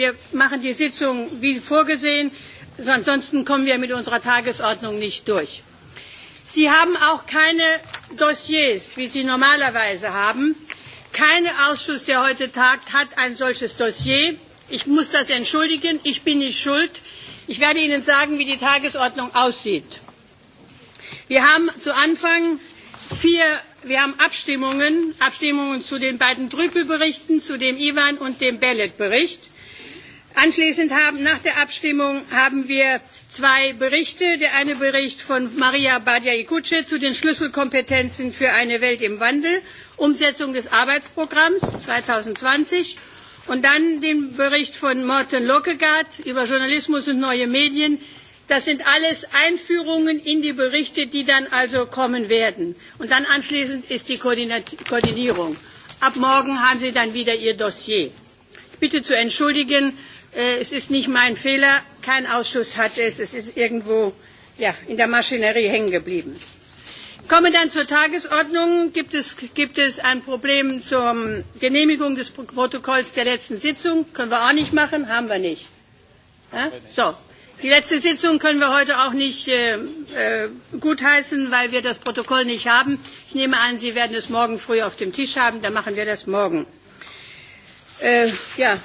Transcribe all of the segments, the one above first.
Wir machen die Sitzung wie vorgesehen. Ansonsten kommen wir mit unserer Tagesordnung nicht durch. Sie haben auch keine Dossiers, wie Sie normalerweise haben. Kein Ausschuss, der heute tagt, hat ein solches Dossier. Ich muss das entschuldigen. Ich bin nicht schuld. Ich werde Ihnen sagen, wie die Tagesordnung aussieht. Wir haben zu Anfang vier, wir haben Abstimmungen, Abstimmungen zu den beiden Drüppel-Berichten, zu dem Iwan und dem Bellet-Bericht. Anschließend haben, nach der Abstimmung haben wir zwei Berichte. Der eine Bericht von Maria Badia kutsche zu den Schlüsselkompetenzen für eine Welt im Wandel, Umsetzung des Arbeitsprogramms 2020. Und dann den Bericht von Morten Lockegaard über Journalismus und neue Medien. Das sind alles Einführungen in die Berichte, die dann also kommen werden. Und dann anschließend ist die Koordinierung. Ab morgen haben Sie dann wieder Ihr Dossier. Ich bitte zu entschuldigen, Äh, es ist nicht mein Fehler, kein Ausschuss hat es, es ist irgendwo ja, in der Maschinerie hängen geblieben. Kommen dann zur Tagesordnung. Gibt es, gibt es ein Problem zur Genehmigung des Protokolls der letzten Sitzung? Können wir auch nicht machen, haben wir nicht. Ja? So. Die letzte Sitzung können wir heute auch nicht äh, äh, gutheißen, weil wir das Protokoll nicht haben. Ich nehme an, Sie werden es morgen früh auf dem Tisch haben, dann machen wir das morgen. Äh, ja,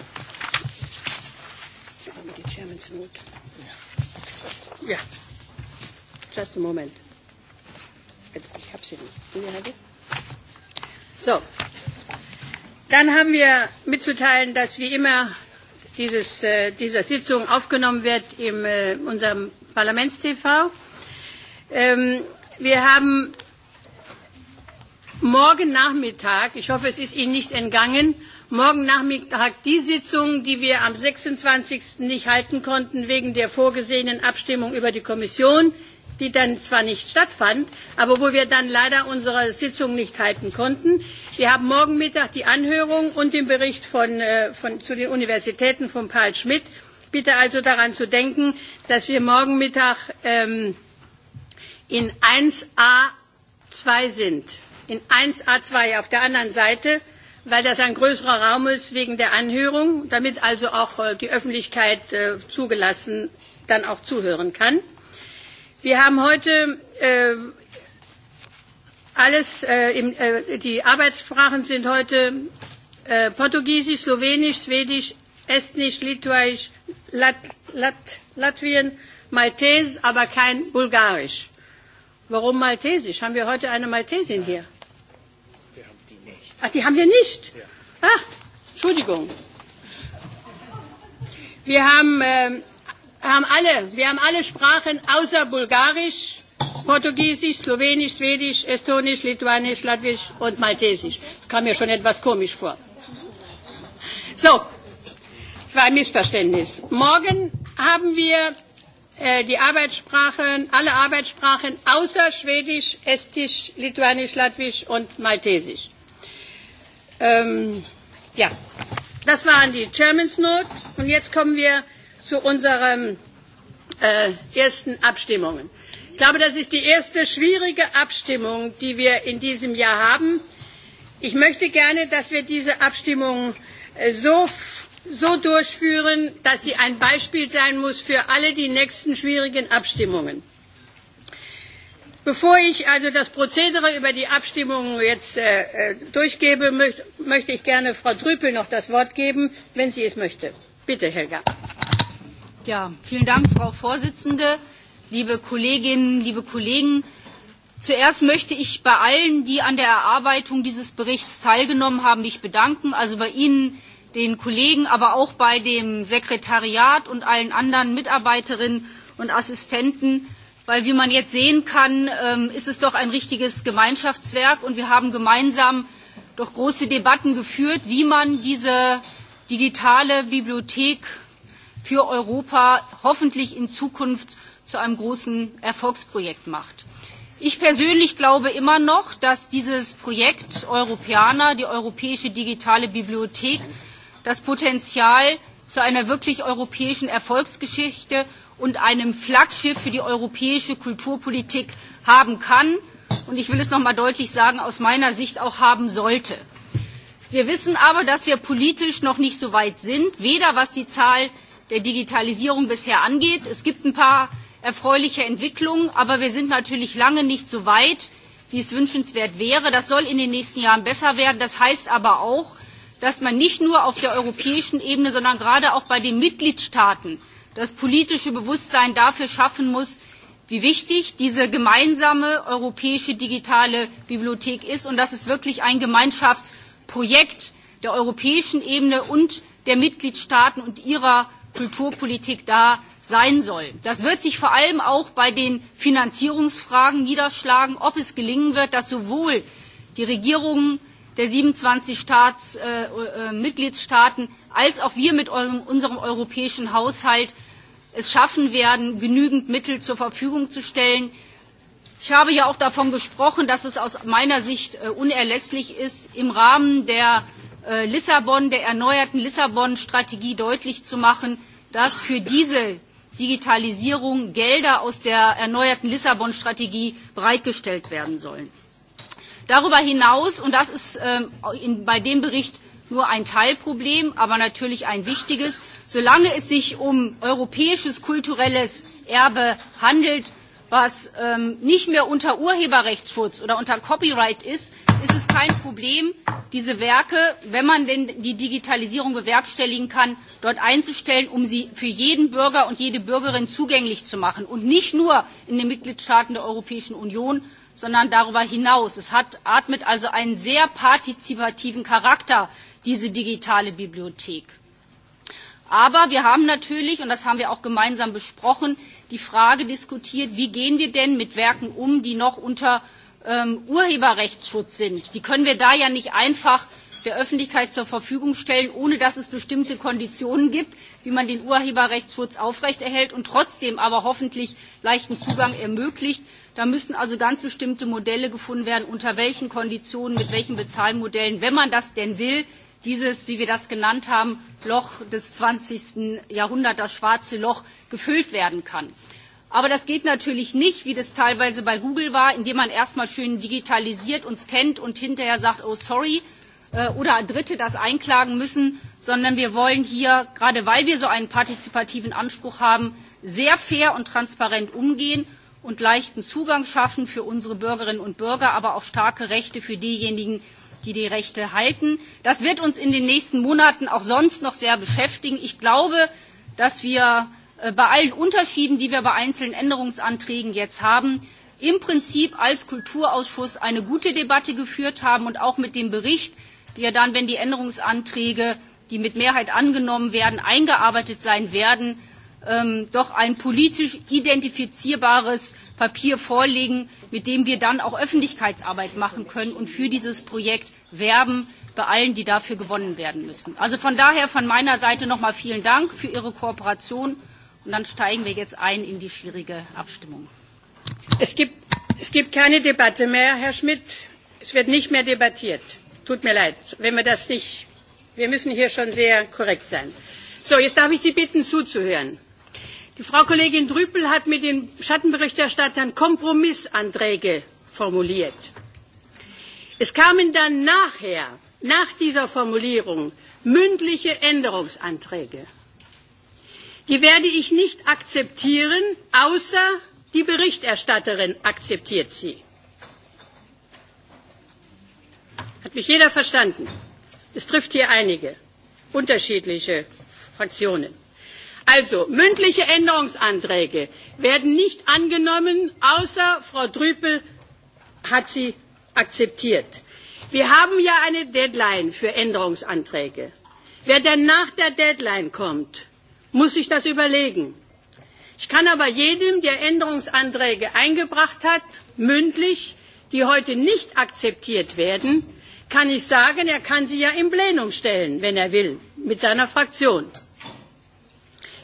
Yeah. Just a moment. Ich habe sie nicht. So. Dann haben wir mitzuteilen, dass wie immer dieses, äh, dieser Sitzung aufgenommen wird in äh, unserem Parlaments-TV. Ähm, wir haben morgen Nachmittag, ich hoffe, es ist Ihnen nicht entgangen, morgen Nachmittag die Sitzung, die wir am 26. nicht halten konnten wegen der vorgesehenen Abstimmung über die Kommission, die dann zwar nicht stattfand, aber wo wir dann leider unsere Sitzung nicht halten konnten. Wir haben morgen Mittag die Anhörung und den Bericht von, äh, von, zu den Universitäten von Paul Schmidt. Bitte also daran zu denken, dass wir morgen Mittag ähm, in 1a2 sind, in 1a2 auf der anderen Seite weil das ein größerer Raum ist wegen der Anhörung, damit also auch äh, die Öffentlichkeit äh, zugelassen dann auch zuhören kann. Wir haben heute äh, alles, äh, im, äh, die Arbeitssprachen sind heute äh, Portugiesisch, Slowenisch, Schwedisch, Estnisch, Litauisch, Lat, Lat, Latvien, Maltes, aber kein Bulgarisch. Warum Maltesisch? Haben wir heute eine Maltesin hier? Ach, die haben wir nicht. Ach, ah, Entschuldigung. Wir haben, äh, haben alle, wir haben alle Sprachen außer Bulgarisch, Portugiesisch, Slowenisch, Schwedisch, Estonisch, Lituanisch, Latvisch und Maltesisch. Das kam mir schon etwas komisch vor. So, es war ein Missverständnis. Morgen haben wir äh, die Arbeitssprachen, alle Arbeitssprachen außer Schwedisch, Estisch, Lituanisch, Latvisch und Maltesisch. Ähm, ja, das waren die Chairman's Note. Und jetzt kommen wir zu unseren äh, ersten Abstimmungen. Ich glaube, das ist die erste schwierige Abstimmung, die wir in diesem Jahr haben. Ich möchte gerne, dass wir diese Abstimmung äh, so, so durchführen, dass sie ein Beispiel sein muss für alle die nächsten schwierigen Abstimmungen. Bevor ich also das Prozedere über die Abstimmung jetzt äh, äh durchgebe, möcht, möchte ich gerne Frau Trüpel noch das Wort geben, wenn sie es möchte. Bitte, Helga. Ja, vielen Dank, Frau Vorsitzende, liebe Kolleginnen, liebe Kollegen. Zuerst möchte ich bei allen, die an der Erarbeitung dieses Berichts teilgenommen haben, mich bedanken, also bei Ihnen, den Kollegen, aber auch bei dem Sekretariat und allen anderen Mitarbeiterinnen und Assistenten weil wie man jetzt sehen kann, ähm, ist es doch ein richtiges Gemeinschaftswerk und wir haben gemeinsam doch große Debatten geführt, wie man diese digitale Bibliothek für Europa hoffentlich in Zukunft zu einem großen Erfolgsprojekt macht. Ich persönlich glaube immer noch, dass dieses Projekt Europäer, die Europäische Digitale Bibliothek, das Potenzial zu einer wirklich europäischen Erfolgsgeschichte und einem Flaggschiff für die europäische Kulturpolitik haben kann und ich will es noch mal deutlich sagen, aus meiner Sicht auch haben sollte. Wir wissen aber, dass wir politisch noch nicht so weit sind, weder was die Zahl der Digitalisierung bisher angeht. Es gibt ein paar erfreuliche Entwicklungen, aber wir sind natürlich lange nicht so weit, wie es wünschenswert wäre. Das soll in den nächsten Jahren besser werden. Das heißt aber auch, dass man nicht nur auf der europäischen Ebene, sondern gerade auch bei den Mitgliedstaaten das politische Bewusstsein dafür schaffen muss, wie wichtig diese gemeinsame europäische digitale Bibliothek ist und dass es wirklich ein Gemeinschaftsprojekt der europäischen Ebene und der Mitgliedstaaten und ihrer Kulturpolitik da sein soll. Das wird sich vor allem auch bei den Finanzierungsfragen niederschlagen, ob es gelingen wird, dass sowohl die Regierungen der 27 Staats, äh, äh, Mitgliedstaaten als auch wir mit eurem, unserem europäischen Haushalt es schaffen werden, genügend Mittel zur Verfügung zu stellen. Ich habe ja auch davon gesprochen, dass es aus meiner Sicht äh, unerlässlich ist, im Rahmen der äh, Lissabon, der erneuerten Lissabon-Strategie deutlich zu machen, dass für diese Digitalisierung Gelder aus der erneuerten Lissabon-Strategie bereitgestellt werden sollen. Darüber hinaus, und das ist ähm, in, bei dem Bericht nur ein Teilproblem, aber natürlich ein wichtiges, solange es sich um europäisches kulturelles Erbe handelt, was ähm, nicht mehr unter Urheberrechtsschutz oder unter Copyright ist, ist es kein Problem, diese Werke, wenn man denn die Digitalisierung bewerkstelligen kann, dort einzustellen, um sie für jeden Bürger und jede Bürgerin zugänglich zu machen und nicht nur in den Mitgliedstaaten der Europäischen Union, sondern darüber hinaus. Es hat, atmet also einen sehr partizipativen Charakter, diese digitale Bibliothek. Aber wir haben natürlich, und das haben wir auch gemeinsam besprochen, die Frage diskutiert, wie gehen wir denn mit Werken um, die noch unter ähm, Urheberrechtsschutz sind. Die können wir da ja nicht einfach der Öffentlichkeit zur Verfügung stellen, ohne dass es bestimmte Konditionen gibt, wie man den Urheberrechtsschutz aufrechterhält und trotzdem aber hoffentlich leichten Zugang ermöglicht. Da müssen also ganz bestimmte Modelle gefunden werden, unter welchen Konditionen, mit welchen Bezahlmodellen, wenn man das denn will, dieses, wie wir das genannt haben, Loch des 20. Jahrhunderts, das schwarze Loch, gefüllt werden kann. Aber das geht natürlich nicht, wie das teilweise bei Google war, indem man erstmal schön digitalisiert und scannt und hinterher sagt, oh sorry, äh, oder Dritte das einklagen müssen, sondern wir wollen hier, gerade weil wir so einen partizipativen Anspruch haben, sehr fair und transparent umgehen und leichten Zugang schaffen für unsere Bürgerinnen und Bürger, aber auch starke Rechte für diejenigen, die die Rechte halten. Das wird uns in den nächsten Monaten auch sonst noch sehr beschäftigen. Ich glaube, dass wir äh, bei allen Unterschieden, die wir bei einzelnen Änderungsanträgen jetzt haben, im Prinzip als Kulturausschuss eine gute Debatte geführt haben und auch mit dem Bericht, der dann, wenn die Änderungsanträge, die mit Mehrheit angenommen werden, eingearbeitet sein werden, ähm, doch ein politisch identifizierbares Papier vorlegen, mit dem wir dann auch Öffentlichkeitsarbeit machen können und für dieses Projekt werben bei allen, die dafür gewonnen werden müssen. Also von daher von meiner Seite nochmal vielen Dank für Ihre Kooperation und dann steigen wir jetzt ein in die schwierige Abstimmung. Es gibt, es gibt keine Debatte mehr, Herr Schmidt. Es wird nicht mehr debattiert. Tut mir leid, wenn wir das nicht. Wir müssen hier schon sehr korrekt sein. So, jetzt darf ich Sie bitten, zuzuhören. Die Frau Kollegin Drüpel hat mit den Schattenberichterstattern Kompromissanträge formuliert. Es kamen dann nachher, nach dieser Formulierung, mündliche Änderungsanträge. Die werde ich nicht akzeptieren, außer die Berichterstatterin akzeptiert sie. Hat mich jeder verstanden? Es trifft hier einige unterschiedliche Fraktionen. Also, mündliche Änderungsanträge werden nicht angenommen, außer Frau Drüpel hat sie akzeptiert. Wir haben ja eine Deadline für Änderungsanträge. Wer denn nach der Deadline kommt, muss sich das überlegen. Ich kann aber jedem, der Änderungsanträge eingebracht hat, mündlich, die heute nicht akzeptiert werden, kann ich sagen, er kann sie ja im Plenum stellen, wenn er will, mit seiner Fraktion.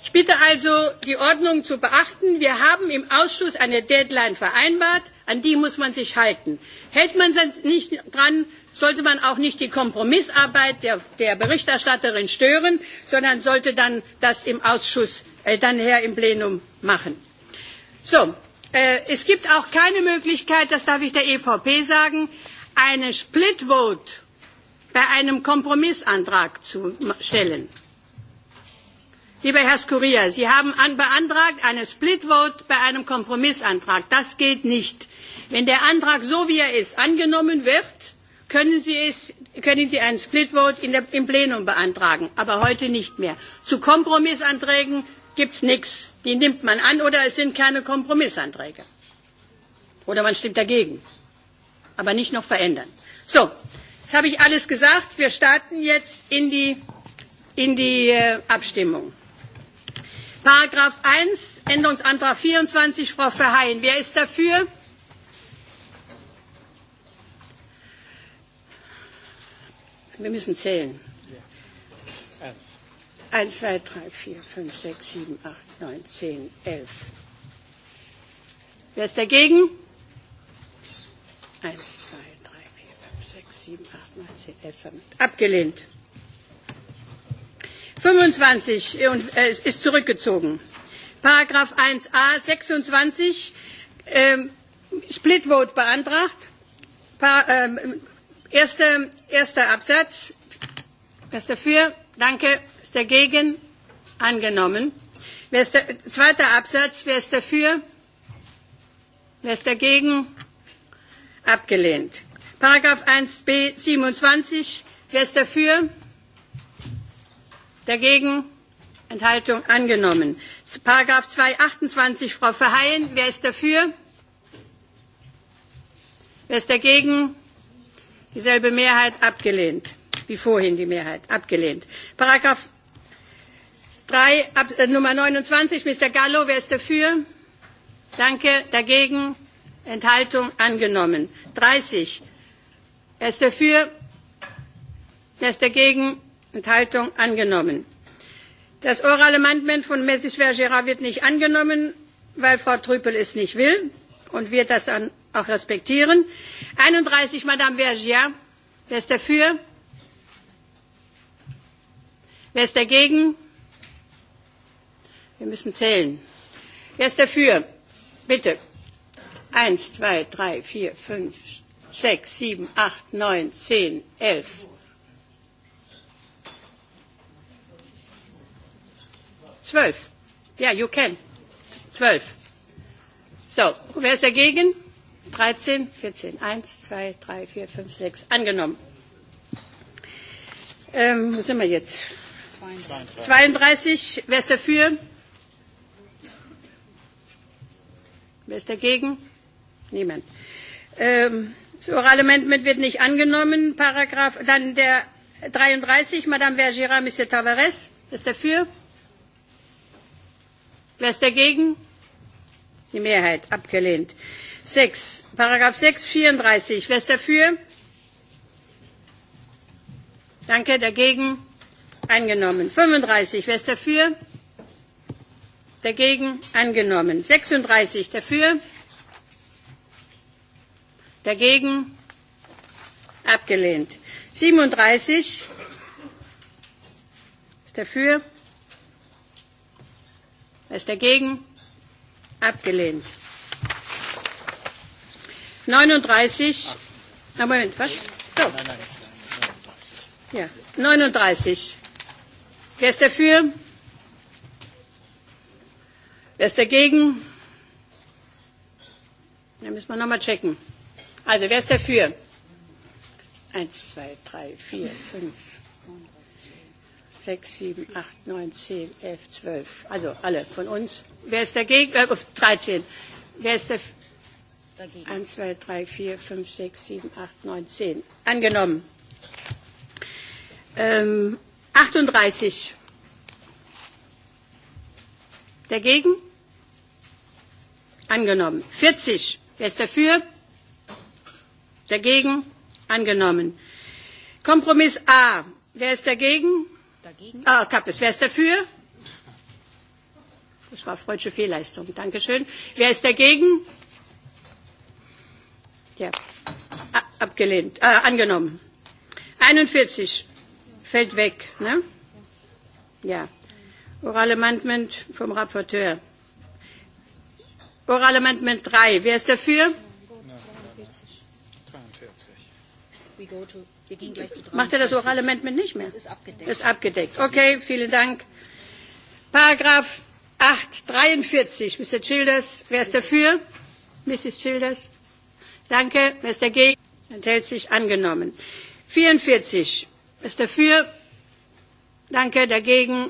Ich bitte also, die Ordnung zu beachten. Wir haben im Ausschuss eine Deadline vereinbart. An die muss man sich halten. Hält man sich nicht dran, sollte man auch nicht die Kompromissarbeit der, der Berichterstatterin stören, sondern sollte dann das im Ausschuss, äh, dann her im Plenum machen. So, äh, es gibt auch keine Möglichkeit, das darf ich der EVP sagen, eine Split Vote bei einem Kompromissantrag zu stellen. Lieber Herr Skurier, Sie haben an, beantragt eine Split Vote bei einem Kompromissantrag. Das geht nicht. Wenn der Antrag so wie er ist angenommen wird, können Sie, es, können Sie einen Split Vote der, im Plenum beantragen, aber heute nicht mehr. Zu Kompromissanträgen gibt es nichts. Die nimmt man an oder es sind keine Kompromissanträge. Oder man stimmt dagegen. Aber nicht noch verändern. So, jetzt habe ich alles gesagt. Wir starten jetzt in die, in die äh, Abstimmung. Paragraph 1, Änderungsantrag 24, Frau Verheyen. Wer ist dafür? Wir müssen zählen. Eins, zwei, drei, vier, fünf, sechs, sieben, acht, neun, zehn, elf. Wer ist dagegen? 1, 2, 3, 4, 5, 6, 7, 8, 9, 10, 11. Abgelehnt. 25 äh, ist zurückgezogen. Paragraph 1a 26 ähm, Split Vote beantragt. Pa, ähm, erster, erster Absatz. Wer ist dafür? Danke. Ist dagegen? Angenommen. Wer ist der, da, zweiter Absatz. Wer ist dafür? Wer ist dagegen? Abgelehnt. Paragraph 1b 27. Wer ist dafür? Dagegen? Enthaltung angenommen. Paragraph 228, Frau Verheyen. Wer ist dafür? Wer ist dagegen? Dieselbe Mehrheit abgelehnt. Wie vorhin die Mehrheit abgelehnt. Paragraph 3, Ab, äh, Nummer 29, Mr. Gallo. Wer ist dafür? Danke. Dagegen? Enthaltung angenommen. 30. Wer ist dafür? Wer ist dagegen? Enthaltung angenommen. Das orale Amendment von Mrs. Vergera wird nicht angenommen, weil Frau Trüpel es nicht will und wir das dann auch respektieren. 31, Madame Vergera, Wer ist dafür? Wer ist dagegen? Wir müssen zählen. Wer ist dafür? Bitte. Eins, zwei, drei, vier, fünf, sechs, sieben, acht, neun, zehn, elf, 12. Yeah, you can. 12. So, wer ist dagegen? 13, 14. 1, 2, 3, 4, 5, 6. Angenommen. Ähm, wo sind wir jetzt? 32. 32. Wer ist dafür? Wer ist dagegen? Niemand. Ähm, das Oral Amendment wird nicht angenommen. Paragraph, dann der 33, Madame Vergira, Monsieur Tavares. Ist dafür? Wer ist dagegen? Die Mehrheit abgelehnt. 6. Paragraph 6, 34. Wer ist dafür? Danke. Dagegen? Angenommen. 35. Wer ist dafür? Dagegen? Angenommen. 36. Dafür? Dagegen? Abgelehnt. 37. Ist dafür? Wer ist dagegen? Abgelehnt. 39. Na Moment, was? So. Ja, 39. Wer ist dafür? Wer ist dagegen? Da müssen wir nochmal checken. Also, wer ist dafür? Eins, zwei, drei, vier, fünf, 6, 7, 8, 9, 10, 11, 12. Also alle von uns. Wer ist dagegen? Äh, 13. Wer ist dafür? Dagegen. 1, 2, 3, 4, 5, 6, 7, 8, 9, 10. Angenommen. Ähm, 38. Dagegen? Angenommen. 40. Wer ist dafür? Dagegen? Angenommen. Kompromiss A. Wer ist dagegen? Angenommen. Dagegen? Ah, Kappes. Wer ist dafür? Das war freudsche Fehlleistung. Dankeschön. Wer ist dagegen? Ja, abgelehnt. Äh, angenommen. 41 fällt weg. Ne? Ja. Oral Amendment vom Rapporteur. Oral Amendment 3. Wer ist dafür? We go to Macht er das orale Amendment nicht mehr? Das ist abgedeckt. Das ist abgedeckt. Okay, vielen Dank. Paragraph 843. Mr. Childers, wer ist dafür? Mrs. Childers. Danke. Wer ist dagegen? Enthält sich angenommen. 44. Wer ist dafür? Danke. Dagegen?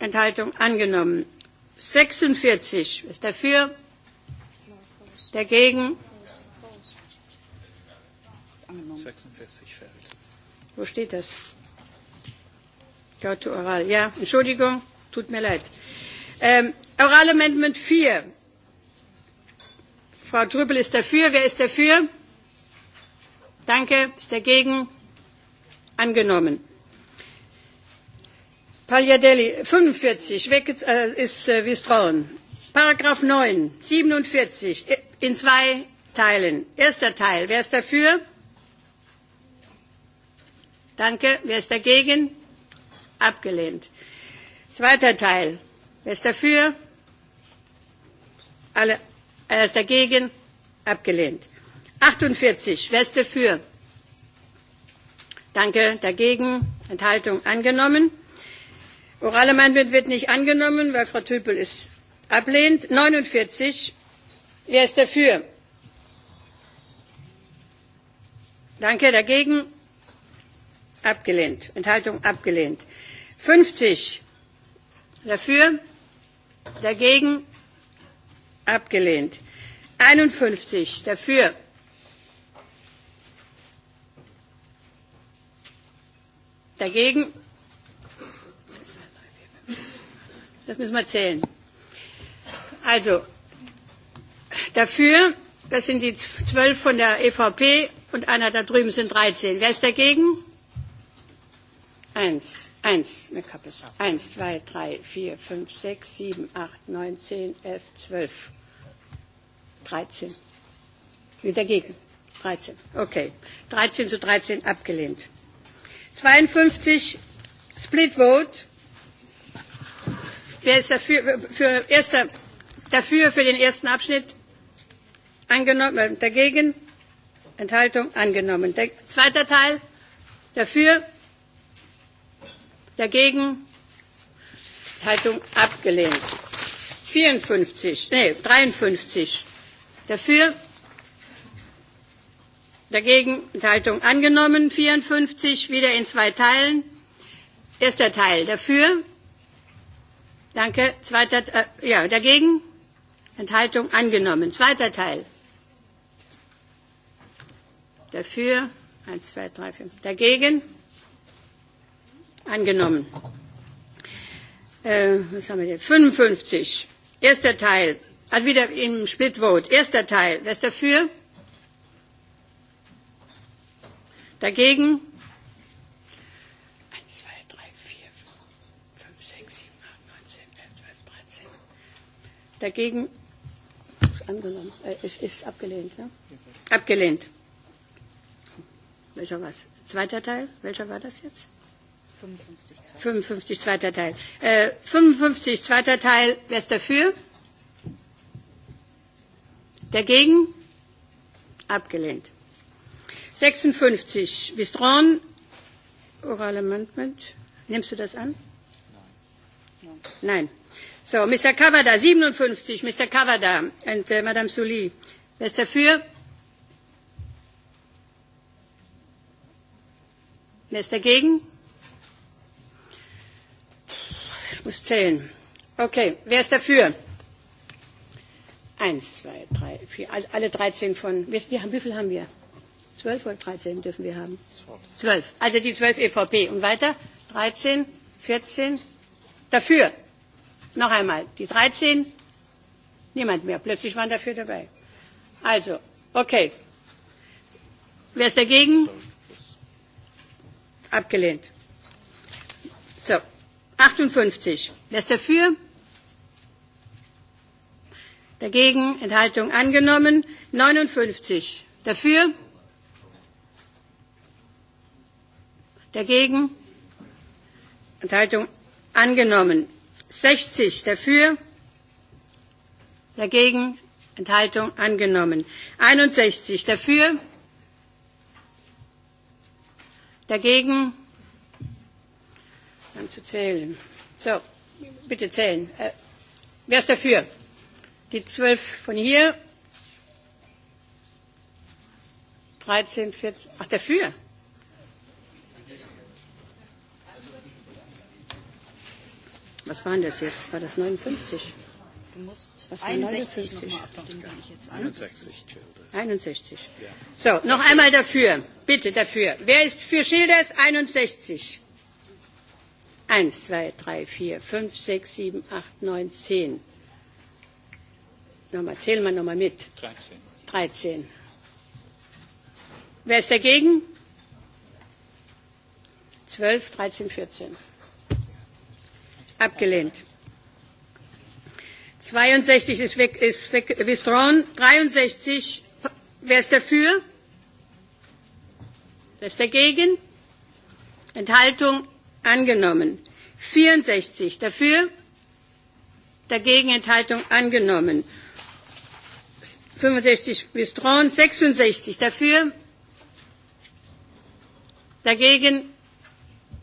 Enthaltung angenommen. 46. Wer ist dafür? Dagegen? 46 fertig. Wo steht das? Ja, to oral. Ja, Entschuldigung, tut mir leid. Ähm, oral Amendment 4. Frau Trüppel ist dafür. Wer ist dafür? Danke. Ist dagegen? Angenommen. Pagliadelli, 45, weg äh, ist äh, Wistrauen. Paragraph 9, 47, in zwei Teilen. Erster Teil, wer ist dafür? Danke. Wer ist dagegen? Abgelehnt. Zweiter Teil. Wer ist dafür? Alle. Wer ist dagegen? Abgelehnt. 48. Wer ist dafür? Danke. Dagegen? Enthaltung angenommen. Orale Amendment wird nicht angenommen, weil Frau Tüpel es ablehnt. 49. Wer ist dafür? Danke. Dagegen? Abgelehnt. Enthaltung abgelehnt. 50 dafür, dagegen abgelehnt. 51 dafür. Dagegen. Das müssen wir zählen. Also, dafür, das sind die zwölf von der EVP und einer da drüben sind 13. Wer ist dagegen? 1, 1, eine Kappe. 1, 2, 3, 4, 5, 6, 7, 8, 9, 10, 11, 12, 13. Wie dagegen? 13. Okay. 13 zu 13 abgelehnt. 52 Split Vote. Wer ist dafür, für, erster, dafür für den ersten Abschnitt? Angenommen. Äh, dagegen? Enthaltung? Angenommen. Der, zweiter Teil? Dafür? Dagegen? Enthaltung abgelehnt. 54, nee, 53. Dafür? Dagegen? Enthaltung angenommen. 54, wieder in zwei Teilen. Erster Teil dafür. Danke. Zweiter, äh, ja, dagegen? Enthaltung angenommen. Zweiter Teil. Dafür? 1, 2, 3, fünf. Dagegen? Angenommen. Äh, was haben wir denn? 55. Erster Teil. Also wieder im Split Vote. Erster Teil. Wer ist dafür? Dagegen? 1, 2, 3, 4, 5, 6, 7, 8, 9, 10, 11, 12, 13. Dagegen? Ist angenommen. Äh, ist, ist abgelehnt, ne? Abgelehnt. Welcher was? Zweiter Teil? Welcher war das jetzt? 55, zweiter Teil. Äh, 55, zweiter Teil. Wer ist dafür? Dagegen? Abgelehnt. 56. Withdrawn. Oral Amendment. Nimmst du das an? Nein. Nein. So, Mr. Kavada, 57. Mr. Kavada und äh, Madame Souli. Wer ist dafür? Wer ist dagegen? Ich muss zählen. Okay, wer ist dafür? Eins, zwei, drei, vier, alle 13 von, wir, wir haben, wie viel haben wir? Zwölf oder 13 dürfen wir haben? Zwölf. Also die zwölf EVP. Und weiter? 13, 14, dafür. Noch einmal, die 13, niemand mehr. Plötzlich waren dafür dabei. Also, okay. Wer ist dagegen? Abgelehnt. 58. Wer ist dafür? Dagegen Enthaltung angenommen. 59. Dafür? Dagegen Enthaltung angenommen. 60 dafür, dagegen Enthaltung angenommen. 61 dafür, dagegen anzuzählen. So, bitte zählen. Äh, wer ist dafür? Die zwölf von hier. 13, 14. Ach, dafür? Was waren das jetzt? War das 59? Du musst Was 61 nochmal abstimmen, 61, 61. So, noch einmal dafür. Bitte dafür. Wer ist für Schilders? 61. 1, 2, 3, 4, 5, 6, 7, 8, 9, 10. Nochmal, zählen wir nochmal mit. 13. 13. Wer ist dagegen? 12, 13, 14. Abgelehnt. 62 ist weg, ist weg, withdrawn. 63, wer ist dafür? Wer ist dagegen? Enthaltung angenommen. 64 dafür, dagegen Enthaltung angenommen. 65 bis 66 dafür, dagegen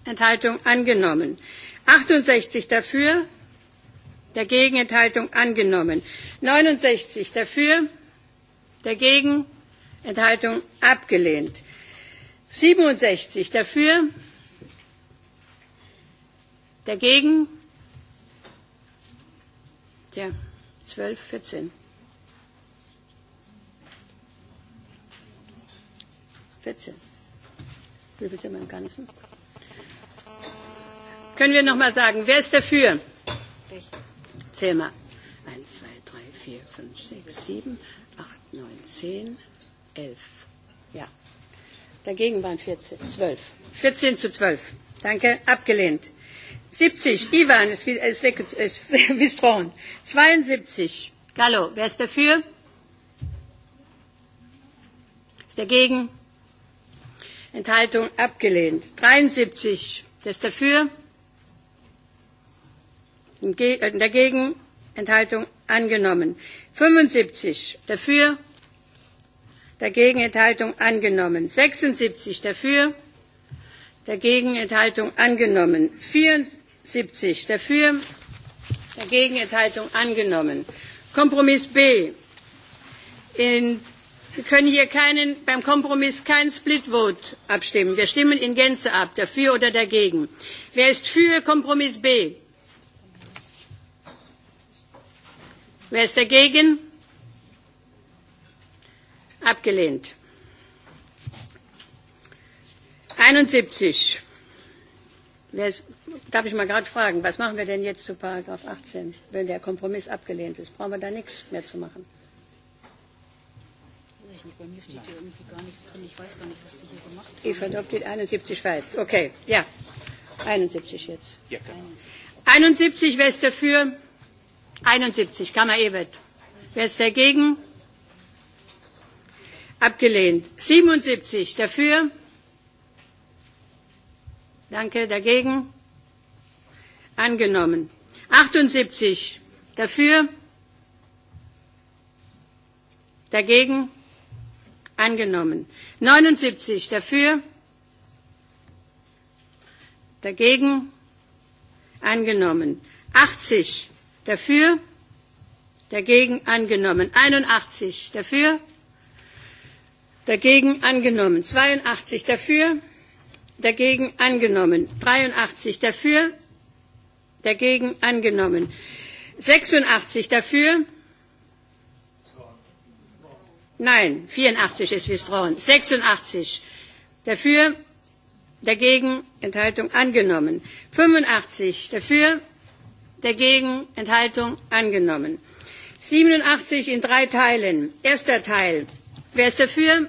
Enthaltung angenommen. 68 dafür, dagegen Enthaltung angenommen. 69 dafür, dagegen Enthaltung abgelehnt. 67 dafür, Dagegen? Tja, 12, 14. 14. Wie bitte im Ganzen? Können wir noch mal sagen, wer ist dafür? Zähl mal. 1, 2, 3, 4, 5, 6, 7, 8, 9, 10, 11. Ja. Dagegen waren 14, 12. 14 zu 12. Danke. Abgelehnt. 70, Ivan ist, ist, weg, ist misstrauen. 72, Gallo, wer ist dafür? Ist dagegen? Enthaltung abgelehnt. 73, wer ist äh, dafür? Dagegen? Enthaltung angenommen. 75, dafür? Dagegen? Enthaltung angenommen. 76, dafür? dagegen Enthaltung angenommen. 74 dafür, dagegen Enthaltung angenommen. Kompromiss B. In, wir können hier keinen, beim Kompromiss kein Split Vote abstimmen. Wir stimmen in Gänze ab, dafür oder dagegen. Wer ist für Kompromiss B? Wer ist dagegen? Abgelehnt. 71. darf ich mal gerade fragen, was machen wir denn jetzt zu Paragraph 18, wenn der Kompromiss abgelehnt ist? Brauchen wir da nichts mehr zu machen? Ich bei mir steht hier irgendwie gar nichts drin. Ich weiß gar nicht, was die hier gemacht haben. Eva Adopted 71 Schweiz. Okay, ja. 71 jetzt. Ja, genau. 71, wer ist dafür? 71, Kammer Ebert. Wer ist dagegen? Abgelehnt. 77, dafür? Danke. Dagegen? Angenommen. 78 dafür? Dagegen? Angenommen. 79 dafür? Dagegen? Angenommen. 80 dafür? Dagegen? Angenommen. 81 dafür? Dagegen? Angenommen. 82 dafür? dagegen angenommen. 83 dafür, dagegen angenommen. 86 dafür, nein, 84 ist Withdrawn, 86 dafür, dagegen Enthaltung angenommen. 85 dafür, dagegen Enthaltung angenommen. 87 in drei Teilen. Erster Teil. Wer ist dafür?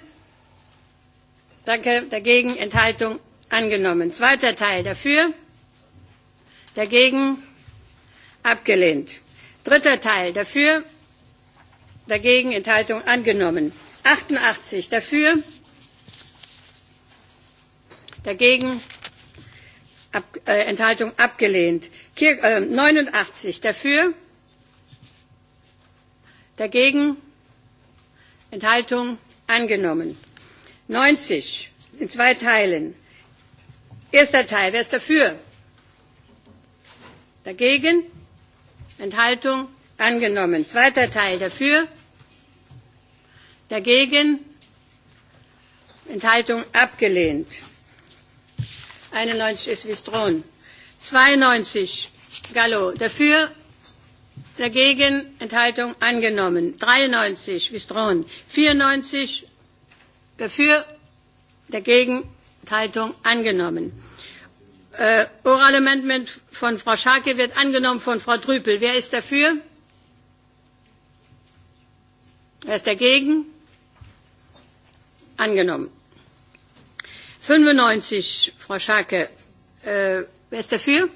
Danke. Dagegen Enthaltung Angenommen. Zweiter Teil dafür. Dagegen. Abgelehnt. Dritter Teil dafür. Dagegen. Enthaltung angenommen. 88 dafür. Dagegen. Ab, äh, Enthaltung abgelehnt. Kir äh, 89 dafür. Dagegen. Enthaltung angenommen. 90 in zwei Teilen. Erster Teil, wer ist dafür? Dagegen? Enthaltung? Angenommen. Zweiter Teil dafür? Dagegen? Enthaltung abgelehnt. 91 ist Wistron. 92 Gallo dafür, dagegen Enthaltung angenommen. 93 Wistron. 94 dafür, dagegen Enthaltung angenommen. Äh, Oral Amendment von Frau Scharke wird angenommen von Frau Trüpel. Wer ist dafür? Wer ist dagegen? Angenommen. 95, Frau Scharke. Äh, wer ist dafür?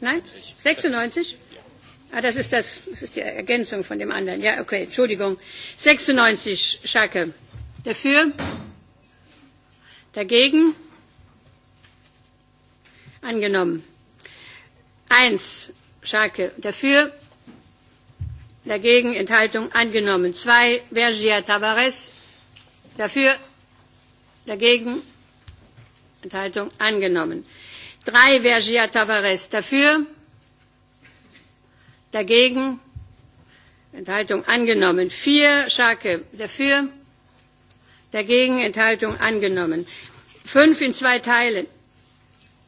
Nein? 96? Ah, das ist das, das ist die Ergänzung von dem anderen. Ja, okay, Entschuldigung. 96, Schacke. Dafür? Dagegen? Angenommen. Eins, Schalke, dafür? Dagegen, Enthaltung angenommen. Zwei, Vergia Tavares, dafür? Dagegen, Enthaltung angenommen. Drei, Vergia Tavares, dafür? Dagegen, Enthaltung angenommen. Vier, Schalke, dafür? Dagegen Enthaltung angenommen. Fünf in zwei Teilen.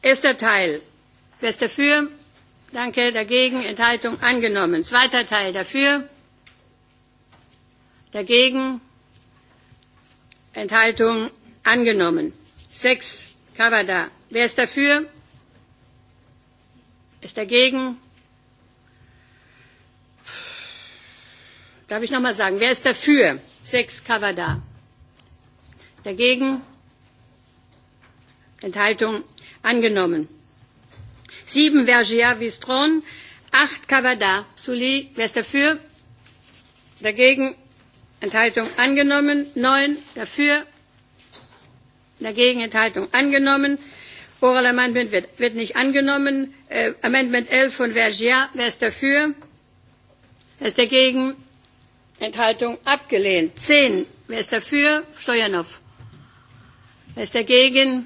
Erster Teil. Wer ist dafür? Danke. Dagegen Enthaltung angenommen. Zweiter Teil dafür. Dagegen Enthaltung angenommen. Sechs. Kavada. Wer ist dafür? Ist dagegen? Darf ich noch nochmal sagen, wer ist dafür? Sechs Kavada. Dagegen? Enthaltung angenommen. 7 Vergia Vistron, acht Cavada Souli. Wer ist dafür? Dagegen? Enthaltung angenommen. Neun dafür. Dagegen Enthaltung angenommen. Oral Amendment wird, wird nicht angenommen. Äh, Amendment 11 von Vergia. Wer ist dafür? Wer ist dagegen? Enthaltung abgelehnt. Zehn. Wer ist dafür? Stojanov. Wer ist dagegen?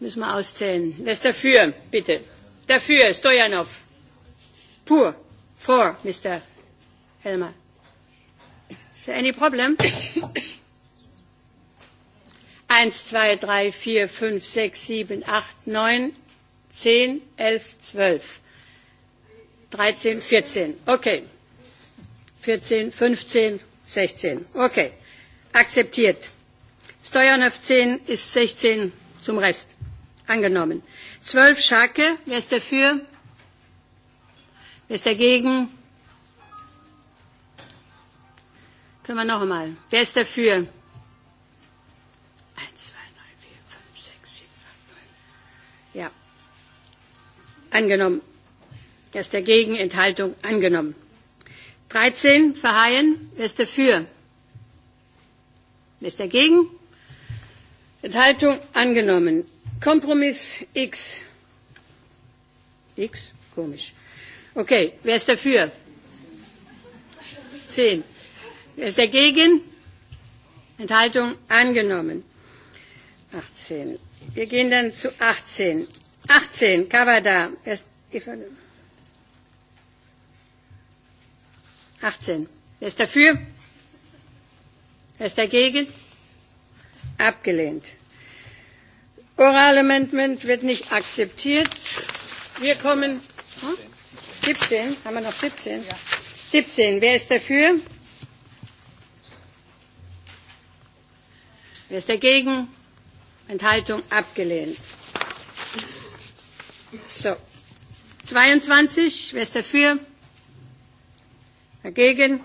Müssen wir auszählen. Wer ist dafür? Bitte. Dafür, Stojanov. Pur. For, Mr. Helmer. Is there any problem? 1, 2, 3, 4, 5, 6, 7, 8, 9, 10, 11, 12, 13, 14. Okay. 14, 15, 16. Okay. Akzeptiert. Steuern auf 10 ist 16 zum Rest. Angenommen. 12 Schake. Wer ist dafür? Wer ist dagegen? Können wir noch einmal. Wer ist dafür? 1, 2, 3, 4, 5, 6, 7, 8, 9. Ja. Angenommen. Wer ist dagegen? Enthaltung angenommen. 13. Verheyen. Wer ist dafür? Wer ist dagegen? Enthaltung angenommen. Kompromiss X. X? Komisch. Okay, wer ist dafür? Zehn. Wer ist dagegen? Enthaltung angenommen. 18. Wir gehen dann zu 18. 18, Kavada. 18. Wer ist dafür? Wer ist dagegen? Abgelehnt. Oral Amendment wird nicht akzeptiert. Wir kommen. Hm? 17? Haben wir noch 17? Ja. 17. Wer ist dafür? Wer ist dagegen? Enthaltung abgelehnt. So. 22. Wer ist dafür? Dagegen?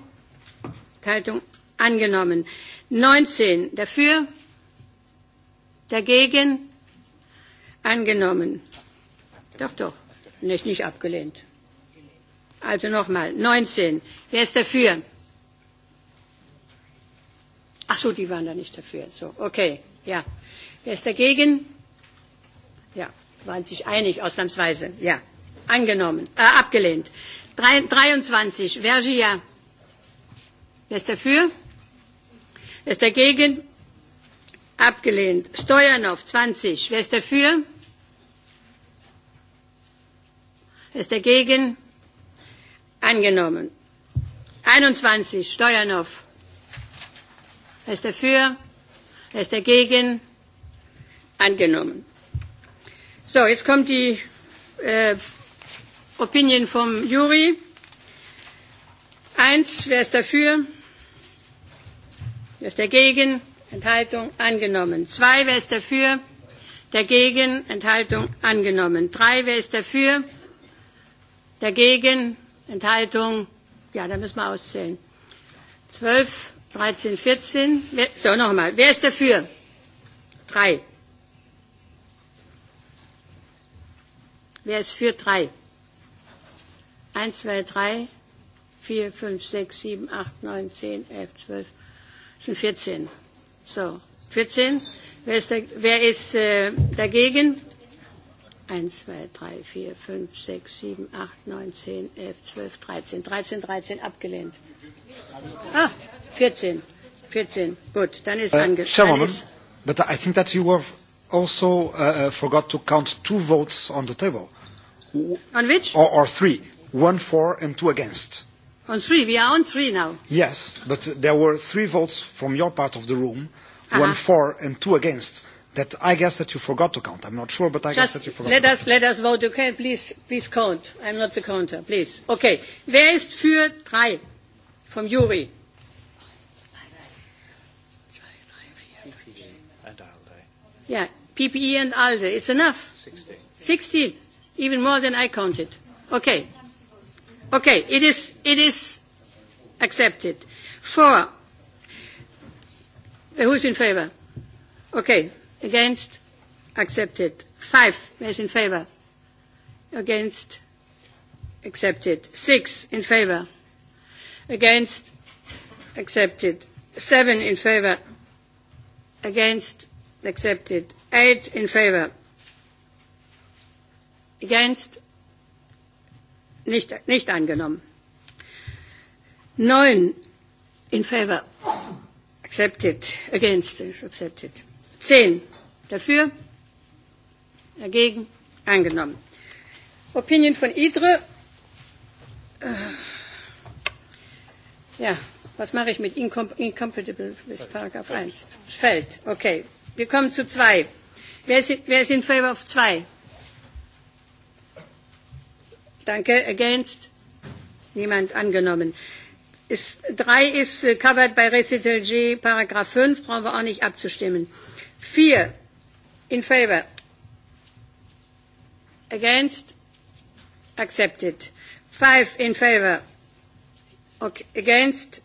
Enthaltung angenommen. 19. Dafür? Dagegen? Angenommen. Doch, doch. Nicht, nicht abgelehnt. Also nochmal. 19. Wer ist dafür? Ach so, die waren da nicht dafür. So, okay. Ja. Wer ist dagegen? Ja, waren sich einig, ausnahmsweise. Ja. Angenommen. Äh, abgelehnt. 23. Vergia. Wer ist dafür? Wer ist dagegen? Abgelehnt. Steuern auf 20. Wer ist dafür? Wer ist dagegen? Angenommen. 21. Steuern auf. Wer ist dafür? Wer ist dagegen? Angenommen. So, jetzt kommt die äh, Opinion vom Jury. Eins, wer ist dafür? Wer ist dagegen? Enthaltung angenommen. 2, wer ist dafür? Dagegen, Enthaltung angenommen. 3, wer ist dafür? Dagegen, Enthaltung, ja, da müssen wir auszählen. 12, 13, 14, wer, so nochmal, wer ist dafür? 3. Wer ist für 3? 1, 2, 3, 4, 5, 6, 7, 8, 9, 10, 11, 12, 14. So, 14. Wer ist, da, wer ist äh, dagegen? 1, 2, 3, 4, 5, 6, 7, 8, 9, 10, 11, 12, 13. 13, 13 abgelehnt. Ah, 14. 14. Gut, dann ist äh, angeschlossen. Uh, but I think that you have also uh, uh, forgot to count two votes on the table. On which? Or, or three. One for and two against. On three, we are on three now. Yes, but there were three votes from your part of the room, uh-huh. one for and two against. That I guess that you forgot to count. I'm not sure, but I Just guess that you forgot. Let to us count. let us vote. Okay, please please count. I'm not the counter. Please. Okay. Wer ist für drei? From Jury. Yeah, PPE and ALDE. It's enough. 16. 16. Even more than I counted. Okay. Okay, it is, it is accepted. Four. Uh, who's in favor? Okay. Against? Accepted. Five. Who's in favor? Against? Accepted. Six. In favor? Against? Accepted. Seven. In favor? Against? Accepted. Eight. In favor? Against? Nicht, nicht angenommen. Neun in favor. Accepted. Against is accepted. Zehn dafür. Dagegen angenommen. Opinion von IDRE. Äh, ja, was mache ich mit incom incompatible with paragraph 1? Es Fällt. Okay. Wir kommen zu 2. Wer ist, wer ist in favor of 2? Danke. Against? Niemand angenommen. Ist, drei ist äh, covered bei Recital G, Paragraph 5, brauchen wir auch nicht abzustimmen. Vier, in favor. Against? Accepted. Five, in favor. Okay. Against?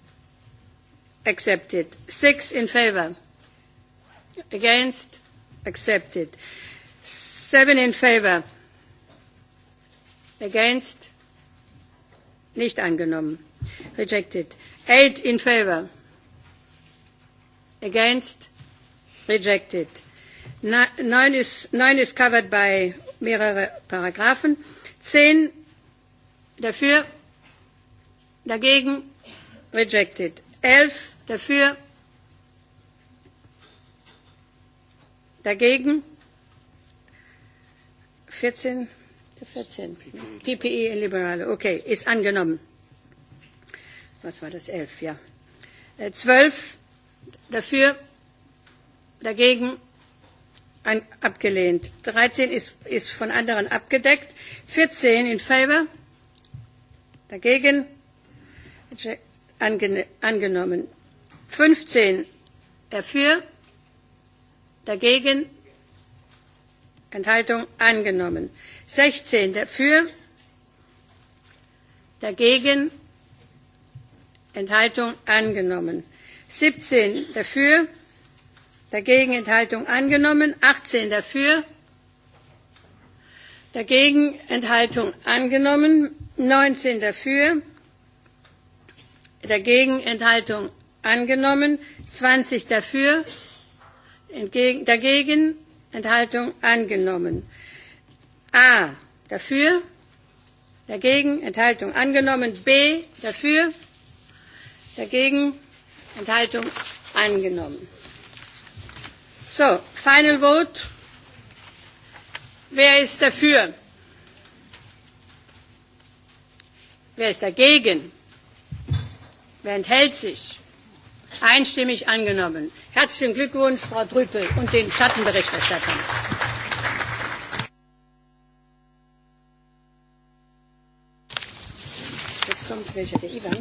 Accepted. Six, in favor. Against? Accepted. Seven, in favor. Against? Nicht angenommen. Rejected. 8 in favor. Against? Rejected. 9 is, 9 is covered by mehrere Paragraphen. Zehn dafür, dagegen, rejected. Elf dafür, dagegen, 14 14. PPE, PPE Liberale. Okay, ist angenommen. Was war das? 11, ja. 12 äh, dafür, dagegen ein, abgelehnt. 13 ist, ist von anderen abgedeckt. 14 in favor, dagegen ange, angenommen. 15 dafür, dagegen Enthaltung angenommen. 16 dafür, dagegen, Enthaltung angenommen. 17 dafür, dagegen Enthaltung angenommen, 18 dafür, dagegen Enthaltung angenommen, 19 dafür, dagegen Enthaltung angenommen, 20 dafür, entgegen, dagegen Enthaltung angenommen. A dafür, dagegen Enthaltung angenommen. B dafür, dagegen Enthaltung angenommen. So, Final Vote. Wer ist dafür? Wer ist dagegen? Wer enthält sich? Einstimmig angenommen. Herzlichen Glückwunsch, Frau Drüppel und den Schattenberichterstattern. welcher wir IBAN.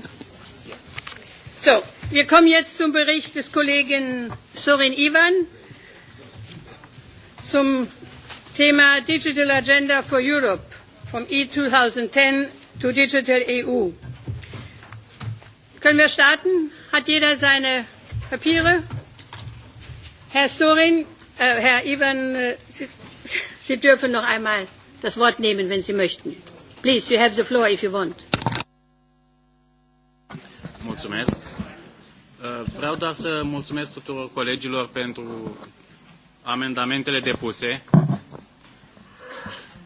So, wir kommen jetzt zum Bericht des Kollegen Sorin Ivan zum Thema Digital Agenda for Europe vom E2010 to Digital EU. Können wir starten? Hat jeder seine Papiere? Herr Sorin, äh, Herr Ivan, äh, Sie, Sie dürfen noch einmal das Wort nehmen, wenn Sie möchten. Please, you have the floor if you want. Mulțumesc. Uh, vreau doar să mulțumesc tuturor colegilor pentru amendamentele depuse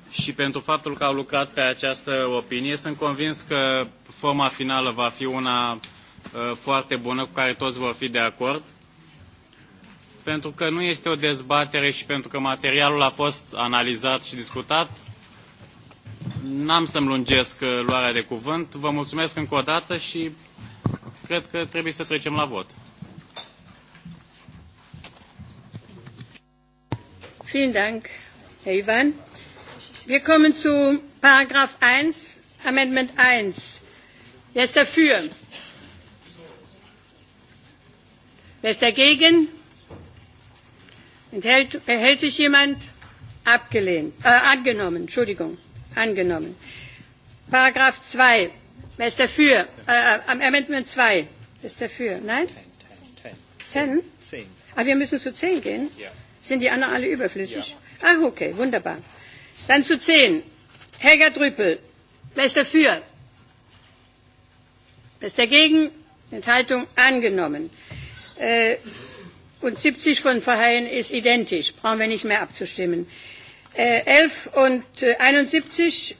și pentru faptul că au lucrat pe această opinie. Sunt convins că forma finală va fi una uh, foarte bună cu care toți vor fi de acord. Pentru că nu este o dezbatere și pentru că materialul a fost analizat și discutat, n-am să-mi lungesc uh, luarea de cuvânt. Vă mulțumesc încă o dată și cred că trebuie să trecem la vot. Vielen Dank, Herr Ivan. Wir kommen zu Paragraph 1, Amendment 1. Wer ist dafür? Wer ist dagegen? Enthält, behält sich jemand? Abgelehnt. Äh, angenommen, Entschuldigung, angenommen. Paragraph 2. Wer ist dafür? Äh, äh Amendment 2. Wer ist dafür? Nein? 10? Ah, wir müssen zu 10 gehen? Ja. Sind die anderen alle überflüssig? Ja. Ach, okay, wunderbar. Dann zu 10. Helga Drüppel. Wer ist dafür? Wer ist dagegen? Enthaltung angenommen. Äh, und 70 von Verheyen ist identisch. Brauchen wir nicht mehr abzustimmen. Äh, 11 und äh, 71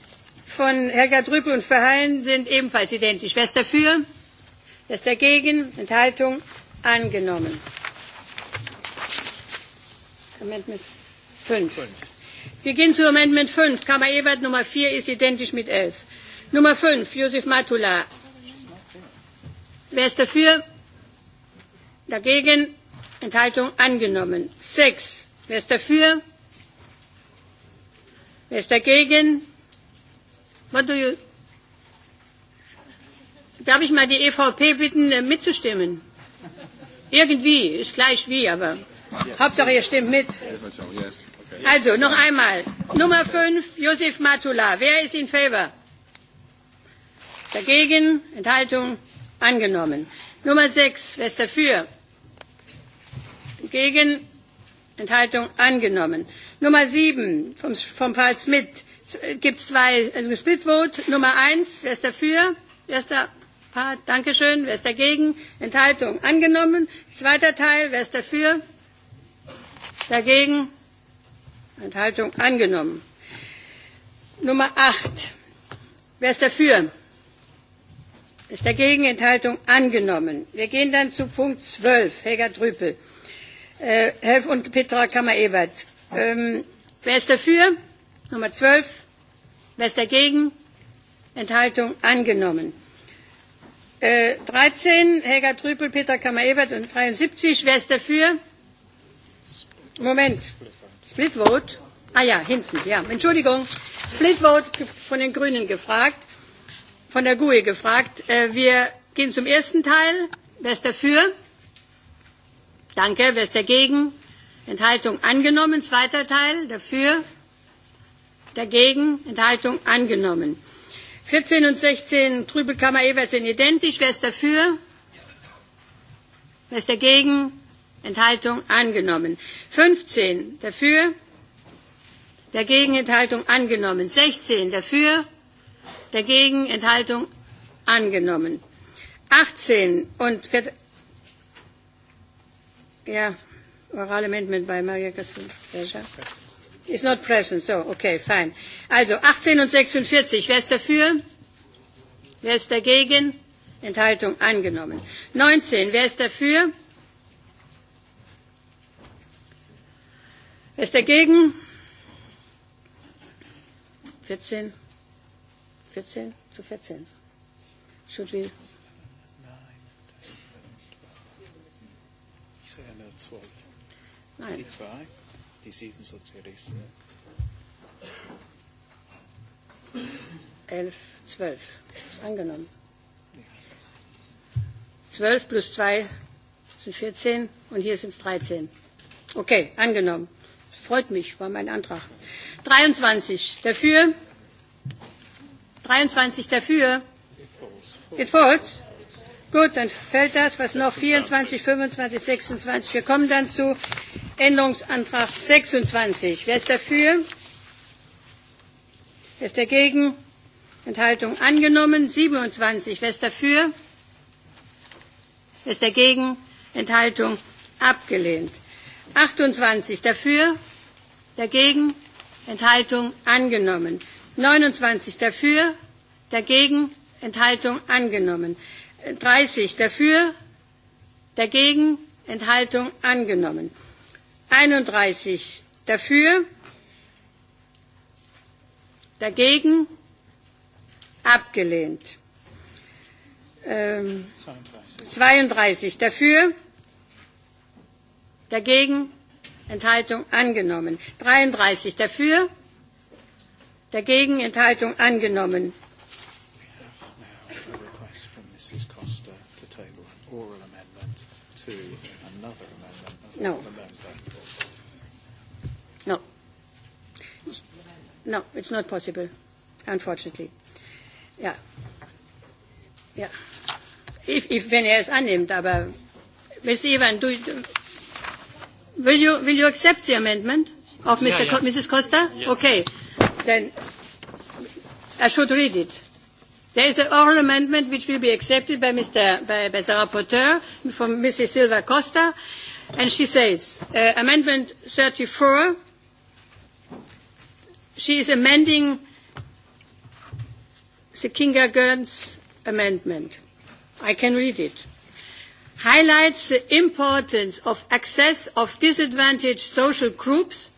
von Helga Drüppel und Verheyen sind ebenfalls identisch. Wer ist dafür? Wer ist dagegen? Enthaltung angenommen. Amendment 5. 5. Wir gehen zu Amendment 5. Kammer Ewert Nummer 4 ist identisch mit 11. Nummer 5, Josef Matula. Wer ist dafür? Dagegen? Enthaltung angenommen. 6. Wer ist dafür? Wer ist dagegen? What do you? Darf ich mal die EVP bitten, äh, mitzustimmen? Irgendwie, ist gleich wie, aber yes. Hauptsache ihr stimmt mit. Yes. Okay. Also, noch einmal. Nummer 5, Josef Matula. Wer ist in favor? Dagegen, Enthaltung, angenommen. Nummer 6, wer ist dafür? Gegen, Enthaltung, angenommen. Nummer 7, vom, vom Fall Smith gibt es zwei, also Split Vote. Nummer eins, wer ist dafür? Wer Part, da? Dankeschön. Wer ist dagegen? Enthaltung angenommen. Zweiter Teil, wer ist dafür? Dagegen? Enthaltung angenommen. Nummer 8. Wer ist dafür? Ist dagegen? Enthaltung angenommen. Wir gehen dann zu Punkt 12, Helga Drüpel. Äh, Helf und Petra Kammer-Ebert. Ähm, wer ist dafür? Nummer 12. Wer ist dagegen? Enthaltung angenommen. Äh, 13, Helga Trüpel, Peter Kammer-Ebert und 73. Wer ist dafür? Moment. Split Vote? Ah ja, hinten. Ja, Entschuldigung. Split Vote von den Grünen gefragt, von der GUE gefragt. Äh, wir gehen zum ersten Teil. Wer ist dafür? Danke. Wer ist dagegen? Enthaltung angenommen. Zweiter Teil. Dafür? dagegen, Enthaltung angenommen. 14 und 16 Trübelkammer Evers sind identisch. Wer ist dafür? Wer ist dagegen? Enthaltung angenommen. 15 dafür, dagegen Enthaltung angenommen. 16 dafür, dagegen Enthaltung angenommen. 18 und ja, Oral Amendment bei Maria Kassel. Ist not present, so, okay, fine. Also 18 und 46, wer ist dafür? Wer ist dagegen? Enthaltung angenommen. 19, wer ist dafür? Wer ist dagegen? 14, 14 zu 14. Should we? Nein. Antiseitensozialisten. 11, 12. Ist angenommen. 12 plus 2 sind 14 und hier sind es 13. Okay, angenommen. Freut mich, war mein Antrag. 23 dafür. 23 dafür. It falls. Gut, dann fällt das, was noch 24, 25, 26. Wir kommen dann zu Änderungsantrag 26. Wer ist dafür? Wer ist dagegen? Enthaltung angenommen. 27. Wer ist dafür? Wer ist dagegen? Enthaltung abgelehnt. 28 dafür, dagegen, Enthaltung angenommen. 29 dafür, dagegen, Enthaltung angenommen. 30 dafür, dagegen, Enthaltung angenommen. 31 dafür, dagegen abgelehnt. Ähm, 32. dafür, dagegen Enthaltung angenommen. 33 dafür, dagegen Enthaltung angenommen. No. No, it's not possible, unfortunately. Ja. Ja. If, if, wenn er es annimmt, aber Mr. Ivan, do, will, you, will you accept the amendment of Mr. Ja, ja. Co Mrs. Costa? Yes. Okay. Then I should read it. There is an oral amendment which will be accepted by, Mr., by, by the rapporteur from Mrs. Silva Costa, and she says, uh, Amendment 34, she is amending the Kinga Gerns amendment. I can read it. Highlights the importance of access of disadvantaged social groups,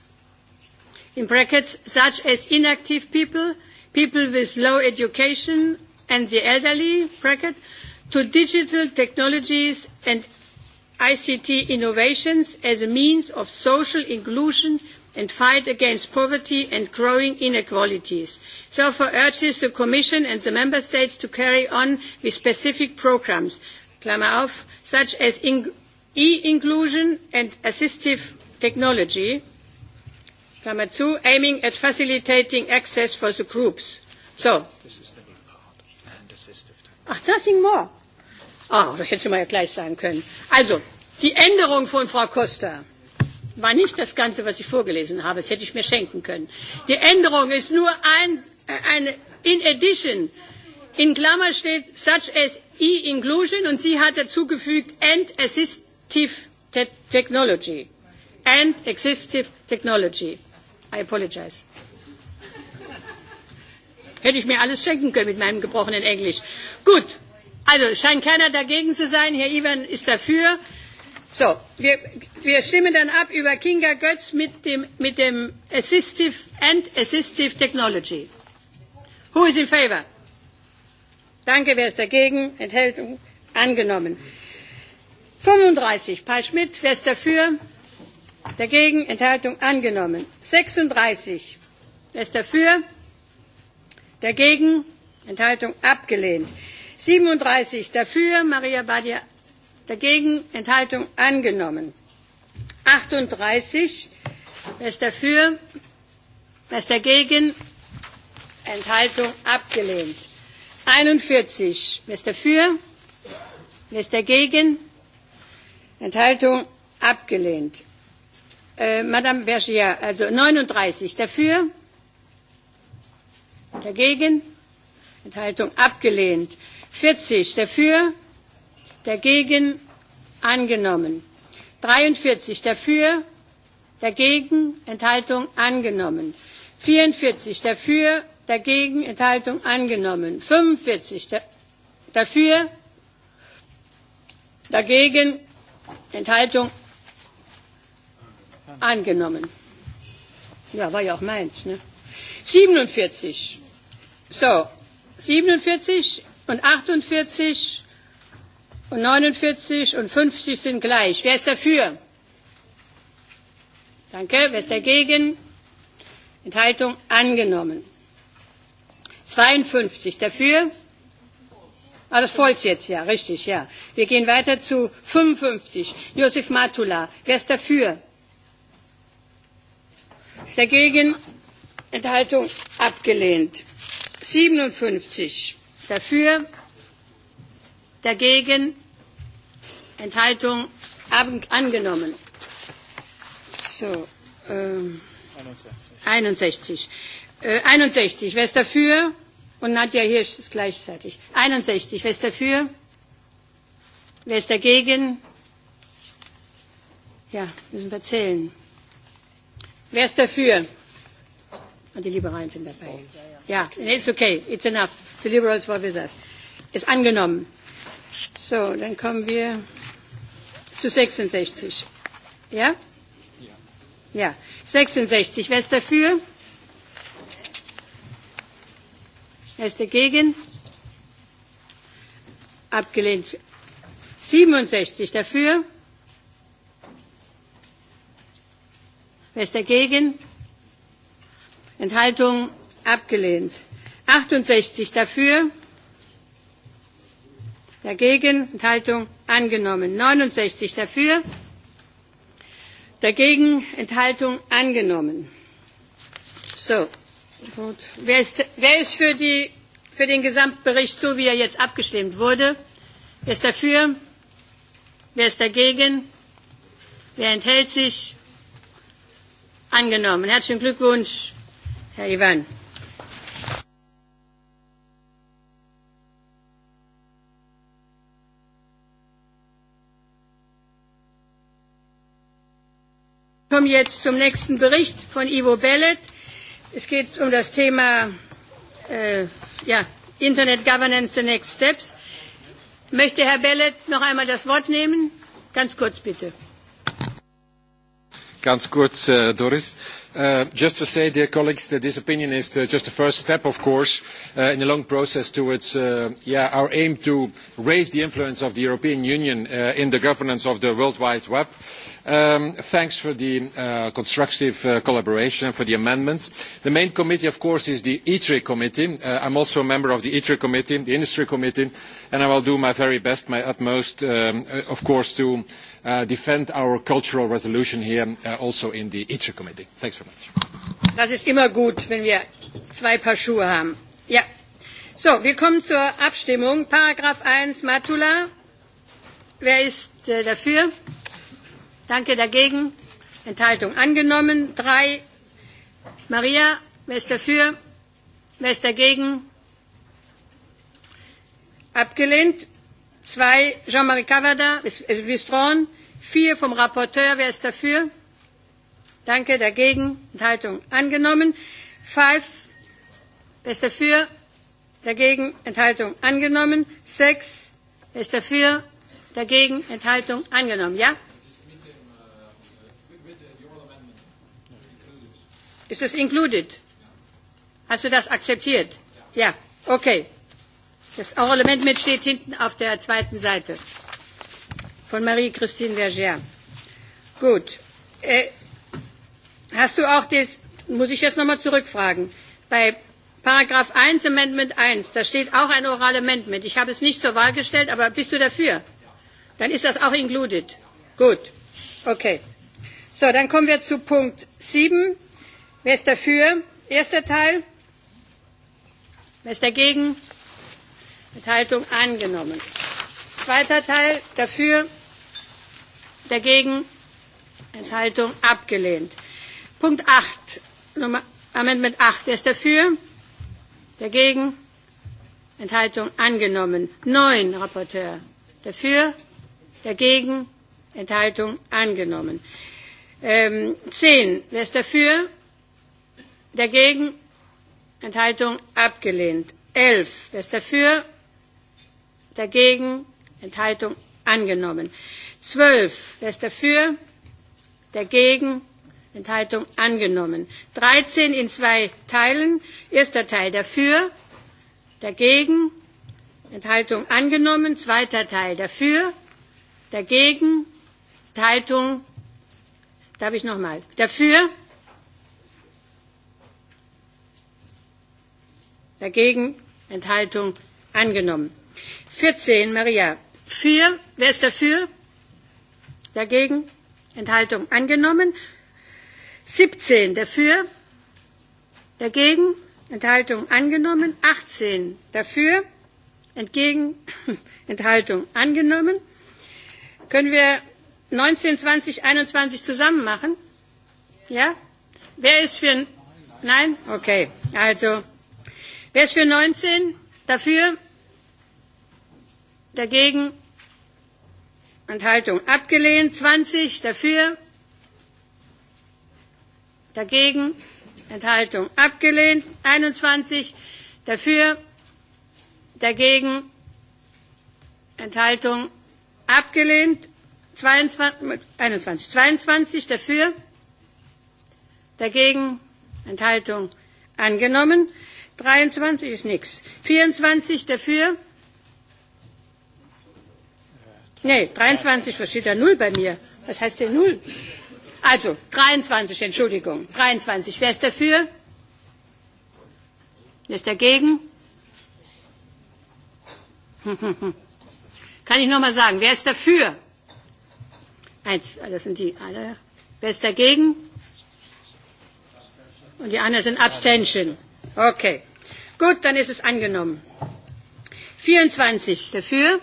in brackets, such as inactive people, people with low education, and the elderly, bracket, to digital technologies and ICT innovations as a means of social inclusion and fight against poverty and growing inequalities. Therefore urges the Commission and the Member States to carry on with specific programmes, such as e-inclusion and assistive technology, aiming at facilitating access for the groups. So. Ach, nothing more. Ah, oh, das hätte man ja gleich sagen können. Also, die Änderung von Frau Costa war nicht das Ganze, was ich vorgelesen habe. Das hätte ich mir schenken können. Die Änderung ist nur ein, äh, eine in addition. In Klammer steht such as e-inclusion und sie hat dazugefügt and assistive te technology. And assistive technology. I apologize. Hätte ich mir alles schenken können mit meinem gebrochenen Englisch. Gut. Also scheint keiner dagegen zu sein. Herr Ivan ist dafür. So, wir, wir stimmen dann ab über Kinga Götz mit dem, mit dem Assistive and Assistive Technology. Who is in favor? Danke, wer ist dagegen? Enthaltung angenommen. 35, Paul Schmidt, wer ist dafür? Dagegen, Enthaltung angenommen. 36, wer ist dafür? Dagegen, Enthaltung abgelehnt. 37 dafür, Maria Badia Dagegen Enthaltung angenommen. 38. Wer ist dafür? Wer ist dagegen? Enthaltung abgelehnt. 41. Wer ist dafür? Wer ist dagegen? Enthaltung abgelehnt. Äh, Madame Bergier, also 39 dafür, dagegen, Enthaltung abgelehnt. 40 dafür, dagegen angenommen. 43 dafür, dagegen Enthaltung angenommen. 44 dafür, dagegen Enthaltung angenommen. 45 da, dafür, dagegen Enthaltung angenommen. Ja, war ja auch meins. Ne? 47. So, 47 und 48 und 49 und 50 sind gleich. Wer ist dafür? Danke. Wer ist dagegen? Enthaltung angenommen. 52 dafür. Ah, das folgt jetzt, ja, richtig, ja. Wir gehen weiter zu 55. Josef Matula. Wer ist dafür? Ist dagegen? Enthaltung abgelehnt. 57 dafür dagegen, Enthaltung angenommen. So, ähm, 61. 61. Äh, 61. Wer ist dafür? Und Nadja Hirsch ist gleichzeitig. 61. Wer ist dafür? Wer ist dagegen? Ja, müssen wir zählen. Wer ist dafür? Und die Liberalen sind dabei. Ja, yeah, it's okay. It's enough. The Liberals were with us. Ist angenommen. So, dann kommen wir zu 66. Ja? Ja. 66. Wer ist dafür? Wer ist dagegen? Abgelehnt. 67 dafür. Wer ist dagegen? Enthaltung abgelehnt. 68 dafür. Dagegen Enthaltung angenommen. 69 dafür. Dagegen Enthaltung angenommen. So, gut. Wer ist, wer ist für, die, für den Gesamtbericht so, wie er jetzt abgestimmt wurde? Wer ist dafür? Wer ist dagegen? Wer enthält sich? Angenommen. Herzlichen Glückwunsch, Herr Ivan. kommen jetzt zum nächsten Bericht von Ivo Bellet. Es geht um das Thema äh, ja, Internet Governance, the next steps. Möchte Herr Bellet noch einmal das Wort nehmen? Ganz kurz bitte. Ganz kurz, äh, Doris. Uh, just to say, dear colleagues, that this opinion is uh, just the first step, of course, uh, in a long process towards uh, yeah, our aim to raise the influence of the European Union uh, in the governance of the World Wide Web. Um, thanks for the uh, constructive uh, collaboration for the amendments. The main committee, of course, is the ITRE committee. Uh, I'm also a member of the ITRE committee, the industry committee, and I will do my very best, my utmost, um, of course, to defend our cultural resolution here also in the ITRE committee. Thanks Das ist immer gut, wenn wir zwei Paar Schuhe haben. Ja. So, wir kommen zur Abstimmung. Paragraph 1, Matula. Wer ist äh, dafür? Danke dagegen. Enthaltung angenommen. 3, Maria. Wer ist dafür? Wer ist dagegen? Abgelehnt. 2, Jean-Marie Cavada, äh, Wistron. 4 vom Rapporteur. Wer ist dafür? Danke, dagegen, Enthaltung angenommen. Five, wer ist dafür? Dagegen, Enthaltung angenommen. Six, wer ist dafür? Dagegen, Enthaltung angenommen. Ja? Ist das included? Hast du das akzeptiert? Ja, okay. Das Oral Amendment steht hinten auf der zweiten Seite von Marie-Christine Verger. Gut. Äh, Hast du auch das, muss ich jetzt nochmal zurückfragen, bei Paragraph 1, Amendment 1, da steht auch ein Oral Amendment. Ich habe es nicht zur Wahl gestellt, aber bist du dafür? Dann ist das auch included. Gut. Okay. So, dann kommen wir zu Punkt 7. Wer ist dafür? Erster Teil. Wer ist dagegen? Enthaltung angenommen. Zweiter Teil dafür, dagegen, Enthaltung abgelehnt. Punkt 8, Nummer, Amendment 8. Wer ist dafür? Dagegen? Enthaltung angenommen. 9, Rapporteur. Dafür? Dagegen? Enthaltung angenommen. Ähm, 10, wer ist dafür? Dagegen? Enthaltung abgelehnt. 11, wer ist dafür? Dagegen? Enthaltung angenommen. 12, wer ist dafür? Dagegen? Enthaltung angenommen. 13 in zwei Teilen. Erster Teil dafür, dagegen, Enthaltung angenommen. Zweiter Teil dafür, dagegen, Enthaltung, darf ich nochmal, dafür, dagegen, Enthaltung angenommen. 14, Maria, für, wer ist dafür? Dagegen, Enthaltung angenommen. 17 dafür, dagegen, Enthaltung angenommen. 18 dafür, entgegen, Enthaltung angenommen. Können wir 19, 20, 21 zusammen machen? Ja? Wer ist für... Nein? Okay. Also, wer ist für 19? Dafür? Dagegen? Enthaltung abgelehnt. 20 dafür? dagegen, Enthaltung abgelehnt, 21 dafür, dagegen, Enthaltung abgelehnt, 22, 21, 22 dafür, dagegen, Enthaltung angenommen, 23 ist nichts, 24 dafür, nee, 23 versteht da Null bei mir. Was heißt denn Null? Also 23, Entschuldigung, 23. Wer ist dafür? Wer ist dagegen? Kann ich noch nochmal sagen, wer ist dafür? Eins, das sind die alle. Wer ist dagegen? Und die anderen sind Abstention. Okay. Gut, dann ist es angenommen. 24 dafür,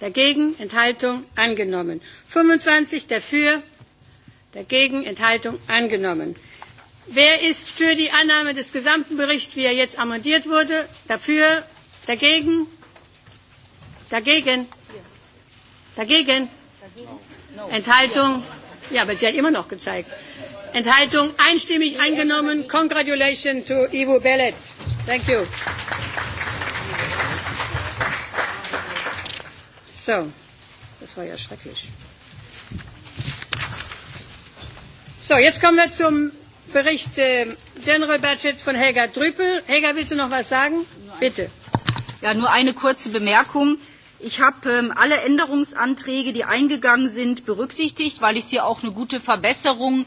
dagegen, Enthaltung angenommen. 25 dafür, Dagegen Enthaltung angenommen. Wer ist für die Annahme des gesamten Berichts, wie er jetzt amendiert wurde? Dafür? Dagegen? Dagegen? Dagegen? Enthaltung? Ja, wird ja immer noch gezeigt. Enthaltung einstimmig angenommen. Congratulations to Ivo Bellet. Thank you. So, das war ja schrecklich. So, jetzt kommen wir zum Bericht äh, General Budget von Helga Drüppel. Helga, willst du noch was sagen? Bitte. Ja, nur eine kurze Bemerkung. Ich habe ähm, alle Änderungsanträge, die eingegangen sind, berücksichtigt, weil ich sie auch eine gute Verbesserung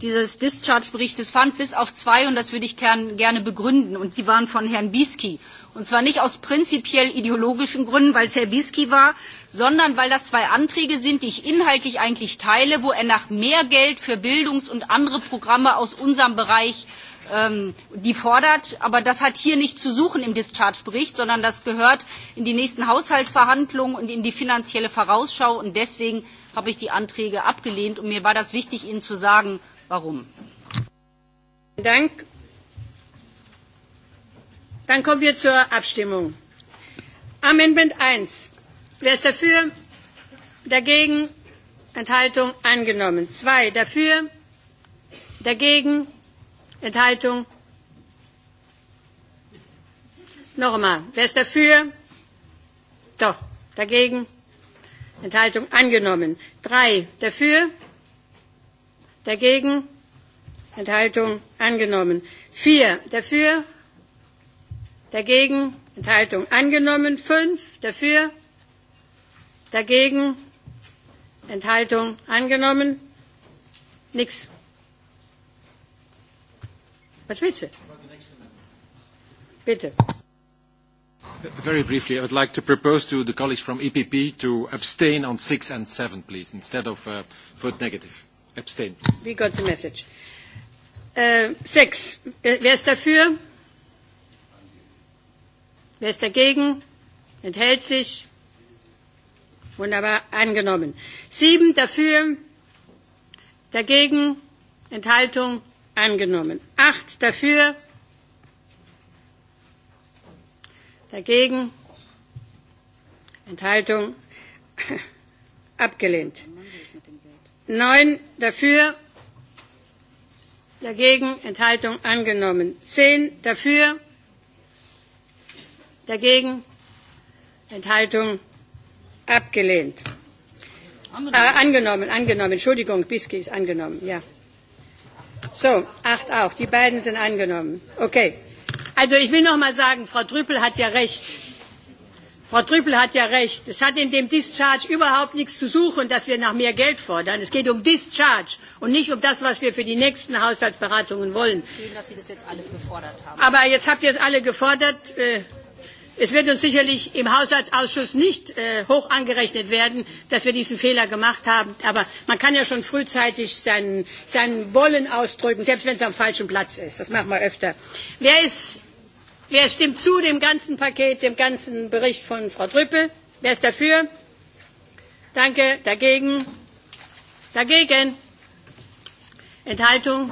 dieses Discharge-Berichtes fand, bis auf zwei, und das würde ich gern, gerne begründen, und die waren von Herrn Bieski. Und zwar nicht aus prinzipiell ideologischen Gründen, weil es Herr Bisky war, sondern weil das zwei Anträge sind, die ich inhaltlich eigentlich teile, wo er nach mehr Geld für Bildungs- und andere Programme aus unserem Bereich ähm, die fordert. Aber das hat hier nicht zu suchen im Discharge-Bericht, sondern das gehört in die nächsten Haushaltsverhandlungen und in die finanzielle Vorausschau. Und deswegen habe ich die Anträge abgelehnt. Und mir war das wichtig, Ihnen zu sagen, warum. Dank. Dann kommen wir zur Abstimmung. Amendment 1. Wer ist dafür? Dagegen? Enthaltung angenommen. 2 dafür? Dagegen? Enthaltung? Noch einmal. Wer ist dafür? Doch. Dagegen? Enthaltung angenommen. 3 dafür? Dagegen? Enthaltung angenommen. 4 dafür? Dagegen? Enthaltung angenommen. 5 dafür. Dagegen? Enthaltung angenommen. Nix. Was willst du? Bitte. Very briefly, I would like to propose to the colleagues from EPP to abstain on six and seven, please, instead of uh, vote negative. Abstain, please. We got the message. Uh, six. Wer ist dafür? Wer ist dagegen? Enthält sich? Wunderbar, angenommen. Sieben dafür, dagegen, Enthaltung, angenommen. Acht dafür, dagegen, Enthaltung, abgelehnt. Neun dafür, dagegen, Enthaltung, angenommen. Zehn dafür, Dagegen? Enthaltung? Abgelehnt. Angenommen. Äh, ah, angenommen, angenommen. Entschuldigung, Biski ist angenommen, ja. So, acht auch. Die beiden sind angenommen. Okay. Also ich will noch mal sagen, Frau Trüppel hat ja recht. Frau Trüppel hat ja recht. Es hat in dem Discharge überhaupt nichts zu suchen, dass wir nach mehr Geld fordern. Es geht um Discharge und nicht um das, was wir für die nächsten Haushaltsberatungen wollen. Schön, dass Sie das jetzt alle gefordert haben. Aber jetzt habt ihr es alle gefordert. Äh, Es wird uns sicherlich im Haushaltsausschuss nicht äh, hoch angerechnet werden, dass wir diesen Fehler gemacht haben. Aber man kann ja schon frühzeitig sein, sein Wollen ausdrücken, selbst wenn es am falschen Platz ist. Das machen wir öfter. Wer, ist, wer stimmt zu dem ganzen Paket, dem ganzen Bericht von Frau Trüppel? Wer ist dafür? Danke. Dagegen? Dagegen? Enthaltung?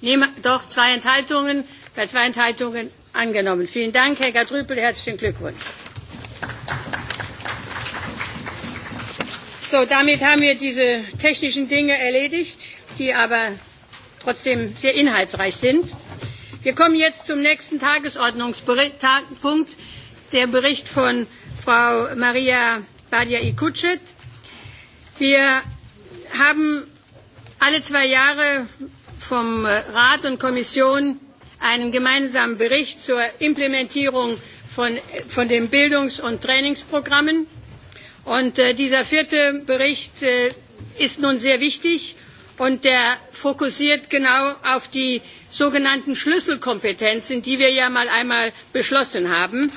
Niem doch, zwei Enthaltungen. Bei zwei Enthaltungen angenommen. Vielen Dank, Herr Gadrüppel. Herzlichen Glückwunsch. So, damit haben wir diese technischen Dinge erledigt, die aber trotzdem sehr inhaltsreich sind. Wir kommen jetzt zum nächsten Tagesordnungspunkt, der Bericht von Frau Maria Badia Ikutschet. Wir haben alle zwei Jahre vom Rat und Kommission einen gemeinsamen Bericht zur Implementierung von, von den Bildungs- und Trainingsprogrammen. Und äh, dieser vierte Bericht äh, ist nun sehr wichtig und der fokussiert genau auf die sogenannten Schlüsselkompetenzen, die wir ja mal einmal beschlossen haben.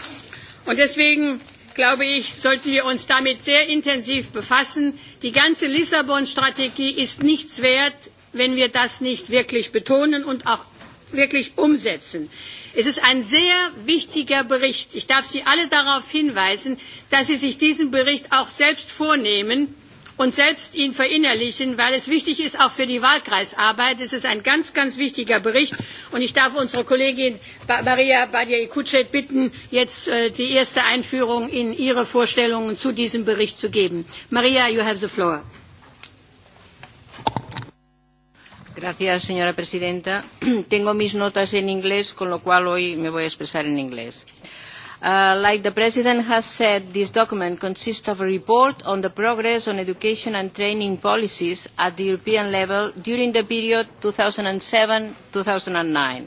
Und deswegen glaube ich, sollten wir uns damit sehr intensiv befassen. Die ganze Lissabon-Strategie ist nichts wert, wenn wir das nicht wirklich betonen und auch wirklich umsetzen. Es ist ein sehr wichtiger Bericht. Ich darf Sie alle darauf hinweisen, dass Sie sich diesen Bericht auch selbst vornehmen und selbst ihn verinnerlichen, weil es wichtig ist auch für die Wahlkreisarbeit. Es ist ein ganz, ganz wichtiger Bericht und ich darf unsere Kollegin Maria Badia-Ikucet bitten, jetzt äh, die erste Einführung in ihre Vorstellungen zu diesem Bericht zu geben. Maria, you have the floor. Gracias, señora presidenta. Tengo mis notas en inglés, con lo cual hoy me voy a expresar en inglés. Uh, like the President has said, this document consists of a report on the progress on education and training policies at the European level during the period 2007-2009.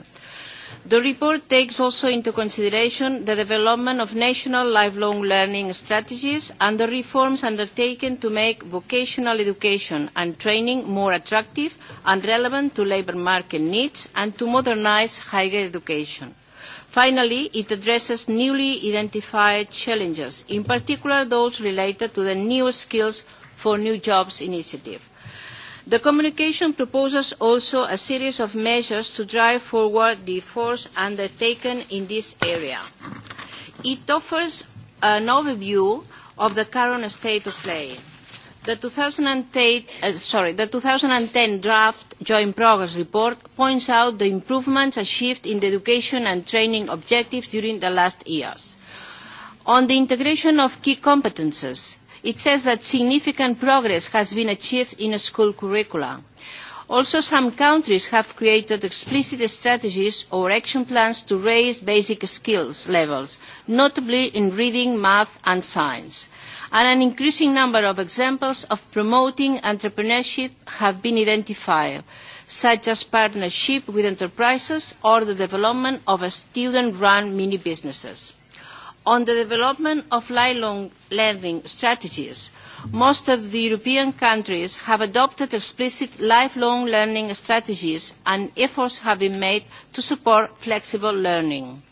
The report takes also into consideration the development of national lifelong learning strategies and the reforms undertaken to make vocational education and training more attractive and relevant to labour market needs and to modernise higher education. Finally, it addresses newly identified challenges, in particular those related to the new skills for new jobs initiative. The communication proposes also a series of measures to drive forward the efforts undertaken in this area. It offers an overview of the current state of play. The 2010, uh, sorry, the 2010 draft Joint Progress Report points out the improvements achieved in the education and training objectives during the last years. On the integration of key competences, It says that significant progress has been achieved in school curricula. Also, some countries have created explicit strategies or action plans to raise basic skills levels, notably in reading, math and science. And an increasing number of examples of promoting entrepreneurship have been identified, such as partnership with enterprises or the development of student-run mini-businesses. On the development of lifelong learning strategies, most of the European countries have adopted explicit lifelong learning strategies and efforts have been made to support flexible learning.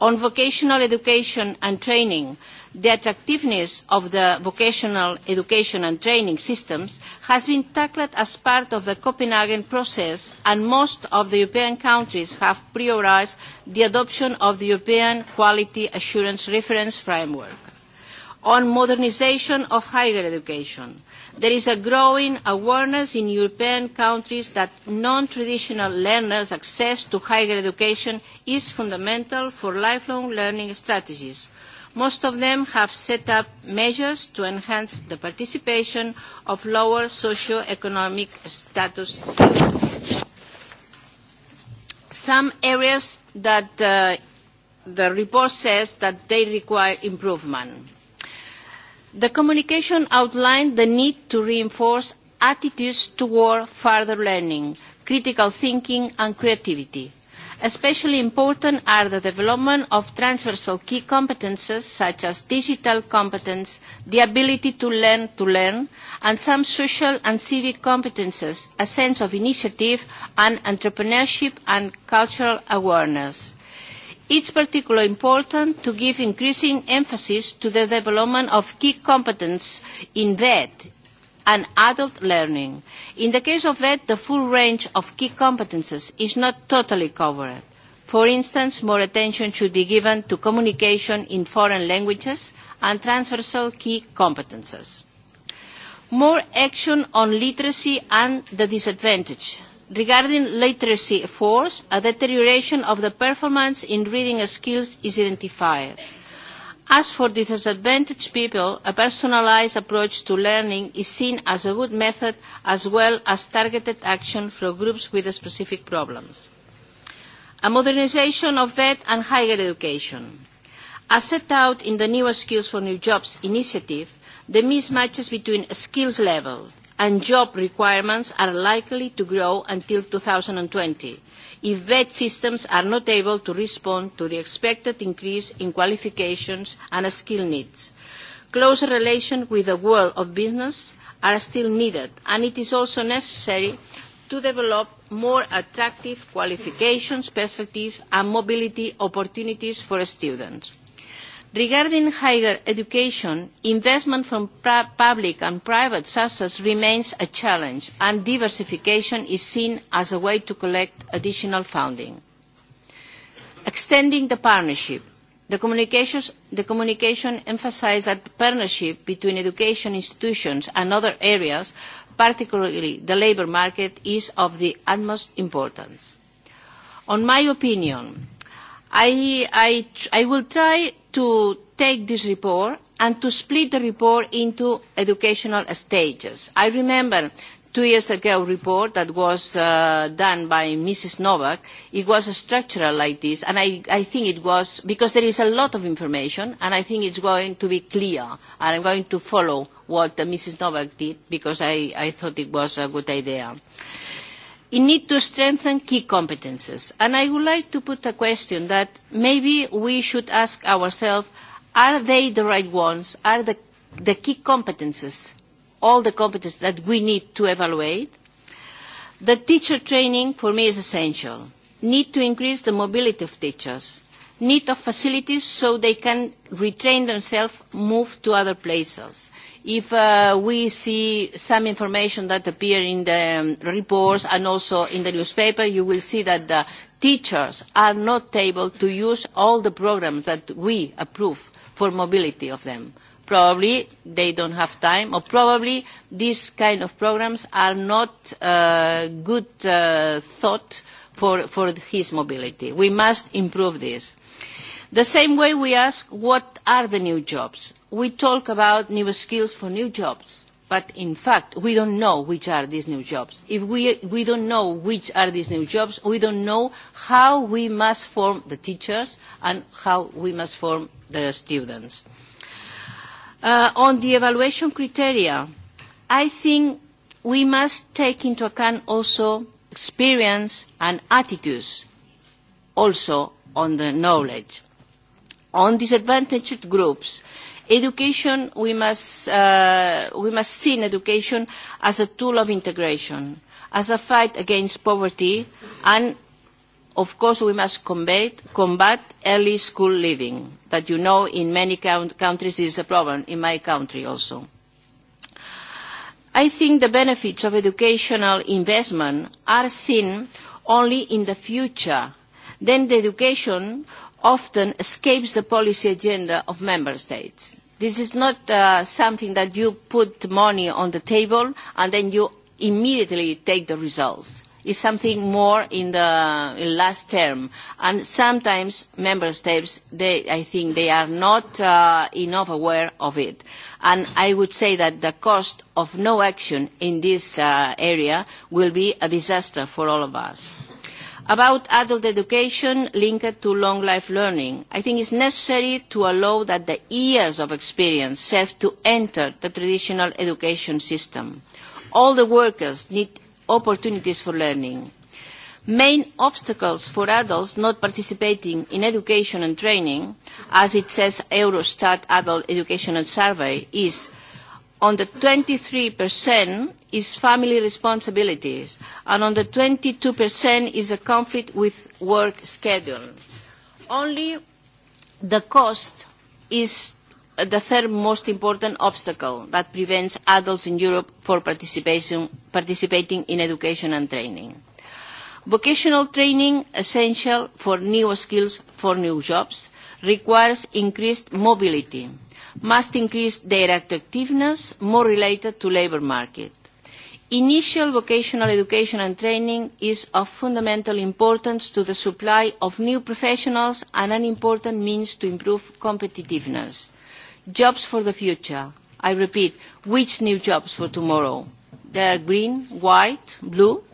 On vocational education and training, the attractiveness of the vocational education and training systems has been tackled as part of the Copenhagen process and most of the European countries have prioritised the adoption of the European Quality Assurance Reference Framework. On modernization of higher education, there is a growing awareness in European countries that non-traditional learners' access to higher education is fundamental for lifelong learning strategies. Most of them have set up measures to enhance the participation of lower socio-economic status. Some areas that uh, the report says that they require improvement. The communication outlined the need to reinforce attitudes toward further learning, critical thinking and creativity. Especially important are the development of transversal key competences such as digital competence, the ability to learn to learn, and some social and civic competences, a sense of initiative and entrepreneurship and cultural awareness. It's particularly important to give increasing emphasis to the development of key competence in that and adult learning. In the case of VET, the full range of key competences is not totally covered. For instance, more attention should be given to communication in foreign languages and transversal key competences. More action on literacy and the disadvantaged. Regarding literacy efforts, a deterioration of the performance in reading skills is identified. As for the disadvantaged people, a personalised approach to learning is seen as a good method as well as targeted action for groups with specific problems. A modernisation of VET and higher education. As set out in the New Skills for New Jobs initiative, the mismatches between skills level and job requirements are likely to grow until 2020 if vet systems are not able to respond to the expected increase in qualifications and skill needs. Close relations with the world of business are still needed, and it is also necessary to develop more attractive qualifications, perspectives and mobility opportunities for students. Regarding higher education, investment from public and private sources remains a challenge, and diversification is seen as a way to collect additional funding. Extending the partnership. The, communications, the communication emphasised that the partnership between education institutions and other areas, particularly the labour market, is of the utmost importance. On my opinion, I, I, I will try to take this report and to split the report into educational stages. I remember two years ago a report that was uh, done by Mrs. Novak. It was a structural like this, and I, I think it was because there is a lot of information, and I think it's going to be clear. And I'm going to follow what Mrs. Novak did because I, I thought it was a good idea. Uh, We need to strengthen key competences. And I would like to put a question that maybe we should ask ourselves, are they the right ones? Are the, the key competences, all the competences that we need to evaluate? The teacher training, for me, is essential. Need to increase the mobility of teachers need of facilities so they can retrain themselves, move to other places. If uh, we see some information that appear in the um, reports and also in the newspaper, you will see that the teachers are not able to use all the programs that we approve for mobility of them. Probably they don't have time, or probably these kind of programs are not uh, good uh, thought for, for his mobility. We must improve this. The same way we ask what are the new jobs. We talk about new skills for new jobs, but in fact we don't know which are these new jobs. If we, we don't know which are these new jobs, we don't know how we must form the teachers and how we must form the students. Uh, on the evaluation criteria, I think we must take into account also experience and attitudes also on the knowledge on disadvantaged groups. Education, we must, uh, we must see education as a tool of integration, as a fight against poverty, and of course we must combat, combat early school leaving, that you know in many countries is a problem, in my country also. I think the benefits of educational investment are seen only in the future. Then the education often escapes the policy agenda of member states. This is not uh, something that you put money on the table and then you immediately take the results. It's something more in the in last term. And sometimes member states, they, I think, they are not uh, enough aware of it. And I would say that the cost of no action in this uh, area will be a disaster for all of us about adult education linked to long life learning. I think it's necessary to allow that the years of experience serve to enter the traditional education system. All the workers need opportunities for learning. Main obstacles for adults not participating in education and training, as it says Eurostat Adult Educational Survey, is on the 23% is family responsibilities, and on the 22% is a conflict with work schedule. Only the cost is the third most important obstacle that prevents adults in Europe from participating in education and training. Vocational training essential for new skills for new jobs, requires increased mobility, must increase their attractiveness more related to labour market. Initial vocational education and training is of fundamental importance to the supply of new professionals and an important means to improve competitiveness. Jobs for the future. I repeat, which new jobs for tomorrow? They are green, white, blue.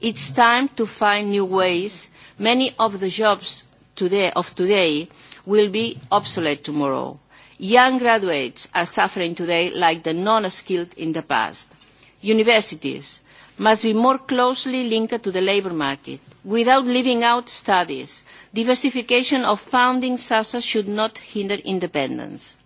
It's time to find new ways. Many of the jobs today, of today will be obsolete tomorrow. Young graduates are suffering today like the non-skilled in the past. Universities must be more closely linked to the labour market without leaving out studies. Diversification of funding sources should not hinder independence.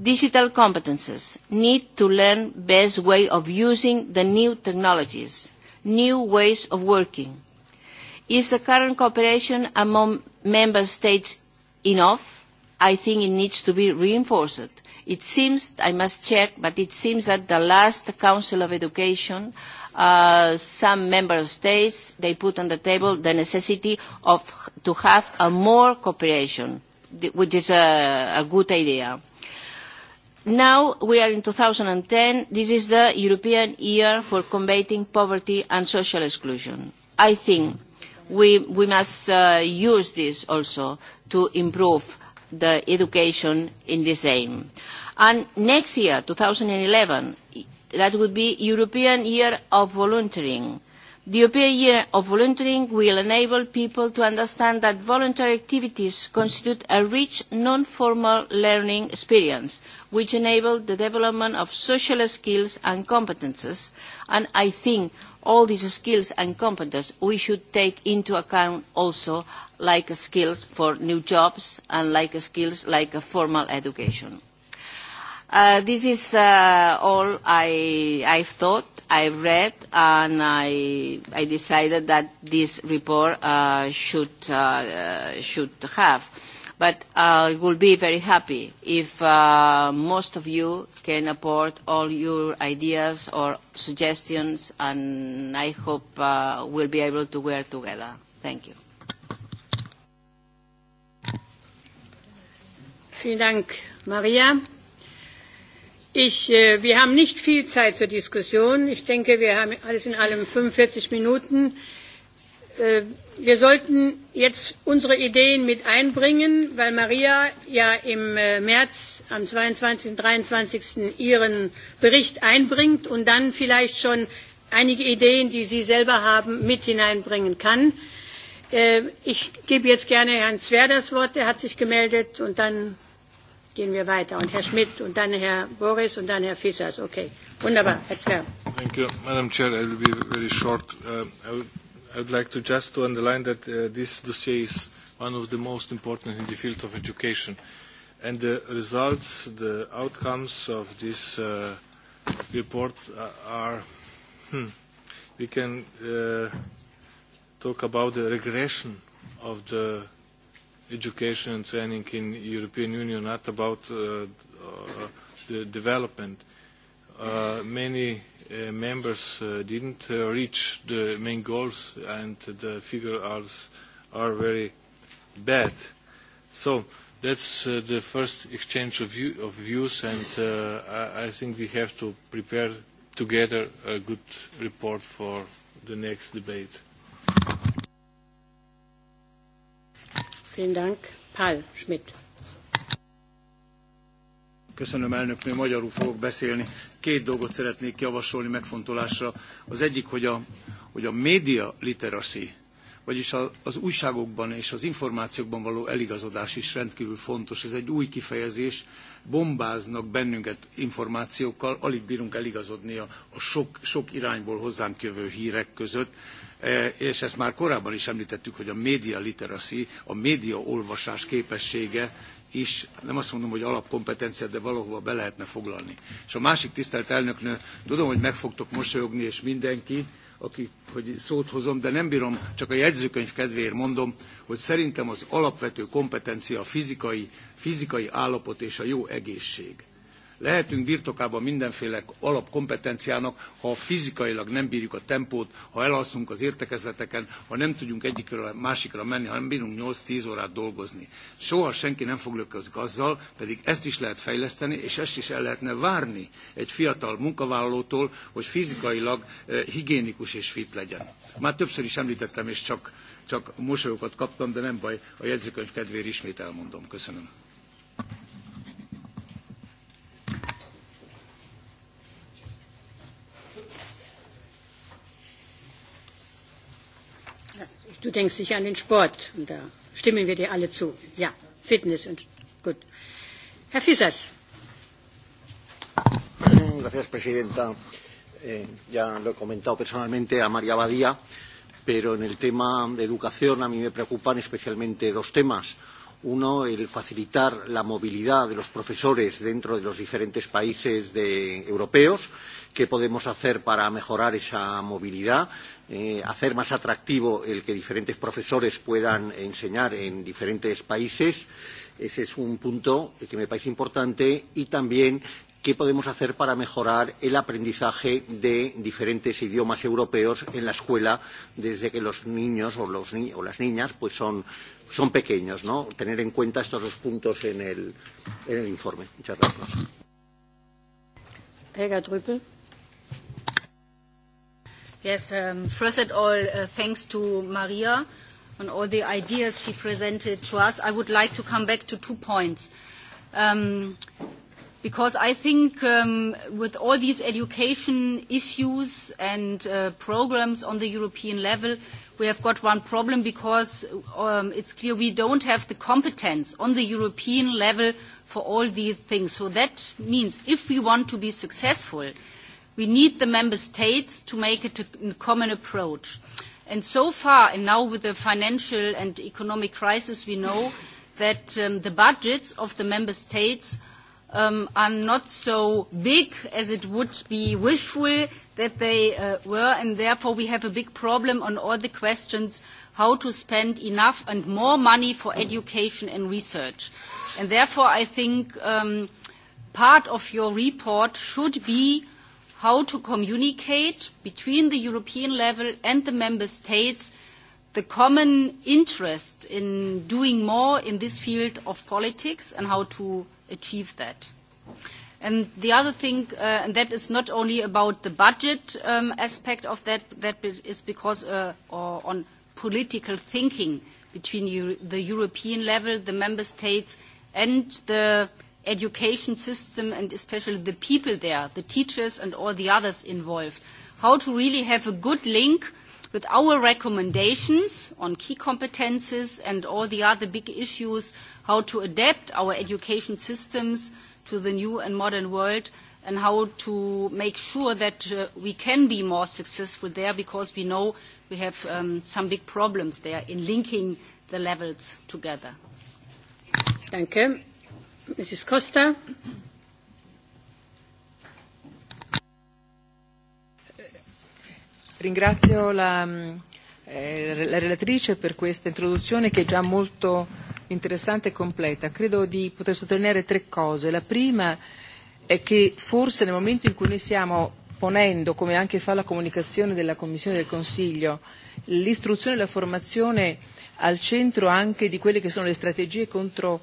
Digital competences need to learn best way of using the new technologies, new ways of working. Is the current cooperation among member states enough, I think it needs to be reinforced. It seems, I must check, but it seems that the last Council of Education, uh, some member states, they put on the table the necessity of, to have a more cooperation, which is a, a good idea. Now we are in 2010. This is the European year for combating poverty and social exclusion. I think we, we must uh, use this also to improve the education in this aim. And next year, 2011, that would be European Year of Volunteering. The European Year of Volunteering will enable people to understand that voluntary activities constitute a rich, non-formal learning experience, which enable the development of social skills and competences. And I think all these skills and competences we should take into account also like skills for new jobs and like skills like formal education. Uh, this is uh, all I, I've thought, I've read, and I, I decided that this report uh, should, uh, uh, should have. But I will be very happy if uh, most of you can support all your ideas or suggestions, and I hope we'll be able to work together. Thank you. Vielen Dank, Maria. Ich, äh, wir haben nicht viel Zeit zur Diskussion. Ich denke, wir haben alles in allem 45 Minuten. Äh, wir sollten jetzt unsere Ideen mit einbringen, weil Maria ja im äh, März am 22. und 23. ihren Bericht einbringt und dann vielleicht schon einige Ideen, die Sie selber haben, mit hineinbringen kann. Äh, ich gebe jetzt gerne Herrn Zwer das Wort, der hat sich gemeldet, und dann gehen wir weiter. Und Herr Schmidt und dann Herr Boris und dann Herr Fissers. Okay, wunderbar. Herr Zwerg. Thank you, Madam Chair. I will be very short. Uh, I, would, I would like to just to underline that uh, this dossier is one of the most important in the field of education. And the results, the outcomes of this uh, report uh, are, hmm, we can uh, talk about the regression of the education and training in European Union, not about uh, uh, the development. Uh, many uh, members uh, didn't uh, reach the main goals and the figures are, are very bad. So that's uh, the first exchange of, view, of views and uh, I, I think we have to prepare together a good report for the next debate. Vielen Dank. Paul Schmidt. Köszönöm, elnöknő, magyarul fogok beszélni. Két dolgot szeretnék javasolni megfontolásra. Az egyik, hogy a, hogy a média literacy, vagyis a, az újságokban és az információkban való eligazodás is rendkívül fontos. Ez egy új kifejezés, bombáznak bennünket információkkal, alig bírunk eligazodni a, a sok, sok irányból hozzánk jövő hírek között Eh, és ezt már korábban is említettük, hogy a média literacy, a média olvasás képessége is, nem azt mondom, hogy alapkompetencia, de valahova be lehetne foglalni. És a másik tisztelt elnöknő, tudom, hogy meg fogtok mosolyogni, és mindenki, aki, hogy szót hozom, de nem bírom, csak a jegyzőkönyv kedvéért mondom, hogy szerintem az alapvető kompetencia a fizikai, fizikai állapot és a jó egészség lehetünk birtokában mindenféle alapkompetenciának, ha fizikailag nem bírjuk a tempót, ha elalszunk az értekezleteken, ha nem tudjunk egyikről a másikra menni, ha nem bírunk 8-10 órát dolgozni. Soha senki nem foglalkozik azzal, pedig ezt is lehet fejleszteni, és ezt is el lehetne várni egy fiatal munkavállalótól, hogy fizikailag eh, higiénikus és fit legyen. Már többször is említettem, és csak, csak mosolyokat kaptam, de nem baj, a jegyzőkönyv kedvéért ismét elmondom. Köszönöm. Du denkst sicher an den Sport und da stimmen wir dir alle zu. Ja, Fitness und gut. Herr Fissers. Mm, gracias, Presidenta. Eh, ya lo he comentado personalmente a María Badía, pero en el tema de educación a mí me preocupan especialmente dos temas. Uno, el facilitar la movilidad de los profesores dentro de los diferentes países de, europeos. ¿Qué podemos hacer para mejorar esa movilidad? eh, hacer más atractivo el que diferentes profesores puedan enseñar en diferentes países. Ese es un punto que me parece importante y también qué podemos hacer para mejorar el aprendizaje de diferentes idiomas europeos en la escuela desde que los niños o, los ni o las niñas pues son, son pequeños. ¿no? Tener en cuenta estos dos puntos en el, en el informe. Muchas gracias. Helga Drüppel. Yes, um, first of all, uh, thanks to Maria and all the ideas she presented to us. I would like to come back to two points. Um, because I think um, with all these education issues and uh, programs on the European level, we have got one problem because um, it's clear we don't have the competence on the European level for all these things. So that means if we want to be successful, We need the member states to make it a common approach. And so far, and now with the financial and economic crisis, we know that um, the budgets of the member states um, are not so big as it would be wishful that they uh, were, and therefore we have a big problem on all the questions how to spend enough and more money for education and research. And therefore I think um, part of your report should be how to communicate between the European level and the member states the common interest in doing more in this field of politics and how to achieve that. And the other thing, uh, and that is not only about the budget um, aspect of that, that is because uh, or on political thinking between Euro the European level, the member states, and the education system and especially the people there, the teachers and all the others involved, how to really have a good link with our recommendations on key competences and all the other big issues, how to adapt our education systems to the new and modern world and how to make sure that uh, we can be more successful there because we know we have um, some big problems there in linking the levels together. Thank you. Mrs. Costa. Ringrazio la, eh, la relatrice per questa introduzione che è già molto interessante e completa. Credo di poter sottolineare tre cose. La prima è che forse nel momento in cui noi stiamo ponendo, come anche fa la comunicazione della Commissione e del Consiglio, l'istruzione e la formazione al centro anche di quelle che sono le strategie contro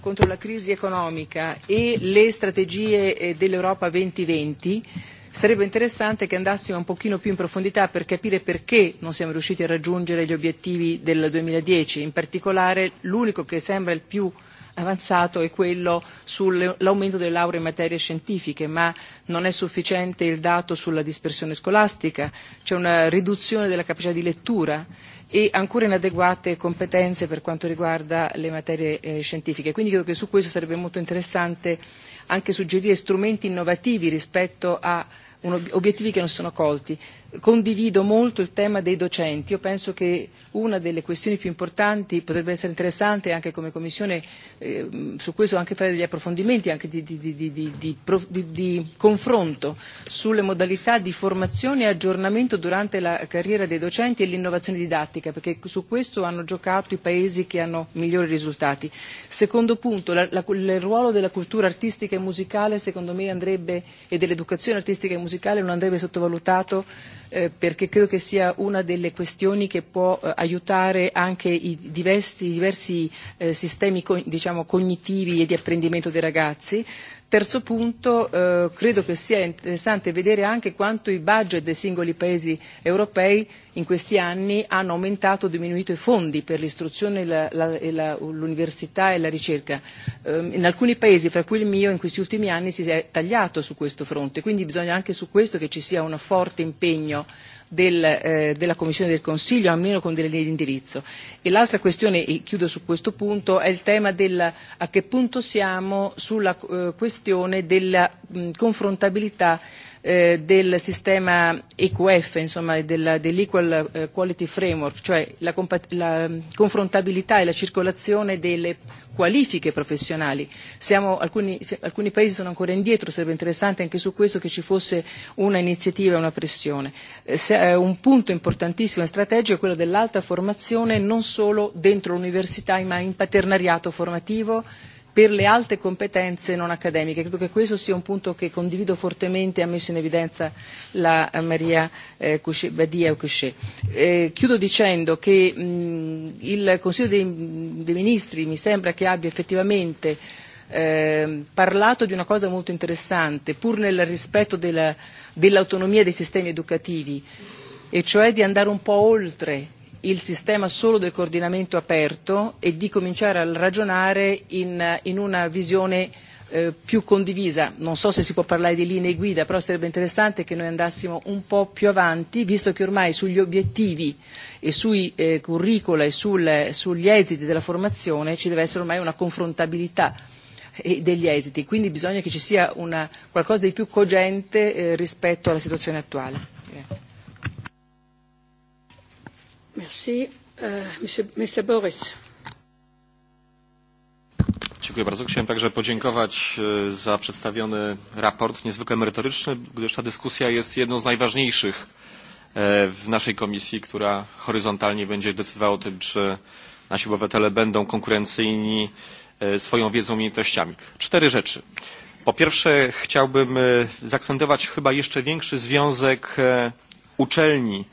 contro la crisi economica e le strategie eh, dell'Europa 2020, sarebbe interessante che andassimo un pochino più in profondità per capire perché non siamo riusciti a raggiungere gli obiettivi del 2010. In particolare l'unico che sembra il più avanzato è quello sull'aumento delle lauree in materie scientifiche, ma non è sufficiente il dato sulla dispersione scolastica, c'è una riduzione della capacità di lettura e ancora inadeguate competenze per quanto riguarda le materie eh, scientifiche. Quindi credo che su questo sarebbe molto interessante anche suggerire strumenti innovativi rispetto a un, obiettivi che non sono colti condivido molto il tema dei docenti. Io penso che una delle questioni più importanti potrebbe essere interessante anche come Commissione eh, su questo anche fare degli approfondimenti, anche di, di, di, di, di, di, di confronto sulle modalità di formazione e aggiornamento durante la carriera dei docenti e l'innovazione didattica, perché su questo hanno giocato i paesi che hanno migliori risultati. Secondo punto, la, la, il ruolo della cultura artistica e musicale secondo me andrebbe, e dell'educazione artistica e musicale non andrebbe sottovalutato Eh, perché credo che sia una delle questioni che può eh, aiutare anche i diversi, diversi eh, sistemi co- diciamo, cognitivi e di apprendimento dei ragazzi. Terzo punto, eh, credo che sia interessante vedere anche quanto i budget dei singoli paesi europei in questi anni hanno aumentato o diminuito i fondi per l'istruzione, la, la, e la, l'università e la ricerca. Eh, in alcuni paesi, fra cui il mio, in questi ultimi anni si è tagliato su questo fronte, quindi bisogna anche su questo che ci sia un forte impegno del, eh, della Commissione del Consiglio, almeno con delle linee di indirizzo. E l'altra questione, e chiudo su questo punto, è il tema del a che punto siamo sulla eh, questione della mh, confrontabilità Eh, del sistema EQF, insomma del dell'Equal eh, Quality Framework, cioè la, la mm, confrontabilità e la circolazione delle qualifiche professionali. Siamo, alcuni, alcuni paesi sono ancora indietro, sarebbe interessante anche su questo che ci fosse una iniziativa e una pressione. Eh, un punto importantissimo e strategico è quello dell'alta formazione non solo dentro l'università ma in paternariato formativo, per le alte competenze non accademiche. Credo che questo sia un punto che condivido fortemente e ha messo in evidenza la eh, Maria eh, Couchet, Badia Couchet. Eh, chiudo dicendo che mh, mm, il Consiglio dei, mm, dei Ministri mi sembra che abbia effettivamente eh, parlato di una cosa molto interessante, pur nel rispetto della, dell'autonomia dei sistemi educativi, e cioè di andare un po' oltre il sistema solo del coordinamento aperto e di cominciare a ragionare in, in una visione eh, più condivisa. Non so se si può parlare di linee guida, però sarebbe interessante che noi andassimo un po' più avanti, visto che ormai sugli obiettivi e sui eh, curricula e sul, sugli esiti della formazione ci deve essere ormai una confrontabilità eh, degli esiti, quindi bisogna che ci sia una, qualcosa di più cogente eh, rispetto alla situazione attuale. Grazie. Merci. Euh, Mr. Boris. Dziękuję bardzo. Chciałem także podziękować za przedstawiony raport, niezwykle merytoryczny, gdyż ta dyskusja jest jedną z najważniejszych w naszej komisji, która horyzontalnie będzie decydowała o tym, czy nasi obywatele będą konkurencyjni swoją wiedzą i umiejętnościami. Cztery rzeczy. Po pierwsze, chciałbym zaakcentować chyba jeszcze większy związek uczelni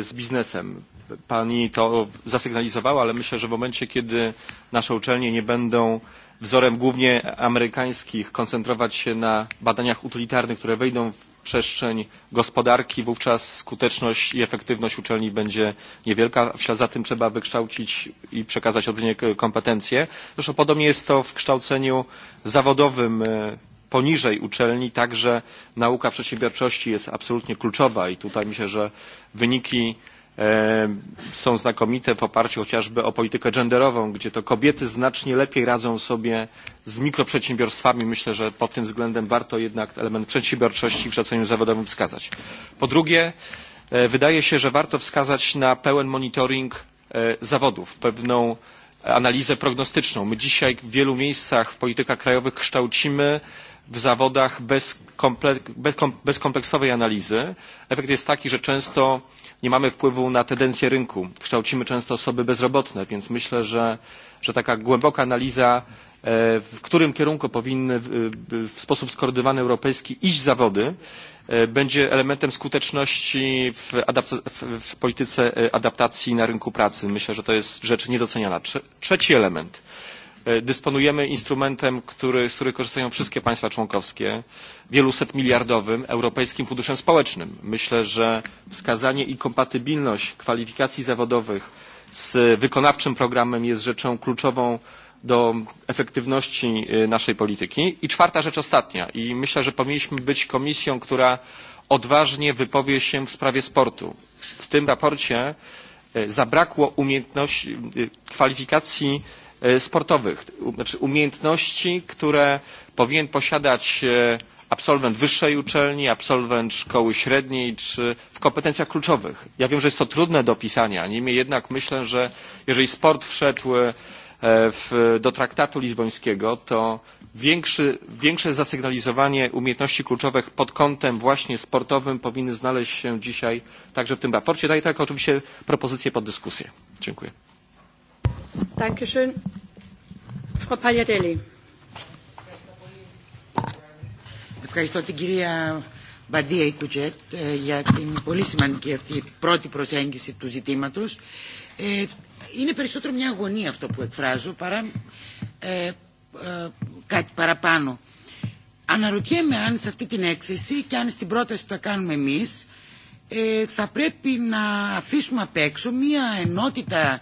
z biznesem. Pani to zasygnalizowała, ale myślę, że w momencie, kiedy nasze uczelnie nie będą wzorem głównie amerykańskich koncentrować się na badaniach utylitarnych, które wejdą w przestrzeń gospodarki, wówczas skuteczność i efektywność uczelni będzie niewielka. W ślad za tym trzeba wykształcić i przekazać odpowiednie kompetencje. Zresztą podobnie jest to w kształceniu zawodowym poniżej uczelni także nauka przedsiębiorczości jest absolutnie kluczowa i tutaj myślę, że wyniki są znakomite w oparciu chociażby o politykę genderową, gdzie to kobiety znacznie lepiej radzą sobie z mikroprzedsiębiorstwami. Myślę, że pod tym względem warto jednak element przedsiębiorczości w szaceniu zawodowym wskazać. Po drugie, wydaje się, że warto wskazać na pełen monitoring zawodów, pewną analizę prognostyczną. My dzisiaj w wielu miejscach w politykach krajowych kształcimy w zawodach bez, komple bez kompleksowej analizy. Efekt jest taki, że często nie mamy wpływu na tendencje rynku. Kształcimy często osoby bezrobotne, więc myślę, że, że taka głęboka analiza, w którym kierunku powinny w sposób skoordynowany europejski iść zawody, będzie elementem skuteczności w, w, polityce adaptacji na rynku pracy. Myślę, że to jest rzecz niedoceniana. trzeci element Dysponujemy instrumentem, który, z którego korzystają wszystkie państwa członkowskie, wieluset miliardowym Europejskim Funduszem Społecznym. Myślę, że wskazanie i kompatybilność kwalifikacji zawodowych z wykonawczym programem jest rzeczą kluczową do efektywności naszej polityki. I czwarta rzecz ostatnia. I myślę, że powinniśmy być komisją, która odważnie wypowie się w sprawie sportu. W tym raporcie zabrakło umiejętności, kwalifikacji sportowych, znaczy umiejętności, które powinien posiadać absolwent wyższej uczelni, absolwent szkoły średniej czy w kompetencjach kluczowych. Ja wiem, że jest to trudne do pisania, niemniej jednak myślę, że jeżeli sport wszedł w, do traktatu lizbońskiego, to większy, większe zasygnalizowanie umiejętności kluczowych pod kątem właśnie sportowym powinny znaleźć się dzisiaj także w tym raporcie. Daję tak oczywiście propozycję pod dyskusję. Dziękuję. Dankeschön. Frau Pagliarelli. Ευχαριστώ την κυρία Μπαντία Ικουτζέτ για την πολύ σημαντική αυτή πρώτη προσέγγιση του ζητήματος. Ε, είναι περισσότερο μια αγωνία αυτό που εκφράζω παρά ε, ε, κάτι παραπάνω. Αναρωτιέμαι αν σε αυτή την έκθεση και αν στην πρόταση που θα κάνουμε εμείς ε, θα πρέπει να αφήσουμε απ' έξω μια ενότητα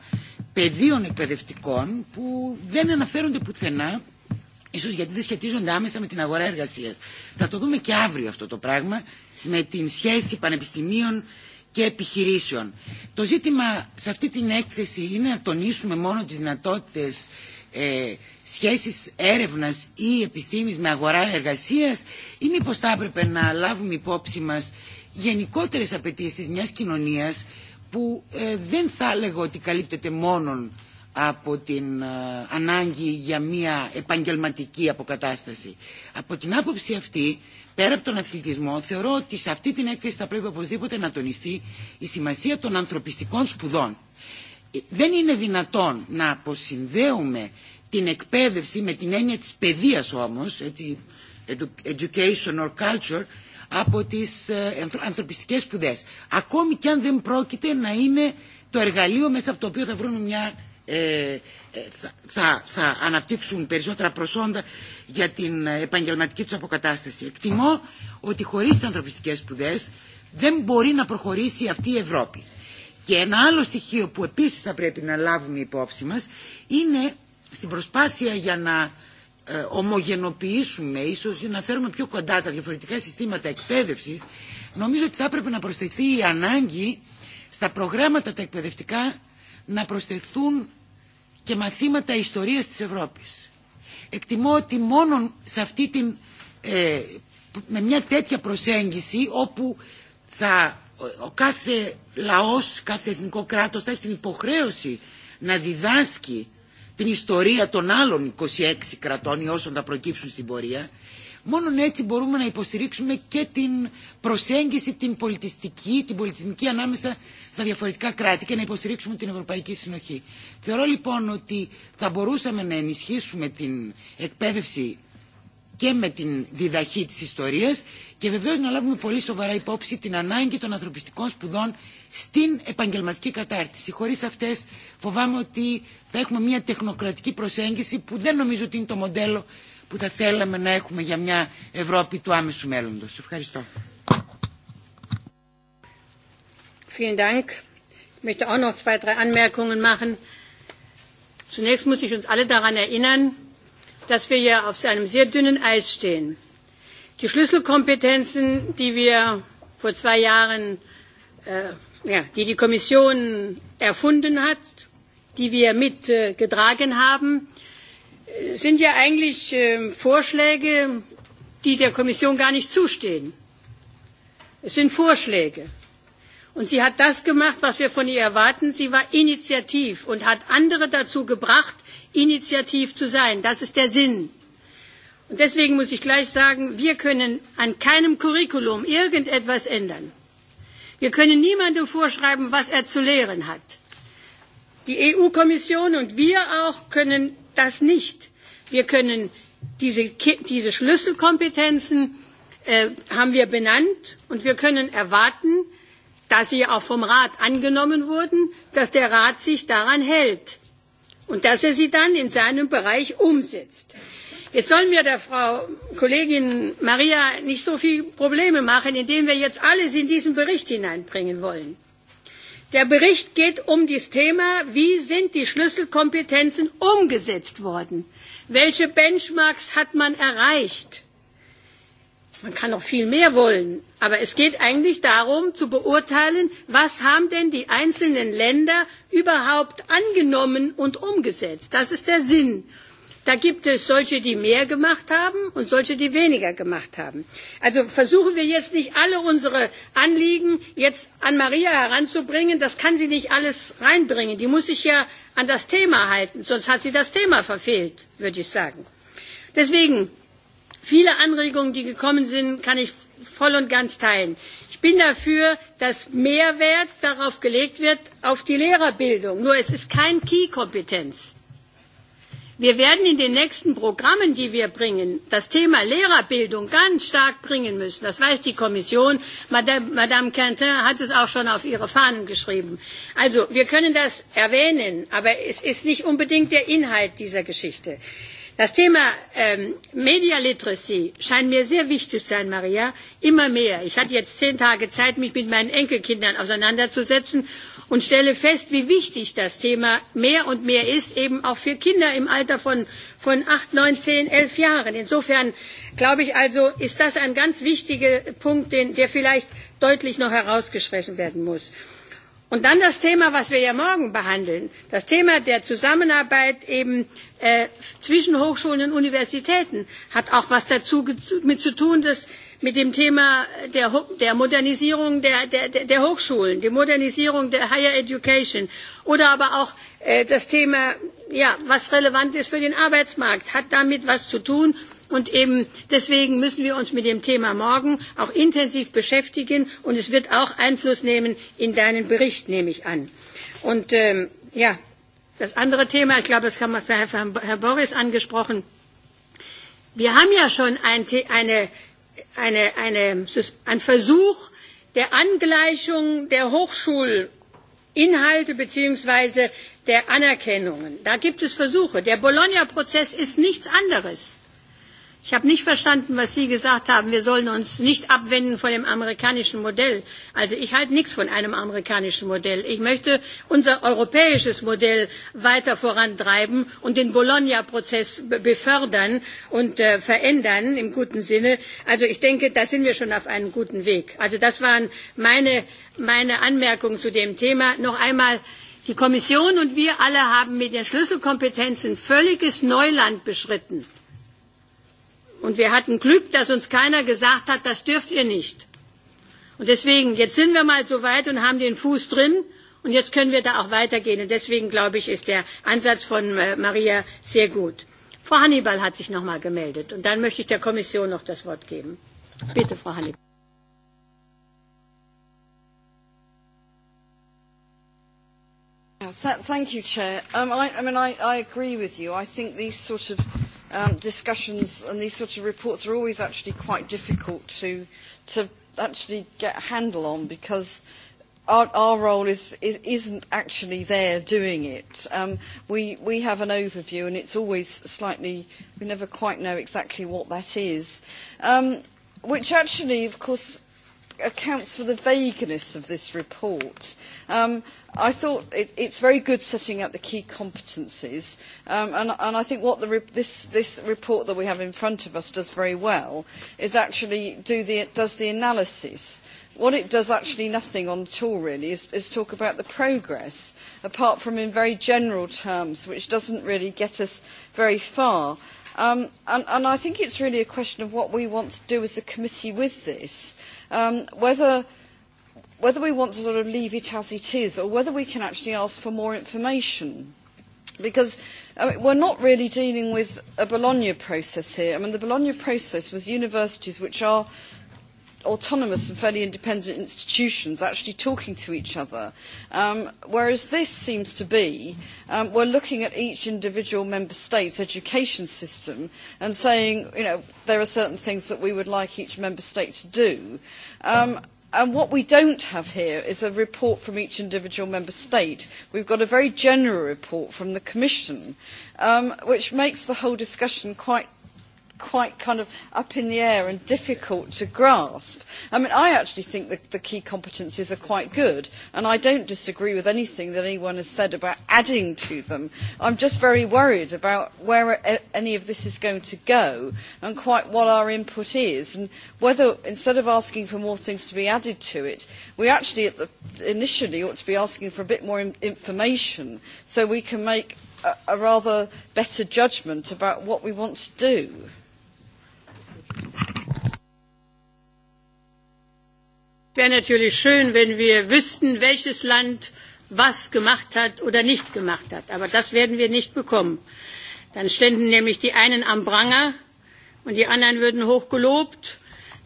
πεδίων εκπαιδευτικών που δεν αναφέρονται πουθενά ίσως γιατί δεν σχετίζονται άμεσα με την αγορά εργασίας. Θα το δούμε και αύριο αυτό το πράγμα με την σχέση πανεπιστημίων και επιχειρήσεων. Το ζήτημα σε αυτή την έκθεση είναι να τονίσουμε μόνο τις δυνατότητες ε, σχέσεις έρευνας ή επιστήμης με αγορά εργασίας ή μήπως θα έπρεπε να λάβουμε υπόψη μας γενικότερες απαιτήσεις μιας κοινωνίας που ε, δεν θα έλεγα ότι καλύπτεται μόνον από την ε, ανάγκη για μια επαγγελματική αποκατάσταση. Από την άποψη αυτή, πέρα από τον αθλητισμό, θεωρώ ότι σε αυτή την έκθεση θα πρέπει οπωσδήποτε να τονιστεί η σημασία των ανθρωπιστικών σπουδών. Δεν είναι δυνατόν να αποσυνδέουμε την εκπαίδευση με την έννοια της παιδείας όμως, education or culture, από τις ανθρωπιστικές σπουδές. Ακόμη και αν δεν πρόκειται να είναι το εργαλείο μέσα από το οποίο θα βρουν μια ε, θα, θα αναπτύξουν περισσότερα προσόντα για την επαγγελματική τους αποκατάσταση. Εκτιμώ ότι χωρίς τις ανθρωπιστικές σπουδές δεν μπορεί να προχωρήσει αυτή η Ευρώπη. Και ένα άλλο στοιχείο που επίσης θα πρέπει να λάβουμε υπόψη μας είναι στην προσπάθεια για να ε, ομογενοποιήσουμε, ίσως να φέρουμε πιο κοντά τα διαφορετικά συστήματα εκπαίδευσης, νομίζω ότι θα έπρεπε να προσθεθεί η ανάγκη στα προγράμματα τα εκπαιδευτικά να προσθεθούν και μαθήματα ιστορίας της Ευρώπης. Εκτιμώ ότι μόνο σε αυτή την, ε, με μια τέτοια προσέγγιση όπου θα, ο κάθε λαός, κάθε εθνικό κράτος θα έχει την υποχρέωση να διδάσκει την ιστορία των άλλων 26 κρατών ή όσων θα προκύψουν στην πορεία, μόνο έτσι μπορούμε να υποστηρίξουμε και την προσέγγιση την πολιτιστική, την πολιτισμική ανάμεσα στα διαφορετικά κράτη και να υποστηρίξουμε την Ευρωπαϊκή Συνοχή. Θεωρώ λοιπόν ότι θα μπορούσαμε να ενισχύσουμε την εκπαίδευση και με την διδαχή της ιστορίας και βεβαίως να λάβουμε πολύ σοβαρά υπόψη την ανάγκη των ανθρωπιστικών σπουδών στην επαγγελματική κατάρτιση. Χωρίς αυτές φοβάμαι ότι θα έχουμε μια τεχνοκρατική προσέγγιση που δεν νομίζω ότι είναι το μοντέλο που θα θέλαμε να έχουμε για μια Ευρώπη του άμεσου μέλλοντος. Ευχαριστώ. Vielen Dank. Ich möchte auch noch zwei, drei Anmerkungen machen. Zunächst muss ich uns alle daran erinnern, dass wir hier auf einem sehr dünnen Eis stehen. Die Schlüsselkompetenzen, die wir vor zwei Jahren äh, ja, die die Kommission erfunden hat, die wir mitgetragen haben, sind ja eigentlich ähm, Vorschläge, die der Kommission gar nicht zustehen. Es sind Vorschläge. Und sie hat das gemacht, was wir von ihr erwarten. Sie war initiativ und hat andere dazu gebracht, initiativ zu sein. Das ist der Sinn. Und deswegen muss ich gleich sagen, wir können an keinem Curriculum irgendetwas ändern. Wir können niemandem vorschreiben, was er zu lehren hat. Die EU-Kommission und wir auch können das nicht. Wir können diese, diese Schlüsselkompetenzen äh, haben wir benannt und wir können erwarten, dass sie auch vom Rat angenommen wurden, dass der Rat sich daran hält und dass er sie dann in seinem Bereich umsetzt. Jetzt sollen wir der Frau Kollegin Maria nicht so viele Probleme machen, indem wir jetzt alles in diesen Bericht hineinbringen wollen. Der Bericht geht um das Thema, wie sind die Schlüsselkompetenzen umgesetzt worden? Welche Benchmarks hat man erreicht? Man kann noch viel mehr wollen, aber es geht eigentlich darum zu beurteilen, was haben denn die einzelnen Länder überhaupt angenommen und umgesetzt. Das ist der Sinn. Da gibt es solche, die mehr gemacht haben und solche, die weniger gemacht haben. Also versuchen wir jetzt nicht alle unsere Anliegen jetzt an Maria heranzubringen. Das kann sie nicht alles reinbringen. Die muss sich ja an das Thema halten, sonst hat sie das Thema verfehlt, würde ich sagen. Deswegen, viele Anregungen, die gekommen sind, kann ich voll und ganz teilen. Ich bin dafür, dass Mehrwert darauf gelegt wird, auf die Lehrerbildung. Nur es ist kein Key-Kompetenz. Wir werden in den nächsten Programmen, die wir bringen, das Thema Lehrerbildung ganz stark bringen müssen. Das weiß die Kommission. Madame, Madame Quentin hat es auch schon auf ihre Fahnen geschrieben. Also, wir können das erwähnen, aber es ist nicht unbedingt der Inhalt dieser Geschichte. Das Thema ähm, Media Literacy scheint mir sehr wichtig zu sein, Maria. Immer mehr. Ich hatte jetzt zehn Tage Zeit, mich mit meinen Enkelkindern auseinanderzusetzen und stelle fest, wie wichtig das Thema mehr und mehr ist, eben auch für Kinder im Alter von, von acht, neun, zehn, elf Jahren. Insofern glaube ich also, ist das ein ganz wichtiger Punkt, den, der vielleicht deutlich noch herausgeschrieben werden muss. Und dann das Thema, was wir ja morgen behandeln, das Thema der Zusammenarbeit eben äh, zwischen Hochschulen und Universitäten hat auch was dazu mit zu tun, dass mit dem Thema der, der Modernisierung der, der, der Hochschulen, die Modernisierung der Higher Education oder aber auch äh, das Thema, ja, was relevant ist für den Arbeitsmarkt, hat damit was zu tun Und eben deswegen müssen wir uns mit dem Thema morgen auch intensiv beschäftigen und es wird auch Einfluss nehmen in deinen Bericht, nehme ich an. Und ähm, ja, das andere Thema, ich glaube, das kann man für Herr, Herr Boris angesprochen. Wir haben ja schon ein, eine, eine, eine, ein Versuch der Angleichung der Hochschulinhalte beziehungsweise der Anerkennungen. Da gibt es Versuche. Der Bologna-Prozess ist nichts anderes. Ich habe nicht verstanden, was Sie gesagt haben, wir sollen uns nicht abwenden von dem amerikanischen Modell. Also ich halte nichts von einem amerikanischen Modell. Ich möchte unser europäisches Modell weiter vorantreiben und den Bologna-Prozess befördern und äh, verändern im guten Sinne. Also ich denke, da sind wir schon auf einem guten Weg. Also das waren meine, meine Anmerkungen zu dem Thema. Noch einmal, die Kommission und wir alle haben mit den Schlüsselkompetenzen völliges Neuland beschritten. Und wir hatten Glück, dass uns keiner gesagt hat, das dürft ihr nicht. Und deswegen, jetzt sind wir mal so weit und haben den Fuß drin. Und jetzt können wir da auch weitergehen. Und deswegen, glaube ich, ist der Ansatz von äh, Maria sehr gut. Frau Hannibal hat sich noch mal gemeldet. Und dann möchte ich der Kommission noch das Wort geben. Bitte, Frau Hannibal. Thank you, Chair. Um, I, I mean, I, I agree with you. I think these sort of um, discussions and these sorts of reports are always actually quite difficult to, to actually get a handle on because our, our role is, is, isn't actually there doing it. Um, we, we have an overview and it's always slightly, we never quite know exactly what that is, um, which actually, of course, accounts for the vagueness of this report. Um, I thought it, it's very good setting out the key competencies, um, and, and I think what the re this, this report that we have in front of us does very well is actually do the, does the analysis. What it does actually nothing on at all really is, is talk about the progress, apart from in very general terms, which doesn't really get us very far. Um, and, and I think it's really a question of what we want to do as a committee with this, um, whether whether we want to sort of leave it as it is or whether we can actually ask for more information. Because I mean, we're not really dealing with a Bologna process here. I mean, the Bologna process was universities which are autonomous and fairly independent institutions actually talking to each other. Um, whereas this seems to be, um, we're looking at each individual member state's education system and saying, you know, there are certain things that we would like each member state to do. Um, And what we don't have here is a report from each individual member state. We've got a very general report from the Commission, um, which makes the whole discussion quite quite kind of up in the air and difficult to grasp. I mean, I actually think that the key competencies are quite good, and I don't disagree with anything that anyone has said about adding to them. I'm just very worried about where any of this is going to go and quite what our input is, and whether instead of asking for more things to be added to it, we actually at the, initially ought to be asking for a bit more information so we can make a, a rather better judgment about what we want to do. Wäre natürlich schön, wenn wir wüssten, welches Land was gemacht hat oder nicht gemacht hat. Aber das werden wir nicht bekommen. Dann ständen nämlich die einen am Pranger und die anderen würden hochgelobt.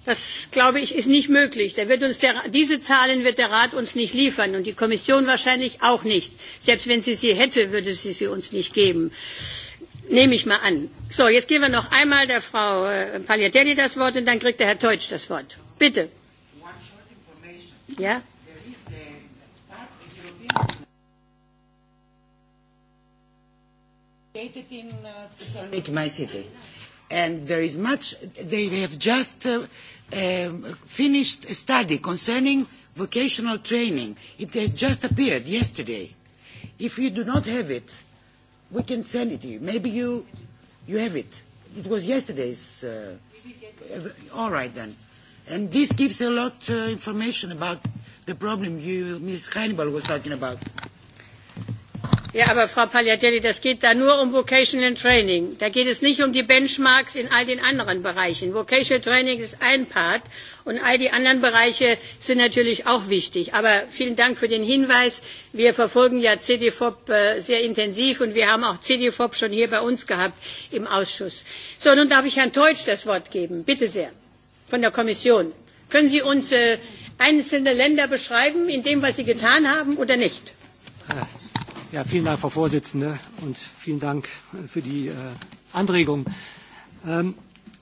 Das, glaube ich, ist nicht möglich. Da wird uns der, diese Zahlen wird der Rat uns nicht liefern und die Kommission wahrscheinlich auch nicht. Selbst wenn sie sie hätte, würde sie sie uns nicht geben. Äh, Nehme ich mal an. So, jetzt geben wir noch einmal der Frau äh, Pagliatelli das Wort und dann kriegt der Herr Teutsch das Wort. Bitte. Ja? Located my city. And there is much, they have just uh, uh, finished a study concerning vocational training. It has just appeared yesterday. If you do not have it, We can send it to you. Maybe you, you have it. It was yesterday's. Uh, all right then. And this gives a lot of uh, information about the problem you, Ms. Hannibal was talking about. Ja, aber Frau Pagliatelli, das geht da nur um Vocational Training. Da geht es nicht um die Benchmarks in all den anderen Bereichen. Vocational Training ist ein Part Und all die anderen Bereiche sind natürlich auch wichtig. Aber vielen Dank für den Hinweis. Wir verfolgen ja CDFOP äh, sehr intensiv und wir haben auch CDFOP schon hier bei uns gehabt im Ausschuss. So, nun darf ich Herrn Teutsch das Wort geben. Bitte sehr. Von der Kommission. Können Sie uns äh, einzelne Länder beschreiben in dem, was Sie getan haben oder nicht? Ah, ja, vielen Dank, Frau Vorsitzende, und vielen Dank für die äh, Anregung. Ähm,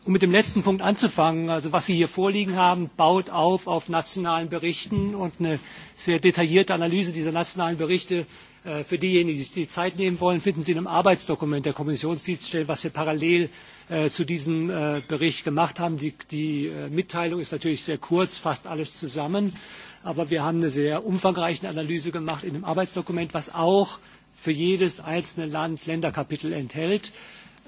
Um mit dem letzten Punkt anzufangen, also was Sie hier vorliegen haben, baut auf auf nationalen Berichten und eine sehr detaillierte Analyse dieser nationalen Berichte äh, für diejenigen, die sich die Zeit nehmen wollen, finden Sie in einem Arbeitsdokument der Kommissionsdienststellen, was wir parallel äh, zu diesem äh, Bericht gemacht haben. Die, die Mitteilung ist natürlich sehr kurz, fasst alles zusammen, aber wir haben eine sehr umfangreiche Analyse gemacht in dem Arbeitsdokument, was auch für jedes einzelne Land Länderkapitel enthält.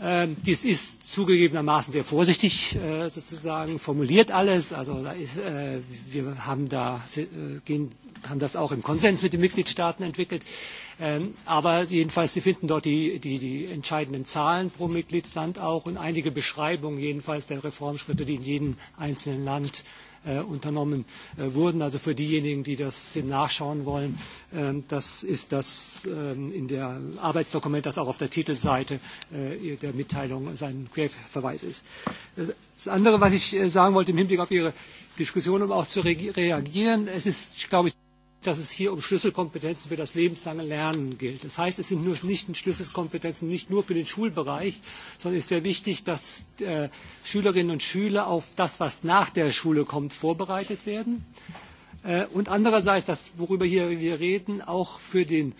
Ähm, dies ist zugegebenermaßen sehr vorsichtig äh, sozusagen formuliert alles. Also da ist, äh, wir haben, da, äh, haben das auch im Konsens mit den Mitgliedstaaten entwickelt. Ähm, aber jedenfalls, Sie finden dort die, die, die entscheidenden Zahlen pro Mitgliedsland auch und einige Beschreibungen jedenfalls der Reformschritte, die in jedem einzelnen Land äh, Äh, unternommen äh, wurden. Also für diejenigen, die das nachschauen wollen, ähm, das ist das ähm, in der Arbeitsdokument, das auch auf der Titelseite äh, der Mitteilung sein Querverweis ist. Das andere, was ich sagen wollte im Hinblick auf Ihre Diskussion, um auch zu reagieren, es ist, glaube ich, dass es hier um Schlüsselkompetenzen für das lebenslange Lernen gilt. Das heißt, es sind nur nicht Schlüsselkompetenzen nicht nur für den Schulbereich, sondern es ist sehr wichtig, dass äh, Schülerinnen und Schüler auf das, was nach der Schule kommt, vorbereitet werden. Äh, und andererseits, das, worüber hier wir reden, auch für den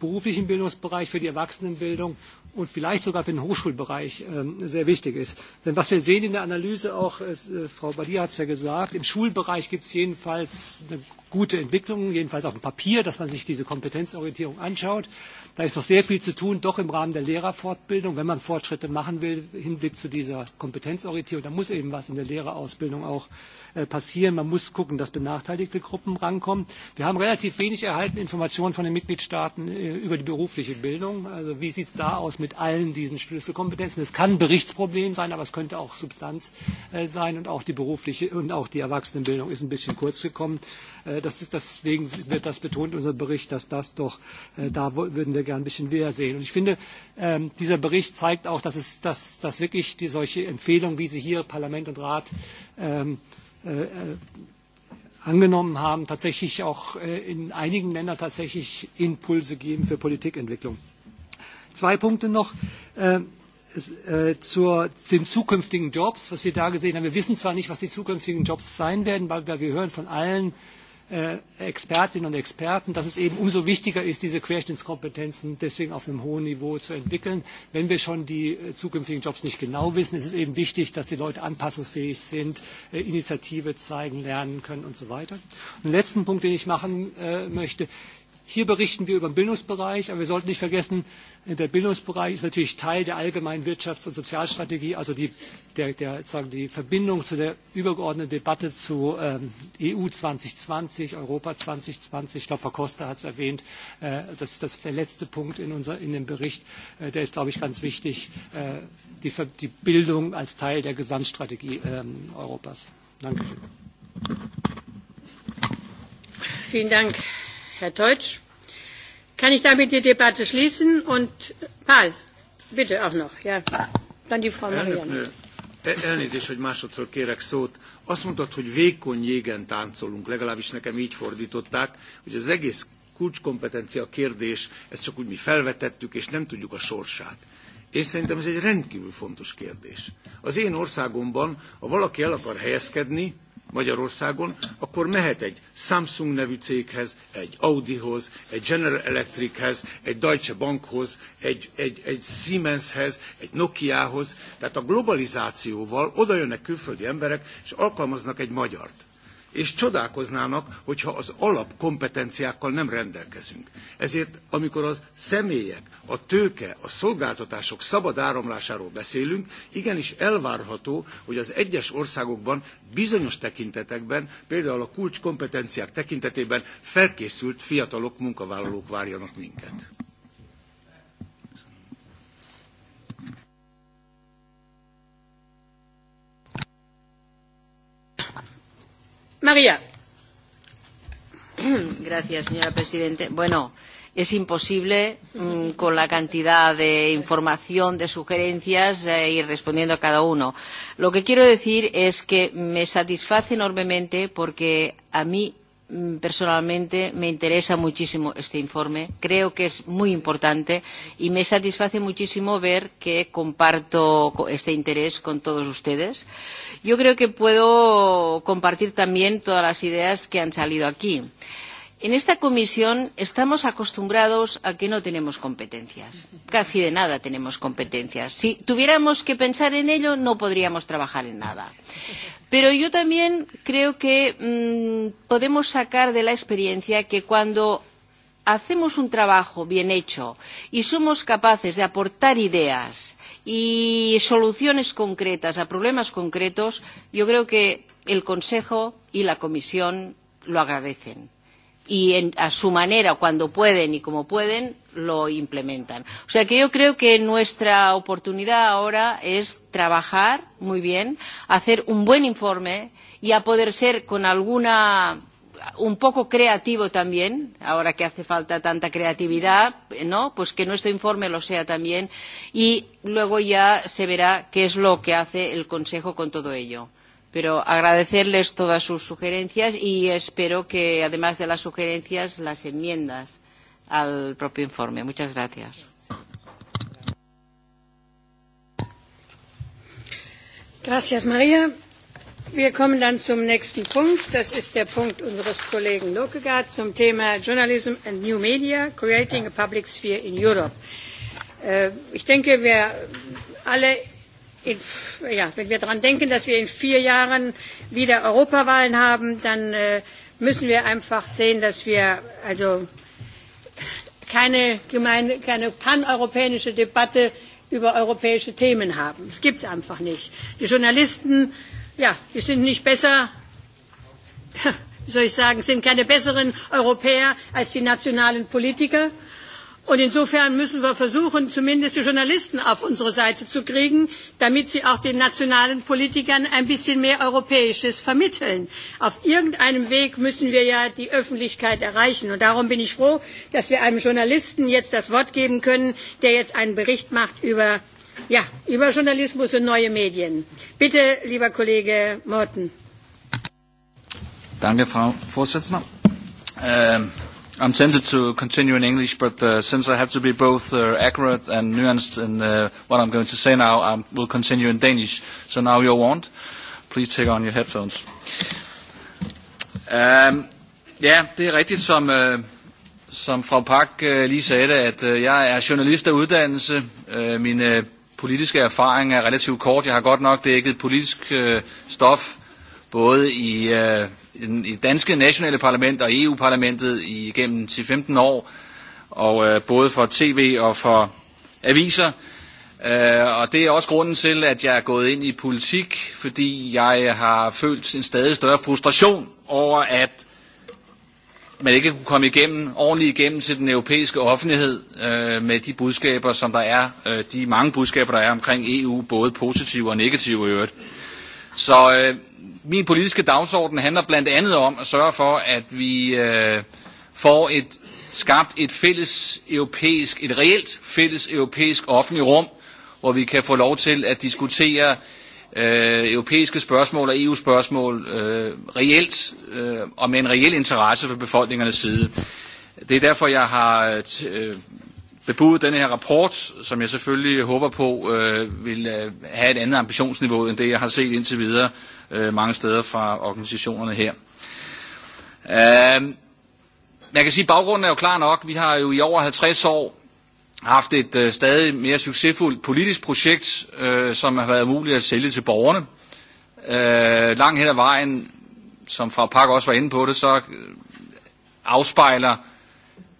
beruflichen Bildungsbereich, für die Erwachsenenbildung und vielleicht sogar für den Hochschulbereich ähm, sehr wichtig ist. Denn was wir sehen in der Analyse auch, äh, Frau Badia hat es ja gesagt, im Schulbereich gibt es jedenfalls eine gute Entwicklungen, jedenfalls auf dem Papier, dass man sich diese Kompetenzorientierung anschaut. Da ist noch sehr viel zu tun, doch im Rahmen der Lehrerfortbildung, wenn man Fortschritte machen will, im Hinblick zu dieser Kompetenzorientierung. Da muss eben was in der Lehrerausbildung auch äh, passieren. Man muss gucken, dass benachteiligte Gruppen rankommen. Wir haben relativ wenig erhalten Informationen von den Mitgliedstaaten äh, über die berufliche Bildung. Also wie sieht es da aus mit allen diesen Schlüsselkompetenzen? Es kann ein Berichtsproblem sein, aber es könnte auch Substanz äh, sein und auch die berufliche und auch die Erwachsenenbildung ist ein bisschen kurz gekommen. Äh, das ist deswegen wird das betont in unserem Bericht, dass das doch äh, da würden wir gern ein bisschen mehr sehen. Und ich finde, ähm, dieser Bericht zeigt auch, dass es dass, dass wirklich die solche Empfehlungen, wie sie hier Parlament und Rat ähm, äh, äh angenommen haben, tatsächlich auch in einigen Ländern tatsächlich Impulse geben für Politikentwicklung. Zwei Punkte noch äh, zu den zukünftigen Jobs, was wir da gesehen haben. Wir wissen zwar nicht, was die zukünftigen Jobs sein werden, weil, wir hören von allen Äh, Expertinnen und Experten, dass es eben umso wichtiger ist, diese Querschnittskompetenzen deswegen auf einem hohen Niveau zu entwickeln. Wenn wir schon die äh, zukünftigen Jobs nicht genau wissen, ist es eben wichtig, dass die Leute anpassungsfähig sind, äh, Initiative zeigen, lernen können und so weiter. Und letzten Punkt, den ich machen möchte, Hier berichten wir über den Bildungsbereich, aber wir sollten nicht vergessen, der Bildungsbereich ist natürlich Teil der allgemeinen Wirtschafts- und Sozialstrategie, also die, der, der, sagen, die Verbindung zu der übergeordneten Debatte zu ähm, EU 2020, Europa 2020. Ich glaube, Frau Costa hat es erwähnt. Äh, das, das ist der letzte Punkt in, unser, in dem Bericht. Äh, der ist, glaube ich, ganz wichtig. Äh, die, die Bildung als Teil der Gesamtstrategie ähm, Europas. Danke. Vielen Dank. Herr Deutsch. Kann ich damit die Debatte schließen? Und Paul, bitte auch noch. Ja, dann die Frau Elnézést, hogy másodszor kérek szót. Azt mondtad, hogy vékony jégen táncolunk, legalábbis nekem így fordították, hogy az egész kulcskompetencia kérdés, ezt csak úgy mi felvetettük, és nem tudjuk a sorsát. Én szerintem ez egy rendkívül fontos kérdés. Az én országomban, ha valaki el akar helyezkedni, Magyarországon, akkor mehet egy Samsung nevű céghez, egy Audihoz, egy General Electrichez, egy Deutsche Bankhoz, egy, egy, egy Siemenshez, egy Nokiahoz. Tehát a globalizációval odajönnek külföldi emberek, és alkalmaznak egy magyart és csodálkoznának, hogyha az alapkompetenciákkal nem rendelkezünk. Ezért, amikor a személyek, a tőke, a szolgáltatások szabad áramlásáról beszélünk, igenis elvárható, hogy az egyes országokban bizonyos tekintetekben, például a kulcskompetenciák tekintetében felkészült fiatalok, munkavállalók várjanak minket. María. Gracias, señora presidente. Bueno, es imposible mmm, con la cantidad de información, de sugerencias, eh, ir respondiendo a cada uno. Lo que quiero decir es que me satisface enormemente porque a mí Mm, personalmente me interesa muchísimo este informe. Creo que es muy importante y me satisface muchísimo ver que comparto este interés con todos ustedes. Yo creo que puedo compartir también todas las ideas que han salido aquí. En esta comisión estamos acostumbrados a que no tenemos competencias. Casi de nada tenemos competencias. Si tuviéramos que pensar en ello, no podríamos trabajar en nada. Pero yo también creo que mmm, podemos sacar de la experiencia que cuando hacemos un trabajo bien hecho y somos capaces de aportar ideas y soluciones concretas a problemas concretos, yo creo que el Consejo y la Comisión lo agradecen y en, a su manera, cuando pueden y como pueden, lo implementan. O sea que yo creo que nuestra oportunidad ahora es trabajar muy bien, hacer un buen informe y a poder ser con alguna un poco creativo también, ahora que hace falta tanta creatividad, ¿no? Pues que nuestro informe lo sea también y luego ya se verá qué es lo que hace el Consejo con todo ello. Pero agradecerles todas sus sugerencias y espero que, además de las sugerencias, las enmiendas al propio informe. Muchas gracias. Gracias, Maria. Wir kommen dann zum nächsten Punkt. Das ist der Punkt unseres Kollegen Lokegaard zum Thema Journalism and New Media, Creating a Public Sphere in Europe. Äh, ich denke, wir alle in, ja, wenn wir daran denken, dass wir in vier Jahren wieder Europawahlen haben, dann äh, müssen wir einfach sehen, dass wir also keine, gemeine, keine paneuropäische Debatte über europäische Themen haben. Das gibt es einfach nicht. Die Journalisten, ja, die sind nicht besser, wie soll ich sagen, sind keine besseren Europäer als die nationalen Politiker. Und insofern müssen wir versuchen, zumindest die Journalisten auf unsere Seite zu kriegen, damit sie auch den nationalen Politikern ein bisschen mehr Europäisches vermitteln. Auf irgendeinem Weg müssen wir ja die Öffentlichkeit erreichen. Und darum bin ich froh, dass wir einem Journalisten jetzt das Wort geben können, der jetzt einen Bericht macht über, ja, über Journalismus und neue Medien. Bitte, lieber Kollege Morten. Danke, Frau Vorsitzende. Ähm I'm tempted to continue in English, but uh, since I have to be both uh, accurate and nuanced in uh, what I'm going to say now, I will continue in Danish. So now you're warned. Please take on your headphones. Um, ja, det er rigtigt, som, øh, som Frau Park øh, lige sagde det, at øh, jeg er journalist af uddannelse. Øh, min øh, politiske erfaring er relativt kort. Jeg har godt nok dækket politisk øh, stof, både i... Øh, i danske nationale parlament og EU-parlamentet igennem 10-15 år, og øh, både for tv og for aviser. Øh, og det er også grunden til, at jeg er gået ind i politik, fordi jeg har følt en stadig større frustration over, at man ikke kunne komme igennem, ordentligt igennem til den europæiske offentlighed øh, med de budskaber, som der er, øh, de mange budskaber, der er omkring EU, både positive og negative i øvrigt. Så øh, min politiske dagsorden handler blandt andet om at sørge for, at vi øh, får et skabt et fælles europæisk, et reelt fælles europæisk offentligt rum, hvor vi kan få lov til at diskutere øh, europæiske spørgsmål og EU-spørgsmål øh, reelt øh, og med en reel interesse fra befolkningernes side. Det er derfor, jeg har øh, øh, bebudet den her rapport, som jeg selvfølgelig håber på øh, vil øh, have et andet ambitionsniveau end det, jeg har set indtil videre øh, mange steder fra organisationerne her. Øh, jeg kan sige, at baggrunden er jo klar nok. Vi har jo i over 50 år haft et øh, stadig mere succesfuldt politisk projekt, øh, som har været muligt at sælge til borgerne. Øh, langt hen ad vejen, som fra Park også var inde på det, så øh, afspejler øh,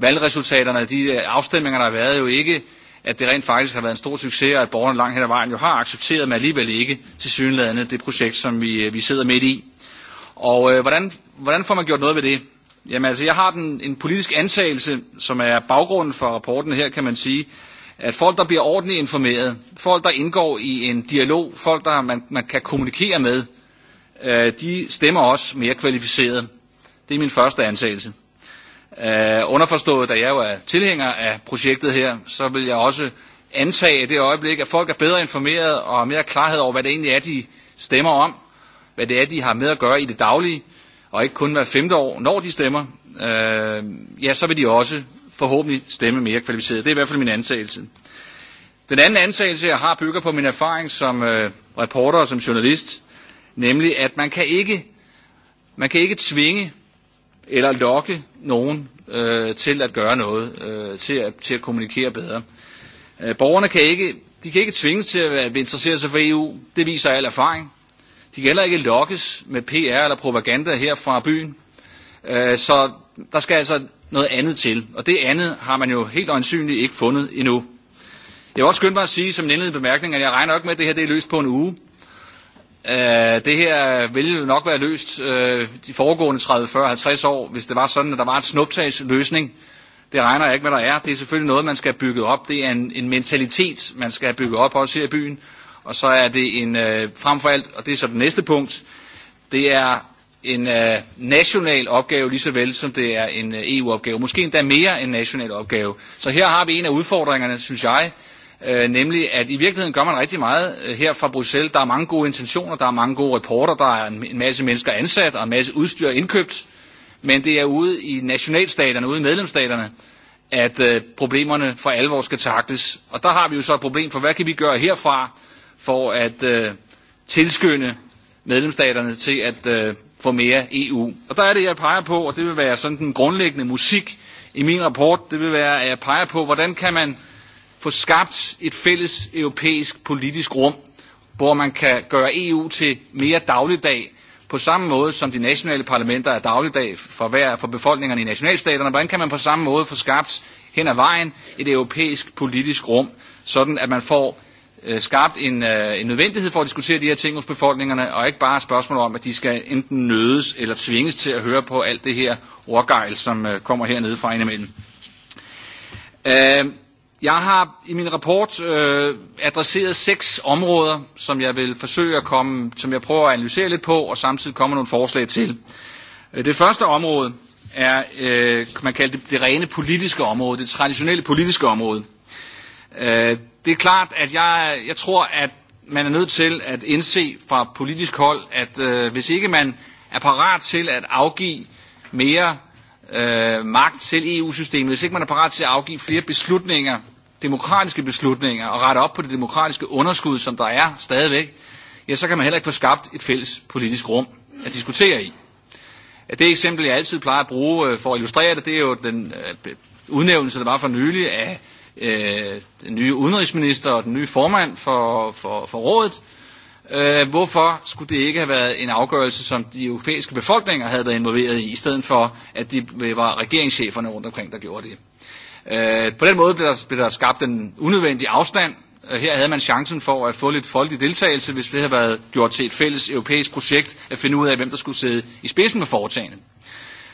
valgresultaterne, og de øh, afstemninger, der har været jo ikke, at det rent faktisk har været en stor succes, og at borgerne langt hen ad vejen jo har accepteret, men alligevel ikke til synlædende det projekt, som vi, øh, vi sidder midt i. Og øh, hvordan, hvordan får man gjort noget ved det? Jamen altså, jeg har den, en politisk antagelse, som er baggrunden for rapporten her, kan man sige, at folk, der bliver ordentligt informeret, folk, der indgår i en dialog, folk, der man, man kan kommunikere med, øh, de stemmer også mere kvalificeret. Det er min første antagelse. Øh, underforstået, da jeg jo er tilhænger af projektet her, så vil jeg også antage i det øjeblik, at folk er bedre informeret og har mere klarhed over, hvad det egentlig er, de stemmer om, hvad det er, de har med at gøre i det daglige, og ikke kun hver femte år, når de stemmer, øh, ja, så vil de også forhåbentlig stemme mere kvalificeret. Det er i hvert fald min antagelse. Den anden antagelse, jeg har, bygger på min erfaring som øh, reporter og som journalist, nemlig at man kan ikke, man kan ikke tvinge eller lokke nogen øh, til at gøre noget, øh, til, at, til at kommunikere bedre. Øh, borgerne kan ikke, de kan ikke tvinges til at interessere sig for EU. Det viser al erfaring. De kan heller ikke lokkes med PR eller propaganda her fra byen. Øh, så der skal altså noget andet til, og det andet har man jo helt øjensynligt ikke fundet endnu. Jeg vil også skynde mig at sige som en indledende bemærkning, at jeg regner ikke med, at det her det er løst på en uge. Øh, det her ville jo nok være løst øh, de foregående 30, 40, 50 år, hvis det var sådan, at der var en snuptagsløsning. Det regner jeg ikke med, der er. Det er selvfølgelig noget, man skal have bygget op. Det er en, en mentalitet, man skal have bygget op også her i byen. Og så er det en, øh, frem for alt, og det er så det næste punkt, det er en øh, national opgave lige så vel som det er en øh, EU-opgave. Måske endda mere en national opgave. Så her har vi en af udfordringerne, synes jeg, Øh, nemlig at i virkeligheden gør man rigtig meget øh, her fra Bruxelles. Der er mange gode intentioner, der er mange gode reporter, der er en masse mennesker ansat og en masse udstyr indkøbt, men det er ude i nationalstaterne, ude i medlemsstaterne, at øh, problemerne for alvor skal takles. Og der har vi jo så et problem for, hvad kan vi gøre herfra for at øh, tilskynde medlemsstaterne til at øh, få mere EU. Og der er det, jeg peger på, og det vil være sådan den grundlæggende musik i min rapport, det vil være, at jeg peger på, hvordan kan man få skabt et fælles europæisk politisk rum, hvor man kan gøre EU til mere dagligdag, på samme måde som de nationale parlamenter er dagligdag for, hver, for befolkningerne i nationalstaterne. Hvordan kan man på samme måde få skabt hen ad vejen et europæisk politisk rum, sådan at man får øh, skabt en, øh, en nødvendighed for at diskutere de her ting hos befolkningerne, og ikke bare spørgsmål om, at de skal enten nødes eller tvinges til at høre på alt det her ordgejl, som øh, kommer hernede fra en imellem. Øh, Jeg har i min rapport øh, adresseret seks områder, som jeg vil forsøge at komme, som jeg prøver at analysere lidt på, og samtidig komme nogle forslag til. Øh, det første område er, øh, kan man kalde det det rene politiske område, det traditionelle politiske område. Øh, det er klart, at jeg, jeg tror, at man er nødt til at indse fra politisk hold, at øh, hvis ikke man er parat til at afgive mere øh, magt i EU-systemet, hvis ikke man er parat til at afgive flere beslutninger, demokratiske beslutninger, og rette op på det demokratiske underskud, som der er stadigvæk, ja, så kan man heller ikke få skabt et fælles politisk rum at diskutere i. Det eksempel, jeg altid plejer at bruge øh, for at illustrere det, det er jo den øh, udnævnelse, der var for nylig af øh, den nye udenrigsminister og den nye formand for, for, for rådet, Øh, hvorfor skulle det ikke have været en afgørelse, som de europæiske befolkninger havde været involveret i, i stedet for at det øh, var regeringscheferne rundt omkring, der gjorde det? Øh, på den måde blev der, blev der skabt en unødvendig afstand. Øh, her havde man chancen for at få lidt folkelig deltagelse, hvis det havde været gjort til et fælles europæisk projekt at finde ud af, hvem der skulle sidde i spidsen for foretagende.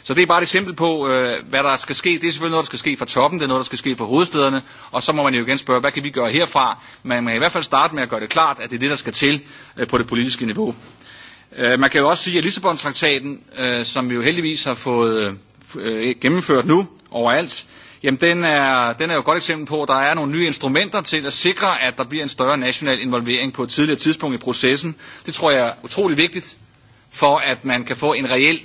Så det er bare et eksempel på, øh, hvad der skal ske. Det er selvfølgelig noget, der skal ske fra toppen, det er noget, der skal ske fra hovedstederne, og så må man jo igen spørge, hvad kan vi gøre herfra? Man kan i hvert fald starte med at gøre det klart, at det er det, der skal til øh, på det politiske niveau. Øh, man kan jo også sige, at Lissabon-traktaten, øh, som vi jo heldigvis har fået øh, øh, gennemført nu overalt, jamen den er, den er jo et godt eksempel på, at der er nogle nye instrumenter til at sikre, at der bliver en større national involvering på et tidligere tidspunkt i processen. Det tror jeg er utrolig vigtigt for, at man kan få en reel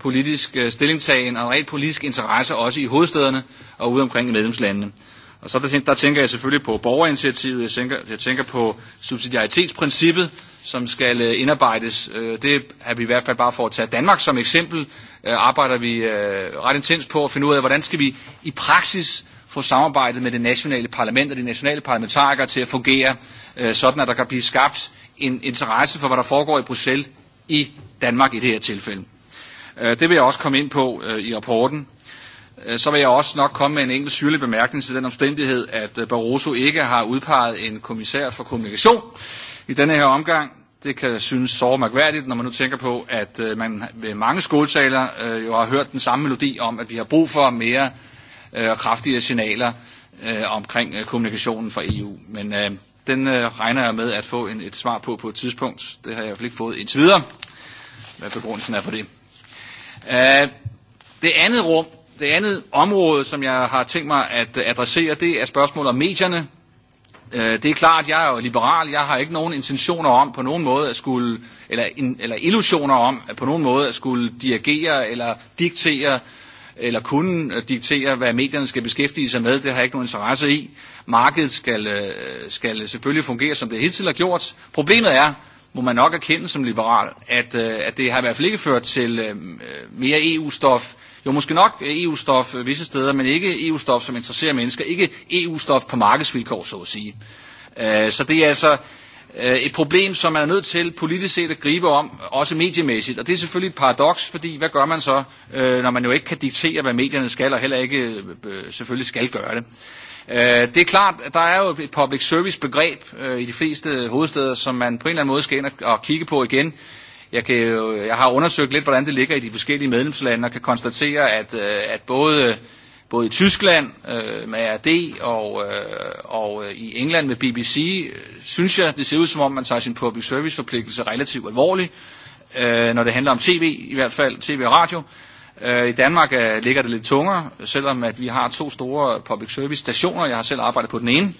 politisk øh, stillingtagen og rent politisk interesse også i hovedstederne og ude omkring i medlemslandene. Og så der, der tænker jeg selvfølgelig på borgerinitiativet, jeg tænker, jeg tænker på subsidiaritetsprincippet, som skal øh, indarbejdes. Øh, det har er vi i hvert fald bare for at tage Danmark som eksempel, arbejder vi ret intens på at finde ud af, hvordan skal vi i praksis få samarbejdet med det nationale parlament og de nationale parlamentarikere til at fungere, sådan at der kan blive skabt en interesse for, hvad der foregår i Bruxelles i Danmark i det her tilfælde. Øh, det vil jeg også komme ind på øh, i rapporten. Øh, så vil jeg også nok komme med en enkelt syrlig bemærkning til den omstændighed, at Barroso ikke har udpeget en kommissær for kommunikation i denne her omgang. Det kan synes så mærkværdigt, når man nu tænker på, at man ved mange skoletaler jo har hørt den samme melodi om, at vi har brug for mere og signaler omkring kommunikationen fra EU. Men den regner jeg med at få et svar på på et tidspunkt. Det har jeg i hvert fald ikke fået indtil videre, hvad begrundelsen er for det. Øh, det andet rum, det andet område, som jeg har tænkt mig at øh, adressere, det er spørgsmålet om medierne. Øh, det er klart, at jeg er jo liberal. Jeg har ikke nogen intentioner om på nogen måde at skulle, eller, eller illusioner om at på nogen måde at skulle dirigere eller diktere eller kunne diktere, hvad medierne skal beskæftige sig med. Det har jeg ikke nogen interesse i. Markedet skal, skal selvfølgelig fungere, som det hele tiden har gjort. Problemet er, må man nok erkende som liberal, at, øh, at det har i hvert fald ikke ført til øh, mere EU-stof. Jo, måske nok EU-stof visse steder, men ikke EU-stof, som interesserer mennesker. Ikke EU-stof på markedsvilkår, så at sige. Øh, så det er altså øh, et problem, som man er nødt til politisk set at gribe om, også mediemæssigt. Og det er selvfølgelig et paradoks, fordi hvad gør man så, øh, når man jo ikke kan diktere, hvad medierne skal, og heller ikke øh, selvfølgelig skal gøre det. Øh, det er klart, at der er jo et public service begreb øh, i de fleste hovedsteder, som man på en eller anden måde skal ind og kigge på igen. Jeg, kan jo, jeg har undersøgt lidt, hvordan det ligger i de forskellige medlemslande, og kan konstatere, at, øh, at både, både i Tyskland øh, med RD og, øh, og i England med BBC, synes jeg, det ser ud som om, man tager sin public service forpligtelse relativt alvorligt, øh, når det handler om tv, i hvert fald tv og radio. Øh, I Danmark øh, ligger det lidt tungere, selvom at vi har to store public service stationer. Jeg har selv arbejdet på den ene.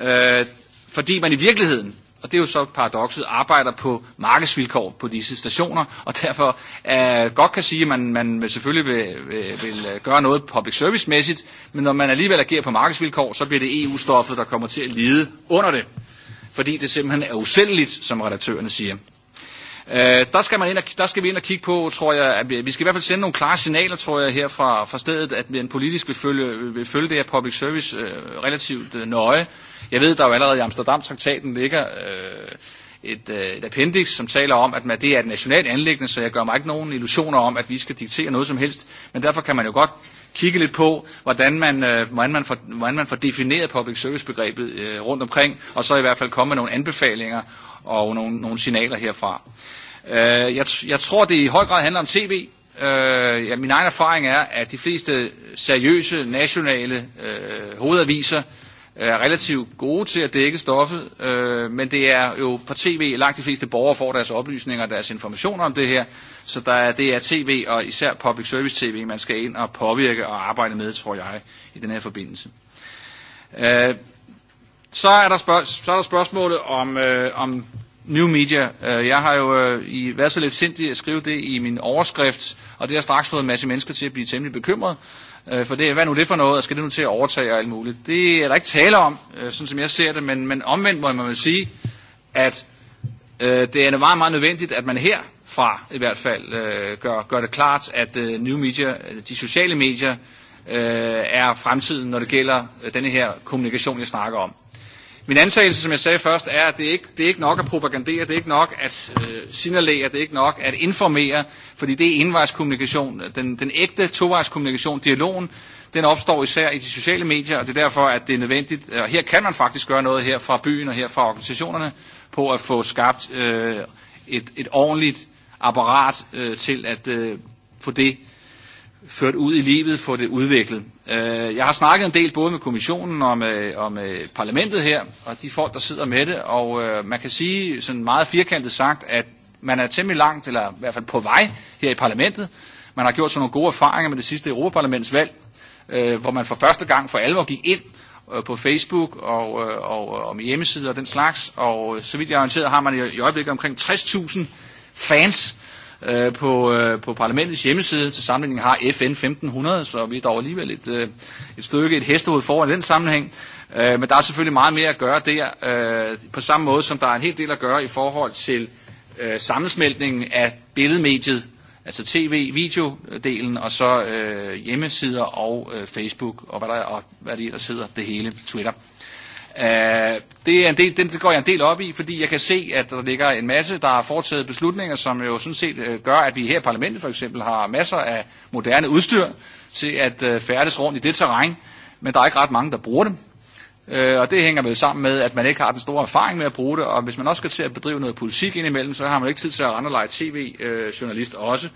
Øh, fordi man i virkeligheden og det er jo så paradokset, arbejder på markedsvilkår på disse stationer, og derfor godt kan sige, at man, selvfølgelig vil, vil, vil gøre noget public service-mæssigt, men når man alligevel agerer på markedsvilkår, så bliver det EU-stoffet, der kommer til at lide under det, fordi det simpelthen er usælgeligt, som redaktørerne siger. Øh, der, skal man ind og, der skal vi ind og kigge på, tror jeg, at vi vi skal i hvert fald sende nogle klare signaler, tror jeg, her fra, fra stedet, at en politisk vil følge, vil følge det her public service øh, relativt øh, nøje. Jeg ved, der jo allerede i Amsterdam-traktaten ligger øh, et, øh, et appendix, som taler om, at man, det er et nationalt anlæggende, så jeg gør mig ikke nogen illusioner om, at vi skal diktere noget som helst. Men derfor kan man jo godt kigge lidt på, hvordan man, øh, hvordan man, får, hvordan man får defineret public service-begrebet øh, rundt omkring, og så i hvert fald komme med nogle anbefalinger og nogle, nogle signaler herfra. Øh, jeg, jeg tror, det i høj grad handler om tv. Øh, ja, min egen erfaring er, at de fleste seriøse nationale øh, hovedaviser er relativt gode til at dække stoffet, øh, men det er jo på tv, langt de fleste borgere får deres oplysninger og deres informationer om det her, så der er, det er tv og især public service tv, man skal ind og påvirke og arbejde med, tror jeg, i den her forbindelse. Øh, Så er der, spørg- så er der spørgsmålet om, øh, om New Media. Øh, jeg har jo øh, i, været så lidt sindig at skrive det i min overskrift, og det har straks fået en masse mennesker til at blive temmelig bekymret. Øh, For det, er, hvad nu det for noget, og skal det nu til at overtage og alt muligt? Det er der ikke tale om, øh, sådan som jeg ser det, men, men omvendt må man vel sige, at øh, det er meget, meget nødvendigt, at man her fra i hvert fald øh, gør, gør det klart, at øh, new media, øh, de sociale medier, øh, er fremtiden, når det gælder øh, denne her kommunikation, jeg snakker om. Min antagelse, som jeg sagde først, er, at det er ikke det er ikke nok at propagandere, det er ikke nok at øh, signalere, det er ikke nok at informere, fordi det er envejskommunikation. Den, den ægte tovejskommunikation, dialogen, den opstår især i de sociale medier, og det er derfor, at det er nødvendigt, og her kan man faktisk gøre noget her fra byen og her fra organisationerne, på at få skabt øh, et, et ordentligt apparat øh, til at øh, få det ført ud i livet, få det udviklet. Øh, Jeg har snakket en del både med kommissionen og med, og med parlamentet her, og de folk, der sidder med det, og øh, man kan sige sådan meget firkantet sagt, at man er temmelig langt, eller i hvert fald på vej her i parlamentet. Man har gjort sådan nogle gode erfaringer med det sidste Europaparlamentsvalg, øh, hvor man for første gang for alvor gik ind øh, på Facebook og, øh, og, og med hjemmesider og den slags, og øh, så vidt jeg er orienteret, har man i øjeblikket omkring 60.000 fans, øh, på, øh, på parlamentets hjemmeside. Til sammenligning har FN 1500, så vi er dog alligevel et, øh, et stykke, et hestehoved foran i den sammenhæng. Øh, men der er selvfølgelig meget mere at gøre der, øh, på samme måde som der er en hel del at gøre i forhold til øh, sammensmeltningen af billedmediet, altså tv, videodelen, og så øh, hjemmesider og øh, Facebook, og hvad, der, er, og hvad det ellers hedder, det hele, Twitter. Øh, det er en del, den går jeg en del op i, fordi jeg kan se, at der ligger en masse, der har foretaget beslutninger, som jo sådan set øh, gør, at vi her i parlamentet for eksempel har masser af moderne udstyr til at øh, færdes rundt i det terræn, men der er ikke ret mange, der bruger dem. Og det hænger vel sammen med, at man ikke har den store erfaring med at bruge det, og hvis man også skal til at bedrive noget politik indimellem, så har man ikke tid til at rende og lege tv-journalist også.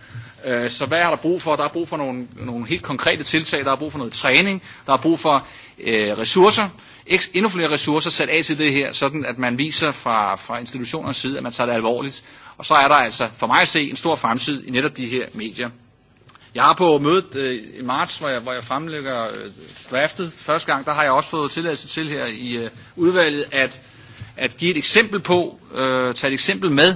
Så hvad er der brug for? Der er brug for nogle, nogle helt konkrete tiltag, der er brug for noget træning, der er brug for øh, ressourcer, endnu flere ressourcer sat af til det her, sådan at man viser fra, fra institutionernes side, at man tager det alvorligt. Og så er der altså for mig at se en stor fremtid i netop de her medier. Jeg har på mødet øh, i marts, hvor jeg, hvor jeg fremlægger øh, draftet første gang, der har jeg også fået tilladelse til her i øh, udvalget at, at give et eksempel på, øh, tage et eksempel med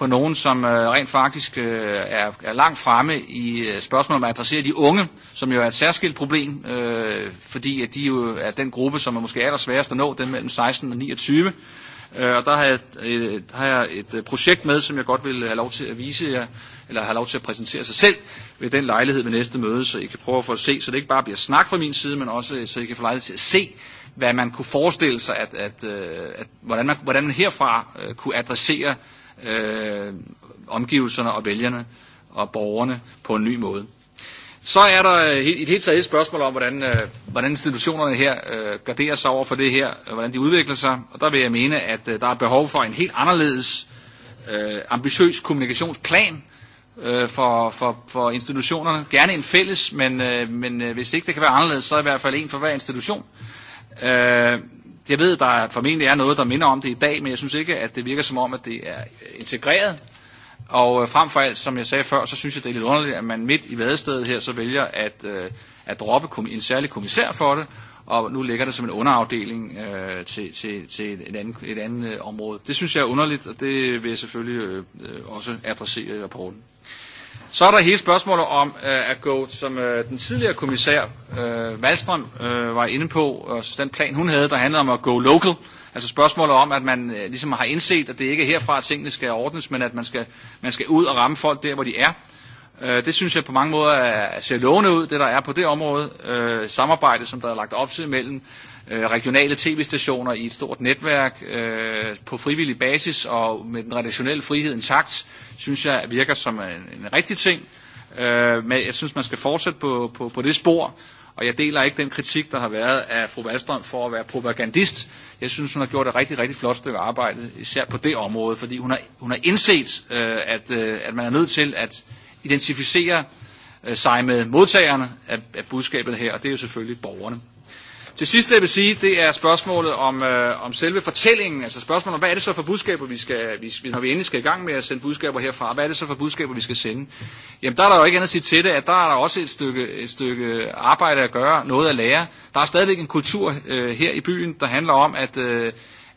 på nogen, som øh, rent faktisk øh, er, er langt fremme i øh, spørgsmålet om at adressere de unge, som jo er et særskilt problem, øh, fordi at de jo er den gruppe, som er måske allersværest at nå, den mellem 16 og 29. Øh, og der har jeg, øh, et, har jeg et øh, projekt med, som jeg godt vil have lov til at vise jer, eller have lov til at præsentere sig selv ved den lejlighed ved næste møde, så I kan prøve at få at se, så det ikke bare bliver snak fra min side, men også øh, så I kan få lejlighed til at se, hvad man kunne forestille sig, at, at, at, at hvordan, man, hvordan man herfra øh, kunne adressere øh, omgivelserne og vælgerne og borgerne på en ny måde. Så er der et helt taget spørgsmål om, hvordan, øh, hvordan institutionerne her øh, garderer sig over for det her, og hvordan de udvikler sig. Og der vil jeg mene, at øh, der er behov for en helt anderledes øh, ambitiøs kommunikationsplan øh, for, for, for institutionerne. Gerne en fælles, men, øh, men øh, hvis ikke det kan være anderledes, så er i hvert fald en for hver institution. Øh, Jeg ved, der formentlig er noget, der minder om det i dag, men jeg synes ikke, at det virker som om, at det er integreret. Og øh, frem for alt, som jeg sagde før, så synes jeg, det er lidt underligt, at man midt i vadestedet her så vælger at, øh, at droppe en særlig kommissær for det, og nu ligger det som en underafdeling øh, til, til, til et andet, et andet øh, område. Det synes jeg er underligt, og det vil jeg selvfølgelig øh, øh også adressere i rapporten. Så er der hele spørgsmålet om øh, at gå, som øh, den tidligere kommissær øh, Valstrøm øh, var inde på, og den plan hun havde, der handlede om at gå local, altså spørgsmålet om, at man øh, ligesom har indset, at det ikke er herfra, at tingene skal ordnes, men at man skal, man skal ud og ramme folk der, hvor de er. Øh, det synes jeg på mange måder er, ser lovende ud, det der er på det område, øh, samarbejde, som der er lagt op til mellem Øh, regionale tv-stationer i et stort netværk øh, på frivillig basis og med den traditionelle frihed intakt, synes jeg virker som en, en rigtig ting. Øh, men jeg synes, man skal fortsætte på, på, på det spor, og jeg deler ikke den kritik, der har været af fru Valstrøm for at være propagandist. Jeg synes, hun har gjort et rigtig, rigtig flot stykke arbejde, især på det område, fordi hun har, hun har indset, øh, at, øh, at man er nødt til at identificere øh, sig med modtagerne af, af budskabet her, og det er jo selvfølgelig borgerne. Til sidst jeg vil sige, det er spørgsmålet om, øh, om selve fortællingen, altså spørgsmålet om, hvad er det så for budskaber, vi skal, vi, når vi endelig skal i gang med at sende budskaber herfra, hvad er det så for budskaber, vi skal sende? Jamen der er der jo ikke andet at sige til det, at der er der også et stykke, et stykke arbejde at gøre, noget at lære. Der er stadigvæk en kultur øh, her i byen, der handler om, at øh,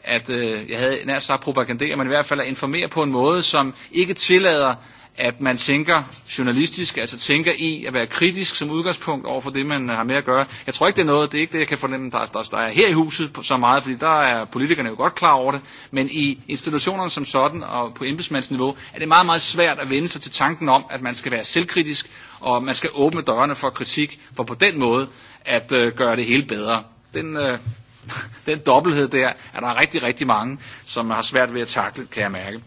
at øh, jeg havde nær sagt propagandere, men i hvert fald at informere på en måde, som ikke tillader at man tænker journalistisk, altså tænker i at være kritisk som udgangspunkt over for det, man har med at gøre. Jeg tror ikke, det er noget, det er ikke det, jeg kan fornemme, der, der, der er her i huset så meget, fordi der er politikerne jo godt klar over det, men i institutionerne som sådan og på embedsmandsniveau er det meget, meget svært at vende sig til tanken om, at man skal være selvkritisk, og man skal åbne dørene for kritik, for på den måde at øh, gøre det hele bedre. Den, øh, den dobbelthed der, er der rigtig, rigtig mange, som har svært ved at takle, kan jeg mærke.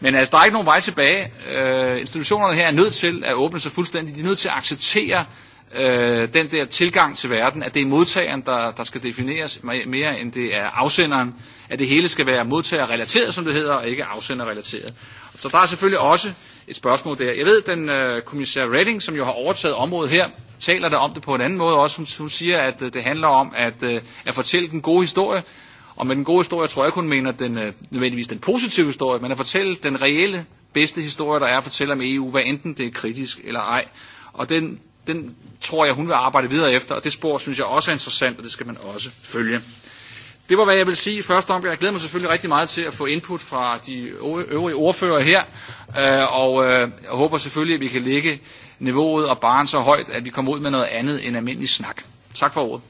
Men altså, der er ikke nogen vej tilbage. Øh, institutionerne her er nødt til at åbne sig fuldstændig. De er nødt til at acceptere øh, den der tilgang til verden, at det er modtageren, der, der skal defineres mere end det er afsenderen, at det hele skal være modtagerrelateret, som det hedder, og ikke afsenderrelateret. Så der er selvfølgelig også et spørgsmål der. Jeg ved, den øh, kommissær Redding, som jo har overtaget området her, taler der da om det på en anden måde også. Hun, hun siger, at øh, det handler om at, øh, at fortælle den gode historie, og med den gode historie tror jeg ikke, hun mener den, øh, nødvendigvis den positive historie, men at fortælle den reelle bedste historie, der er at fortælle om EU, hvad enten det er kritisk eller ej. Og den den tror jeg, hun vil arbejde videre efter, og det spor synes jeg også er interessant, og det skal man også følge. Det var, hvad jeg vil sige i første omgang. Jeg glæder mig selvfølgelig rigtig meget til at få input fra de øvrige ordfører her, øh, og øh, jeg håber selvfølgelig, at vi kan lægge niveauet og barn så højt, at vi kommer ud med noget andet end almindelig snak. Tak for ordet.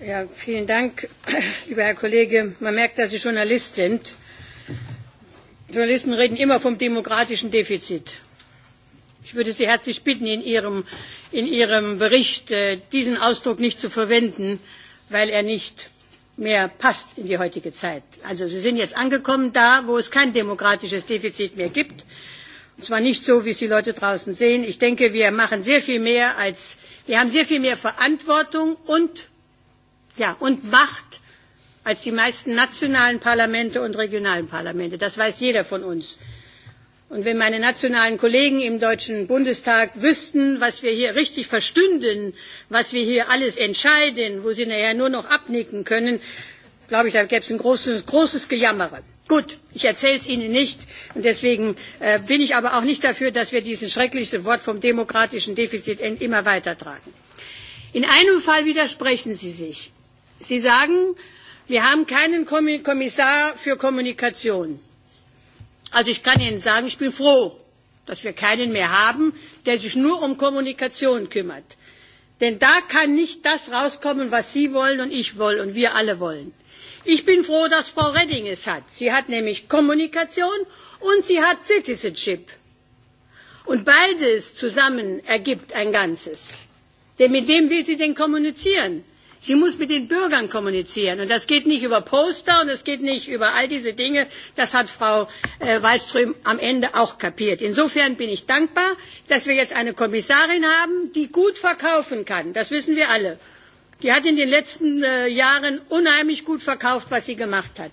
Ja, vielen Dank, lieber Herr Kollege. Man merkt, dass Sie Journalist sind. Journalisten reden immer vom demokratischen Defizit. Ich würde Sie herzlich bitten, in Ihrem, in Ihrem Bericht äh, diesen Ausdruck nicht zu verwenden, weil er nicht mehr passt in die heutige Zeit. Also Sie sind jetzt angekommen da, wo es kein demokratisches Defizit mehr gibt. Und zwar nicht so, wie es die Leute draußen sehen. Ich denke, wir machen sehr viel mehr als, wir haben sehr viel mehr Verantwortung und, ja, und Macht als die meisten nationalen Parlamente und regionalen Parlamente. Das weiß jeder von uns. Und wenn meine nationalen Kollegen im Deutschen Bundestag wüssten, was wir hier richtig verstünden, was wir hier alles entscheiden, wo sie nachher nur noch abnicken können, glaube ich, da gäbe es ein großes, großes Gejammere. Gut, ich erzähle es Ihnen nicht. Und deswegen äh, bin ich aber auch nicht dafür, dass wir dieses schreckliche Wort vom demokratischen Defizit immer weitertragen. In einem Fall widersprechen Sie sich. Sie sagen, Wir haben keinen Kommissar für Kommunikation. Also ich kann Ihnen sagen, ich bin froh, dass wir keinen mehr haben, der sich nur um Kommunikation kümmert. Denn da kann nicht das rauskommen, was Sie wollen und ich will und wir alle wollen. Ich bin froh, dass Frau Redding es hat. Sie hat nämlich Kommunikation und sie hat Citizenship. Und beides zusammen ergibt ein Ganzes. Denn mit wem will sie denn kommunizieren? Sie muss mit den Bürgern kommunizieren. Und das geht nicht über Poster und das geht nicht über all diese Dinge. Das hat Frau äh, Wallström am Ende auch kapiert. Insofern bin ich dankbar, dass wir jetzt eine Kommissarin haben, die gut verkaufen kann. Das wissen wir alle. Die hat in den letzten äh, Jahren unheimlich gut verkauft, was sie gemacht hat.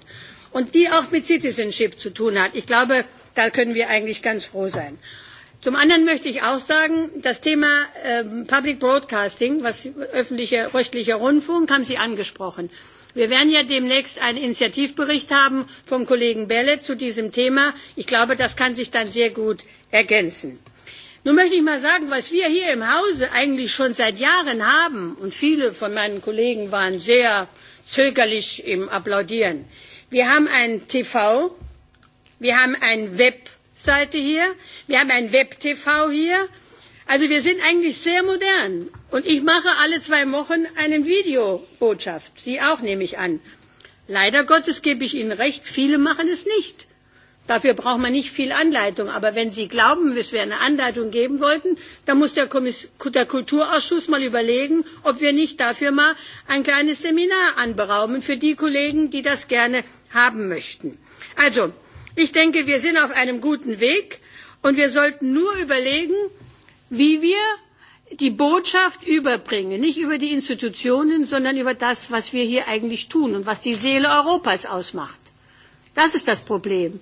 Und die auch mit Citizenship zu tun hat. Ich glaube, da können wir eigentlich ganz froh sein. Zum anderen möchte ich auch sagen, das Thema ähm, Public Broadcasting, was öffentlicher rechtlicher Rundfunk, haben Sie angesprochen. Wir werden ja demnächst einen Initiativbericht haben vom Kollegen Bellet zu diesem Thema. Ich glaube, das kann sich dann sehr gut ergänzen. Nun möchte ich mal sagen, was wir hier im Hause eigentlich schon seit Jahren haben, und viele von meinen Kollegen waren sehr zögerlich im Applaudieren. Wir haben ein TV, wir haben ein Web, Seite hier, wir haben ein Web-TV hier. Also wir sind eigentlich sehr modern. Und ich mache alle zwei Wochen eine Videobotschaft, Sie auch nehme ich an. Leider Gottes gebe ich Ihnen recht, viele machen es nicht. Dafür braucht man nicht viel Anleitung. Aber wenn Sie glauben, dass wir eine Anleitung geben wollten, dann muss der, der Kulturausschuss mal überlegen, ob wir nicht dafür mal ein kleines Seminar anberaumen für die Kollegen, die das gerne haben möchten. Also, Ich denke, wir sind auf einem guten Weg und wir sollten nur überlegen, wie wir die Botschaft überbringen, nicht über die Institutionen, sondern über das, was wir hier eigentlich tun und was die Seele Europas ausmacht. Das ist das Problem.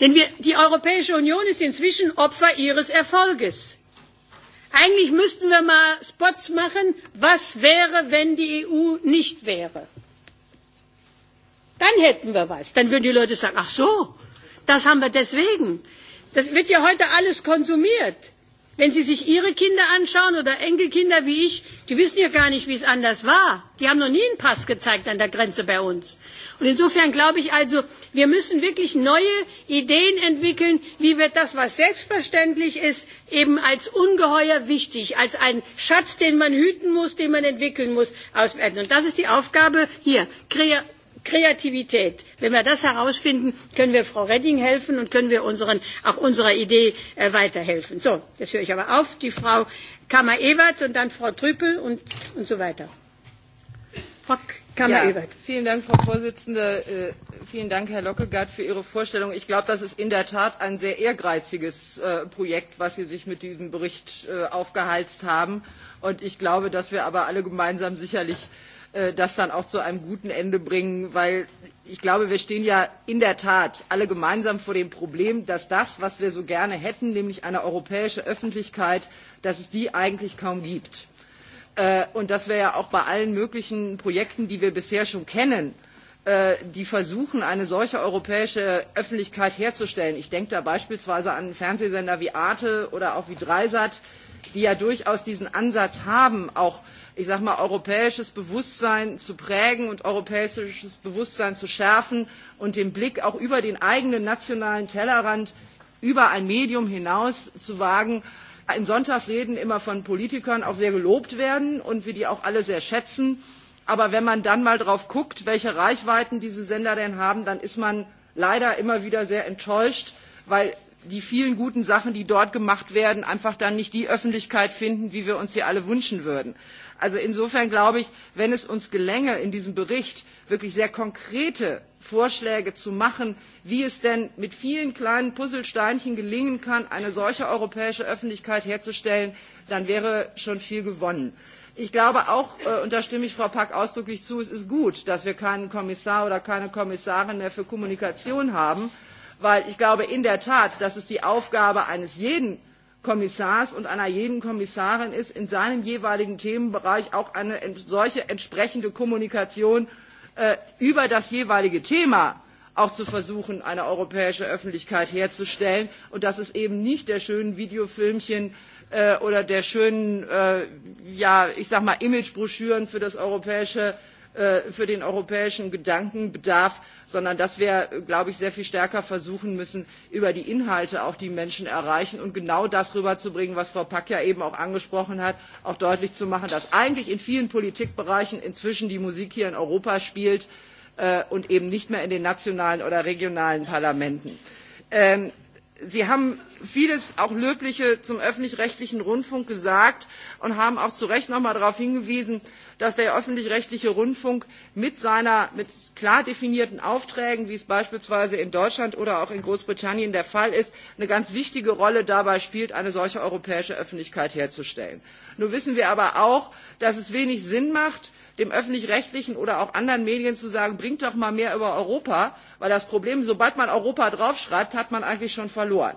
Denn wir, die Europäische Union ist inzwischen Opfer ihres Erfolges. Eigentlich müssten wir mal Spots machen, was wäre, wenn die EU nicht wäre. Dann hätten wir was. Dann würden die Leute sagen, ach so, Das haben wir deswegen. Das wird ja heute alles konsumiert. Wenn Sie sich Ihre Kinder anschauen oder Enkelkinder wie ich, die wissen ja gar nicht, wie es anders war. Die haben noch nie einen Pass gezeigt an der Grenze bei uns. Und insofern glaube ich also, wir müssen wirklich neue Ideen entwickeln, wie wir das, was selbstverständlich ist, eben als ungeheuer wichtig, als einen Schatz, den man hüten muss, den man entwickeln muss, auswerten. Und das ist die Aufgabe hier, Kreativität. Wenn wir das herausfinden, können wir Frau Redding helfen und können wir unseren, auch unserer Idee äh, weiterhelfen. So, jetzt höre ich aber auf. Die Frau Kammer-Ewert und dann Frau Trüpel und, und so weiter. Frau Kammer ja, Vielen Dank, Frau Vorsitzende. Äh, vielen Dank, Herr Lockegaard, für Ihre Vorstellung. Ich glaube, das ist in der Tat ein sehr ehrgeiziges äh, Projekt, was Sie sich mit diesem Bericht äh, aufgeheizt haben. Und ich glaube, dass wir aber alle gemeinsam sicherlich äh, Äh, das dann auch zu einem guten Ende bringen, weil ich glaube, wir stehen ja in der Tat alle gemeinsam vor dem Problem, dass das, was wir so gerne hätten, nämlich eine europäische Öffentlichkeit, dass es die eigentlich kaum gibt. Äh, und dass wir ja auch bei allen möglichen Projekten, die wir bisher schon kennen, äh, die versuchen, eine solche europäische Öffentlichkeit herzustellen. Ich denke da beispielsweise an Fernsehsender wie Arte oder auch wie Dreisat, die ja durchaus diesen Ansatz haben, auch ich sag mal, europäisches Bewusstsein zu prägen und europäisches Bewusstsein zu schärfen und den Blick auch über den eigenen nationalen Tellerrand, über ein Medium hinaus zu wagen, in Sonntagsreden immer von Politikern auch sehr gelobt werden und wir die auch alle sehr schätzen. Aber wenn man dann mal drauf guckt, welche Reichweiten diese Sender denn haben, dann ist man leider immer wieder sehr enttäuscht, weil die vielen guten Sachen, die dort gemacht werden, einfach dann nicht die Öffentlichkeit finden, wie wir uns sie alle wünschen würden. Also insofern glaube ich, wenn es uns gelänge, in diesem Bericht wirklich sehr konkrete Vorschläge zu machen, wie es denn mit vielen kleinen Puzzlesteinchen gelingen kann, eine solche europäische Öffentlichkeit herzustellen, dann wäre schon viel gewonnen. Ich glaube auch, äh, und da stimme ich Frau Pack ausdrücklich zu, es ist gut, dass wir keinen Kommissar oder keine Kommissarin mehr für Kommunikation haben Weil ich glaube in der Tat, dass es die Aufgabe eines jeden Kommissars und einer jeden Kommissarin ist, in seinem jeweiligen Themenbereich auch eine solche entsprechende Kommunikation äh, über das jeweilige Thema auch zu versuchen, eine europäische Öffentlichkeit herzustellen und dass es eben nicht der schönen Videofilmchen äh, oder der schönen, äh, ja, ich sag mal, Imagebroschüren für das europäische Äh, für den europäischen Gedanken bedarf, sondern dass wir, glaube ich, sehr viel stärker versuchen müssen, über die Inhalte auch die Menschen erreichen und genau das rüberzubringen, was Frau Pack ja eben auch angesprochen hat, auch deutlich zu machen, dass eigentlich in vielen Politikbereichen inzwischen die Musik hier in Europa spielt äh, und eben nicht mehr in den nationalen oder regionalen Parlamenten. Ähm, Sie haben vieles, auch Löbliche zum öffentlich-rechtlichen Rundfunk gesagt und haben auch zu Recht noch einmal darauf hingewiesen, dass der öffentlich-rechtliche Rundfunk mit seinen mit klar definierten Aufträgen, wie es beispielsweise in Deutschland oder auch in Großbritannien der Fall ist, eine ganz wichtige Rolle dabei spielt, eine solche europäische Öffentlichkeit herzustellen. nun wissen wir aber auch, dass es wenig Sinn macht, dem öffentlich-rechtlichen oder auch anderen Medien zu sagen, bringt doch mal mehr über Europa, weil das Problem, sobald man Europa draufschreibt, hat man eigentlich schon verloren.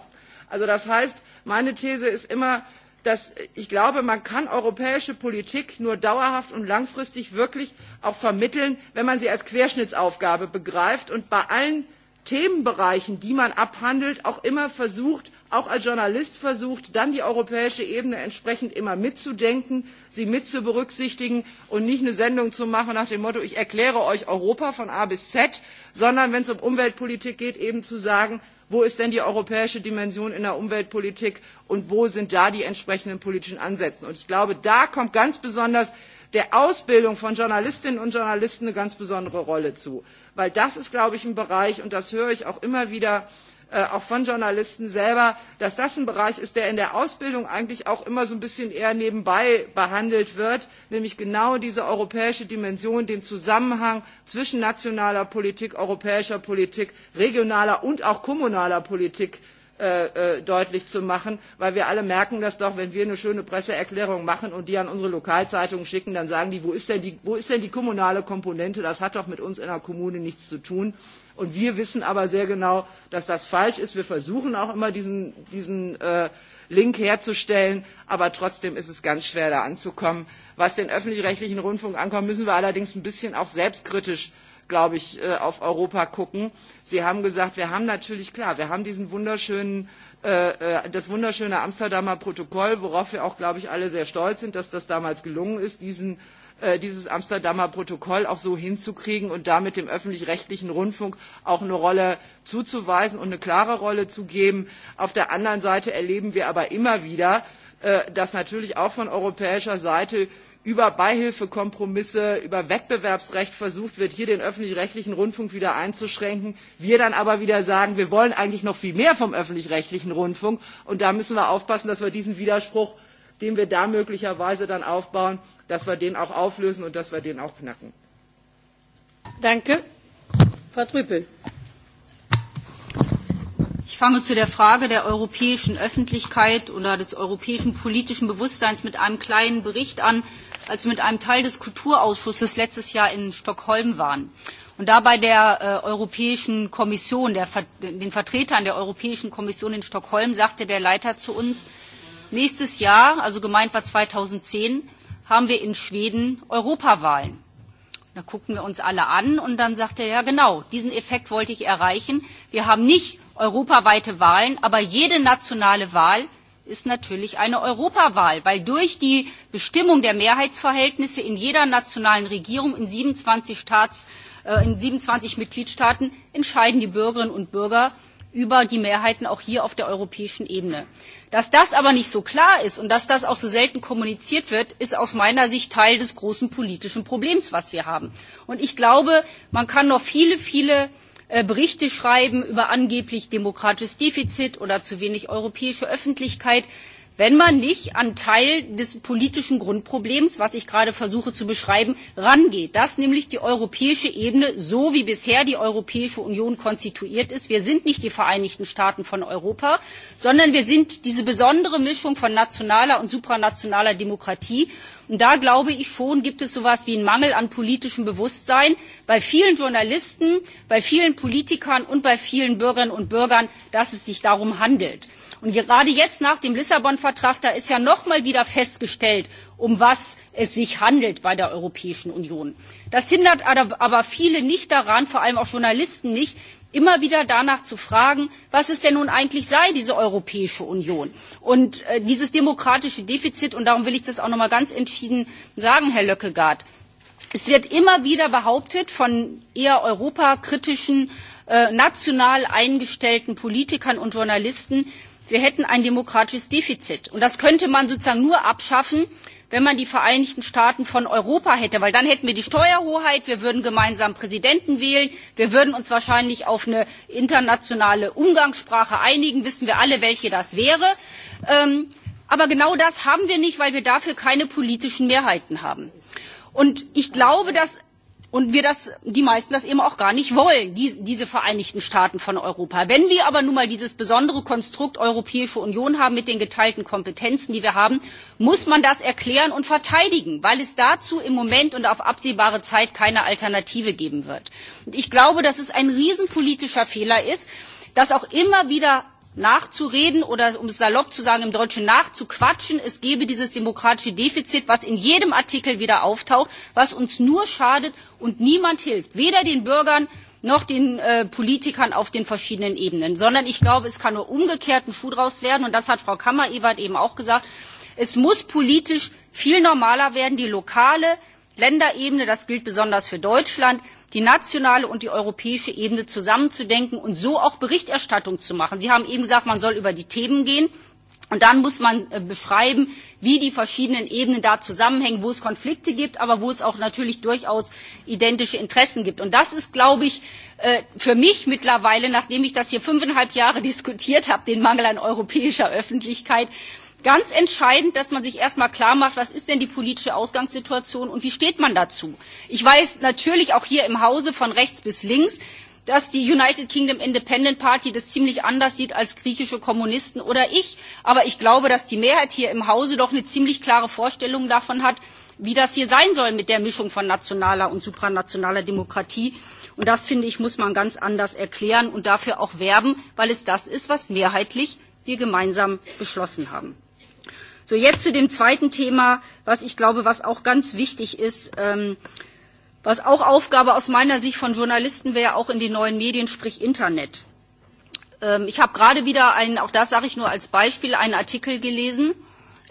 Also das heißt, meine These ist immer, dass ich glaube, man kann europäische Politik nur dauerhaft und langfristig wirklich auch vermitteln, wenn man sie als Querschnittsaufgabe begreift und bei allen Themenbereichen, die man abhandelt, auch immer versucht, auch als Journalist versucht, dann die europäische Ebene entsprechend immer mitzudenken, sie mitzuberücksichtigen und nicht eine Sendung zu machen nach dem Motto, ich erkläre euch Europa von A bis Z, sondern wenn es um Umweltpolitik geht, eben zu sagen, wo ist denn die europäische Dimension in der Umweltpolitik und wo sind da die entsprechenden politischen Ansätze? Und ich glaube, da kommt ganz besonders der Ausbildung von Journalistinnen und Journalisten eine ganz besondere Rolle zu. Weil das ist, glaube ich, ein Bereich, und das höre ich auch immer wieder Äh, auch von Journalisten selber, dass das ein Bereich ist, der in der Ausbildung eigentlich auch immer so ein bisschen eher nebenbei behandelt wird, nämlich genau diese europäische Dimension, den Zusammenhang zwischen nationaler Politik, europäischer Politik, regionaler und auch kommunaler Politik äh, äh, deutlich zu machen, weil wir alle merken das doch, wenn wir eine schöne Presseerklärung machen und die an unsere Lokalzeitungen schicken, dann sagen die, wo ist denn die, wo ist denn die kommunale Komponente? Das hat doch mit uns in der Kommune nichts zu tun. Und wir wissen aber sehr genau, dass das falsch ist. Wir versuchen auch immer diesen, diesen äh, Link herzustellen, aber trotzdem ist es ganz schwer, da anzukommen. Was den öffentlich-rechtlichen Rundfunk ankommt, müssen wir allerdings ein bisschen auch selbstkritisch glaube ich, äh, auf Europa gucken. Sie haben gesagt, wir haben natürlich, klar, wir haben diesen wunderschönen, äh, äh, das wunderschöne Amsterdamer Protokoll, worauf wir auch, glaube ich, alle sehr stolz sind, dass das damals gelungen ist, diesen Äh, dieses Amsterdamer Protokoll auch so hinzukriegen und damit dem öffentlich-rechtlichen Rundfunk auch eine Rolle zuzuweisen und eine klare Rolle zu geben. Auf der anderen Seite erleben wir aber immer wieder, äh, dass natürlich auch von europäischer Seite über Beihilfekompromisse, über Wettbewerbsrecht versucht wird, hier den öffentlich-rechtlichen Rundfunk wieder einzuschränken. Wir dann aber wieder sagen, wir wollen eigentlich noch viel mehr vom öffentlich-rechtlichen Rundfunk. Und da müssen wir aufpassen, dass wir diesen Widerspruch den wir da möglicherweise dann aufbauen, dass wir den auch auflösen und dass wir den auch knacken. Danke. Frau Trüpel. Ich fange zu der Frage der europäischen Öffentlichkeit oder des europäischen politischen Bewusstseins mit einem kleinen Bericht an, als wir mit einem Teil des Kulturausschusses letztes Jahr in Stockholm waren und dabei der äh, Europäischen Kommission, der, den Vertretern der Europäischen Kommission in Stockholm sagte der Leiter zu uns, Nächstes Jahr, also gemeint war 2010, haben wir in Schweden Europawahlen. Da gucken wir uns alle an und dann sagt er, ja genau, diesen Effekt wollte ich erreichen. Wir haben nicht europaweite Wahlen, aber jede nationale Wahl ist natürlich eine Europawahl, weil durch die Bestimmung der Mehrheitsverhältnisse in jeder nationalen Regierung in 27, Staats, äh, in 27 Mitgliedstaaten entscheiden die Bürgerinnen und Bürger, über die Mehrheiten auch hier auf der europäischen Ebene. Dass das aber nicht so klar ist und dass das auch so selten kommuniziert wird, ist aus meiner Sicht Teil des großen politischen Problems, was wir haben. Und ich glaube, man kann noch viele, viele äh, Berichte schreiben über angeblich demokratisches Defizit oder zu wenig europäische Öffentlichkeit wenn man nicht an Teil des politischen Grundproblems, was ich gerade versuche zu beschreiben, rangeht, dass nämlich die europäische Ebene, so wie bisher die Europäische Union konstituiert ist, wir sind nicht die Vereinigten Staaten von Europa, sondern wir sind diese besondere Mischung von nationaler und supranationaler Demokratie Und da glaube ich schon, gibt es so etwas wie einen Mangel an politischem Bewusstsein bei vielen Journalisten, bei vielen Politikern und bei vielen Bürgerinnen und Bürgern, dass es sich darum handelt. Und gerade jetzt nach dem Lissabon-Vertrag, da ist ja noch mal wieder festgestellt, um was es sich handelt bei der Europäischen Union. Das hindert aber viele nicht daran, vor allem auch Journalisten nicht, immer wieder danach zu fragen, was es denn nun eigentlich sei, diese Europäische Union. Und äh, dieses demokratische Defizit, und darum will ich das auch noch mal ganz entschieden sagen, Herr Löckegaard, es wird immer wieder behauptet von eher europakritischen, äh, national eingestellten Politikern und Journalisten, wir hätten ein demokratisches Defizit. Und das könnte man sozusagen nur abschaffen, wenn man die Vereinigten Staaten von Europa hätte, denn dann hätten wir die Steuerhoheit, wir würden gemeinsam Präsidenten wählen, wir würden uns wahrscheinlich auf eine internationale Umgangssprache einigen, wissen wir alle, welche das wäre. Ähm, aber genau das haben wir nicht, weil wir dafür keine politischen Mehrheiten haben. ich glaube, dass und wir das, die meisten das eben auch gar nicht wollen, die, diese Vereinigten Staaten von Europa. Wenn wir aber nun mal dieses besondere Konstrukt Europäische Union haben mit den geteilten Kompetenzen, die wir haben, muss man das erklären und verteidigen, weil es dazu im Moment und auf absehbare Zeit keine Alternative geben wird. Und ich glaube, dass es ein riesenpolitischer Fehler ist, dass auch immer wieder nachzureden oder um es salopp zu sagen im Deutschen nachzuquatschen. Es gebe dieses demokratische Defizit, das in jedem Artikel wieder auftaucht, was uns nur schadet und niemand hilft, weder den Bürgern noch den äh, Politikern auf den verschiedenen Ebenen, sondern ich glaube, es kann nur umgekehrt ein Schuh draus werden und das hat Frau Kammer-Ewert eben auch gesagt. Es muss politisch viel normaler werden, die lokale Länderebene, das gilt besonders für Deutschland, die nationale und die europäische Ebene zusammenzudenken und so auch Berichterstattung zu machen. Sie haben eben gesagt, man soll über die Themen gehen. Und dann muss man äh, beschreiben, wie die verschiedenen Ebenen da zusammenhängen, wo es Konflikte gibt, aber wo es auch natürlich durchaus identische Interessen gibt. Und das ist, glaube ich, äh, für mich mittlerweile, nachdem ich das hier fünfeinhalb Jahre diskutiert habe, den Mangel an europäischer Öffentlichkeit, ganz entscheidend, dass man sich erstmal klar macht, was ist denn die politische Ausgangssituation und wie steht man dazu. Ich weiß natürlich auch hier im Hause von rechts bis links, dass die United Kingdom Independent Party das ziemlich anders sieht als griechische Kommunisten oder ich. Aber ich glaube, dass die Mehrheit hier im Hause doch eine ziemlich klare Vorstellung davon hat, wie das hier sein soll mit der Mischung von nationaler und supranationaler Demokratie. Und das, finde ich, muss man ganz anders erklären und dafür auch werben, weil es das ist, was mehrheitlich wir gemeinsam beschlossen haben. So, jetzt zu dem zweiten Thema, was ich glaube, was auch ganz wichtig ist, ähm, was auch Aufgabe aus meiner Sicht von Journalisten wäre, auch in den neuen Medien, sprich Internet. Ähm, ich habe gerade wieder einen, auch das sage ich nur als Beispiel, einen Artikel gelesen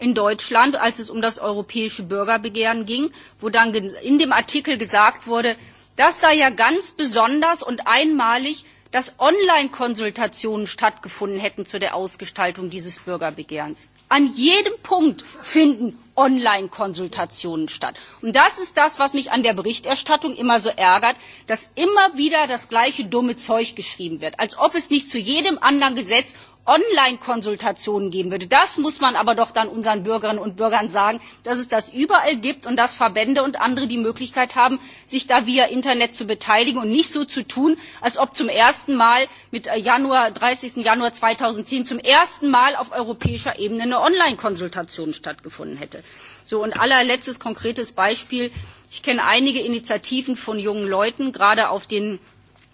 in Deutschland, als es um das europäische Bürgerbegehren ging, wo dann in dem Artikel gesagt wurde, das sei ja ganz besonders und einmalig, dass Online-Konsultationen stattgefunden hätten zu der Ausgestaltung dieses Bürgerbegehrens an jedem Punkt finden Online-Konsultationen statt. Und das ist das, was mich an der Berichterstattung immer so ärgert, dass immer wieder das gleiche dumme Zeug geschrieben wird, als ob es nicht zu jedem anderen Gesetz Online-Konsultationen geben würde. Das muss man aber doch dann unseren Bürgerinnen und Bürgern sagen, dass es das überall gibt und dass Verbände und andere die Möglichkeit haben, sich da via Internet zu beteiligen und nicht so zu tun, als ob zum ersten Mal mit äh, Januar, 30. Januar 2010 zum ersten Mal auf europäischer Ebene eine Online-Konsultation stattgefunden hätte. So, und allerletztes konkretes Beispiel. Ich kenne einige Initiativen von jungen Leuten, gerade auf den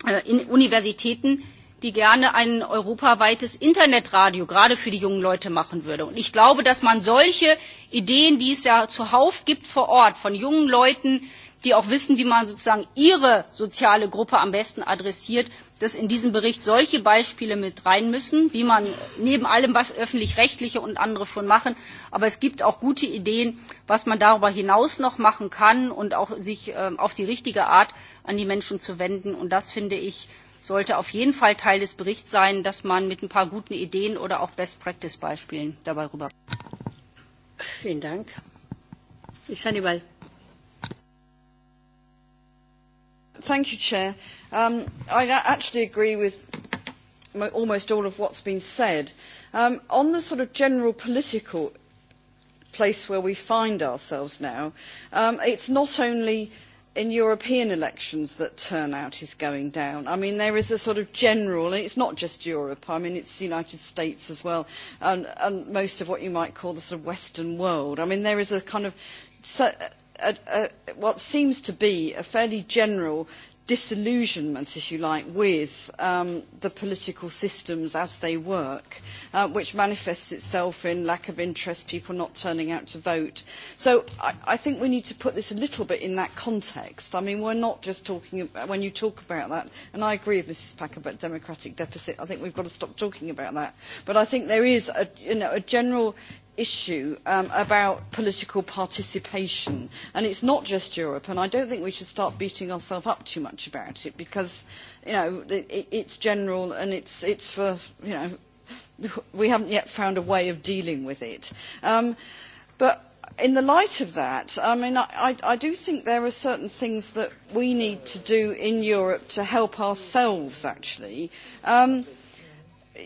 äh, in Universitäten, die gerne ein europaweites Internetradio gerade für die jungen Leute machen würde. Und ich glaube, dass man solche Ideen, die es ja zuhauf gibt vor Ort von jungen Leuten, die auch wissen, wie man sozusagen ihre soziale Gruppe am besten adressiert, dass in diesem Bericht solche Beispiele mit rein müssen, wie man neben allem, was öffentlich-rechtliche und andere schon machen, aber es gibt auch gute Ideen, was man darüber hinaus noch machen kann und auch sich äh, auf die richtige Art an die Menschen zu wenden. Und das finde ich sollte auf jeden Fall Teil des Berichts sein, dass man mit ein paar guten Ideen oder auch Best-Practice-Beispielen dabei rüber. Vielen Dank. Hannibal. Thank you, Chair. Um, I actually agree with almost all of what's been said. Um, on the sort of general political place where we find ourselves now, um, it's not only in European elections that turnout is going down. I mean, there is a sort of general, and it's not just Europe, I mean, it's the United States as well, and, and most of what you might call the sort of Western world. I mean, there is a kind of, a, a, what seems to be a fairly general disillusionment, if you like, with um, the political systems as they work, uh, which manifests itself in lack of interest, people not turning out to vote. So I, I think we need to put this a little bit in that context. I mean, we're not just talking, about, when you talk about that, and I agree with Mrs Pack about democratic deficit, I think we've got to stop talking about that. But I think there is a, you know, a general issue um, about political participation. And it's not just Europe, and I don't think we should start beating ourselves up too much about it because, you know, it, it's general and it's, it's for, you know, we haven't yet found a way of dealing with it. Um, but in the light of that, I mean, I, I, do think there are certain things that we need to do in Europe to help ourselves, actually. Um,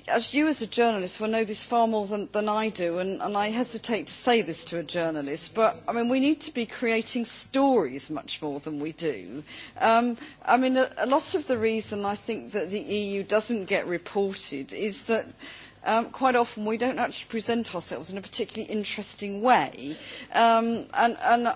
as you as a journalist will know this far more than, than I do, and, and, I hesitate to say this to a journalist, but I mean, we need to be creating stories much more than we do. Um, I mean, a, a, lot of the reason I think that the EU doesn't get reported is that um, quite often we don't actually present ourselves in a particularly interesting way. Um, and, and,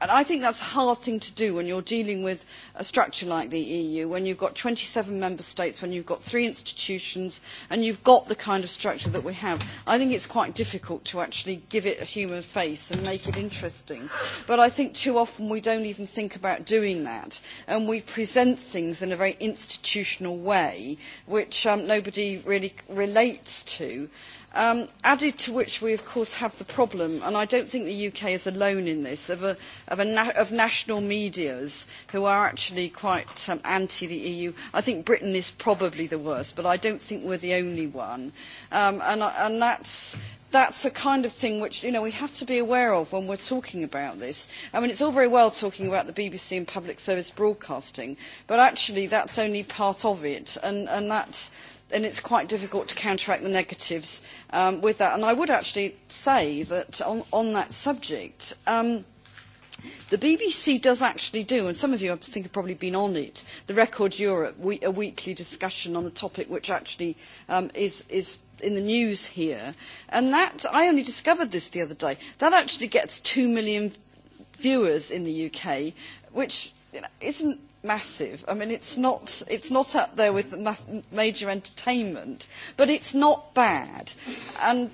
and I think that's a hard thing to do when you're dealing with a structure like the eu when you've got twenty seven member states when you've got three institutions and you've got the kind of structure that we have i think it's quite difficult to actually give it a human face and make it interesting but i think too often we don't even think about doing that and we present things in a very institutional way which um, nobody really relates to. Um, added to which we of course have the problem, and I don't think the UK is alone in this, of, a, of, a na of national medias who are actually quite um, anti the EU. I think Britain is probably the worst, but I don't think we're the only one. Um, and, uh, and that's, that's the kind of thing which you know, we have to be aware of when we're talking about this. I mean, it's all very well talking about the BBC and public service broadcasting, but actually that's only part of it, and, and that's then it is quite difficult to counteract the negatives um, with that. And I would actually say that on, on that subject, um, the BBC does actually do, and some of you I think have probably been on it, the Record Europe, a weekly discussion on the topic which actually um, is, is in the news here. And that, I only discovered this the other day, that actually gets 2 million viewers in the UK, which you know, isn't massive. I mean, it's not, it's not up there with the major entertainment, but it's not bad. And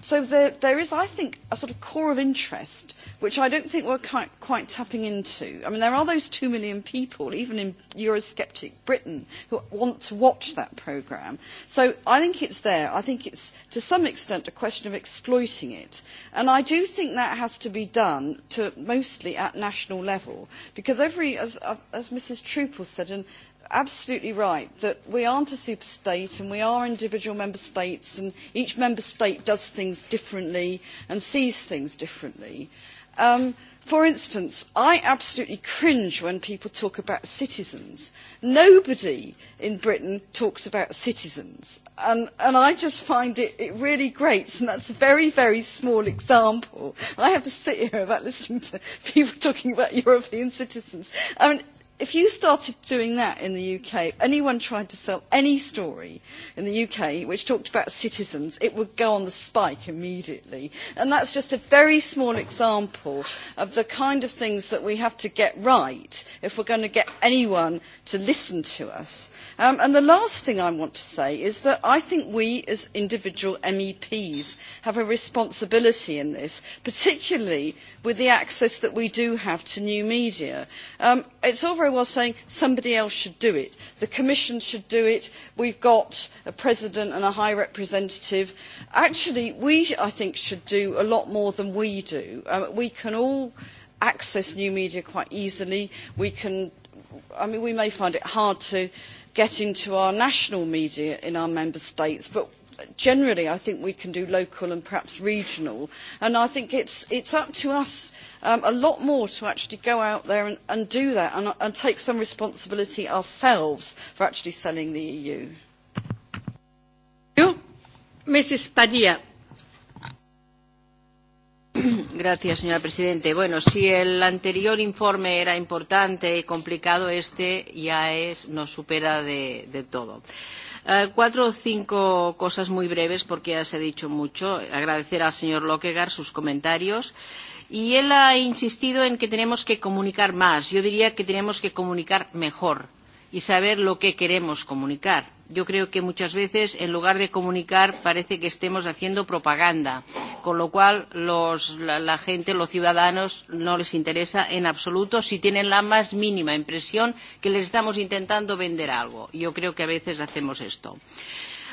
so there, there is, I think, a sort of core of interest which I don't think we're quite tapping into. I mean, there are those two million people, even in Eurosceptic Britain, who want to watch that programme. So I think it's there. I think it's, to some extent, a question of exploiting it. And I do think that has to be done to, mostly at national level, because every, as, as Mrs. Truppel said, and absolutely right that we aren't a super state and we are individual member states and each member state does things differently and sees things differently. Um, for instance, I absolutely cringe when people talk about citizens. Nobody in Britain talks about citizens. And, and I just find it, it really great. And that's a very, very small example. I have to sit here about listening to people talking about European citizens. I mean, if you started doing that in the UK, anyone tried to sell any story in the UK which talked about citizens, it would go on the spike immediately. And that's just a very small example of the kind of things that we have to get right if we're going to get anyone to listen to us. Um, and the last thing I want to say is that I think we as individual MEPs have a responsibility in this, particularly with the access that we do have to new media. Um, it's all very well saying somebody else should do it. The Commission should do it. We've got a president and a high representative. Actually, we, I think, should do a lot more than we do. Um, we can all access new media quite easily. We can, I mean, we may find it hard to get into our national media in our member states but generally i think we can do local and perhaps regional and i think it's it's up to us um, a lot more to actually go out there and, and do that and, and take some responsibility ourselves for actually selling the eu. You, Mrs. Padilla. Gracias, señora presidente. Bueno, si el anterior informe era importante y complicado, este ya es, nos supera de, de todo. Eh, cuatro o cinco cosas muy breves, porque ya se ha dicho mucho. Agradecer al señor Lockegaard sus comentarios. Y él ha insistido en que tenemos que comunicar más. Yo diría que tenemos que comunicar mejor y saber lo que queremos comunicar. Yo creo que muchas veces, en lugar de comunicar, parece que estemos haciendo propaganda, con lo cual los, la, la gente, los ciudadanos, no les interesa en absoluto si tienen la más mínima impresión que les estamos intentando vender algo. Yo creo que a veces hacemos esto.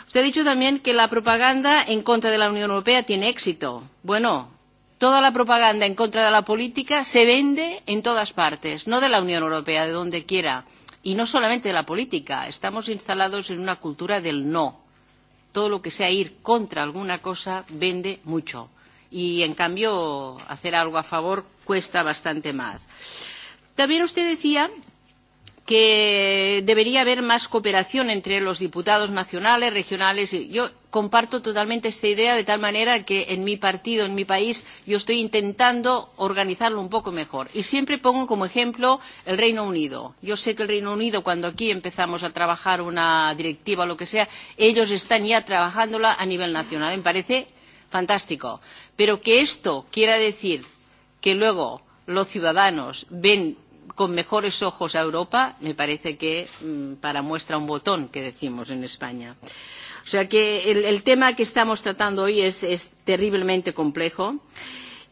Usted ha dicho también que la propaganda en contra de la Unión Europea tiene éxito. Bueno, toda la propaganda en contra de la política se vende en todas partes, no de la Unión Europea, de donde quiera y no solamente de la política. Estamos instalados en una cultura del no. Todo lo que sea ir contra alguna cosa vende mucho. Y en cambio, hacer algo a favor cuesta bastante más. También usted decía que debería haber más cooperación entre los diputados nacionales, regionales. Y Yo comparto totalmente esta idea de tal manera que en mi partido, en mi país, yo estoy intentando organizarlo un poco mejor. Y siempre pongo como ejemplo el Reino Unido. Yo sé que el Reino Unido, cuando aquí empezamos a trabajar una directiva o lo que sea, ellos están ya trabajándola a nivel nacional. Me parece fantástico. Pero que esto quiera decir que luego los ciudadanos ven con mejores ojos a Europa, me parece que mm, para muestra un botón, que decimos en España. O sea que el, el tema que estamos tratando hoy es, es terriblemente complejo.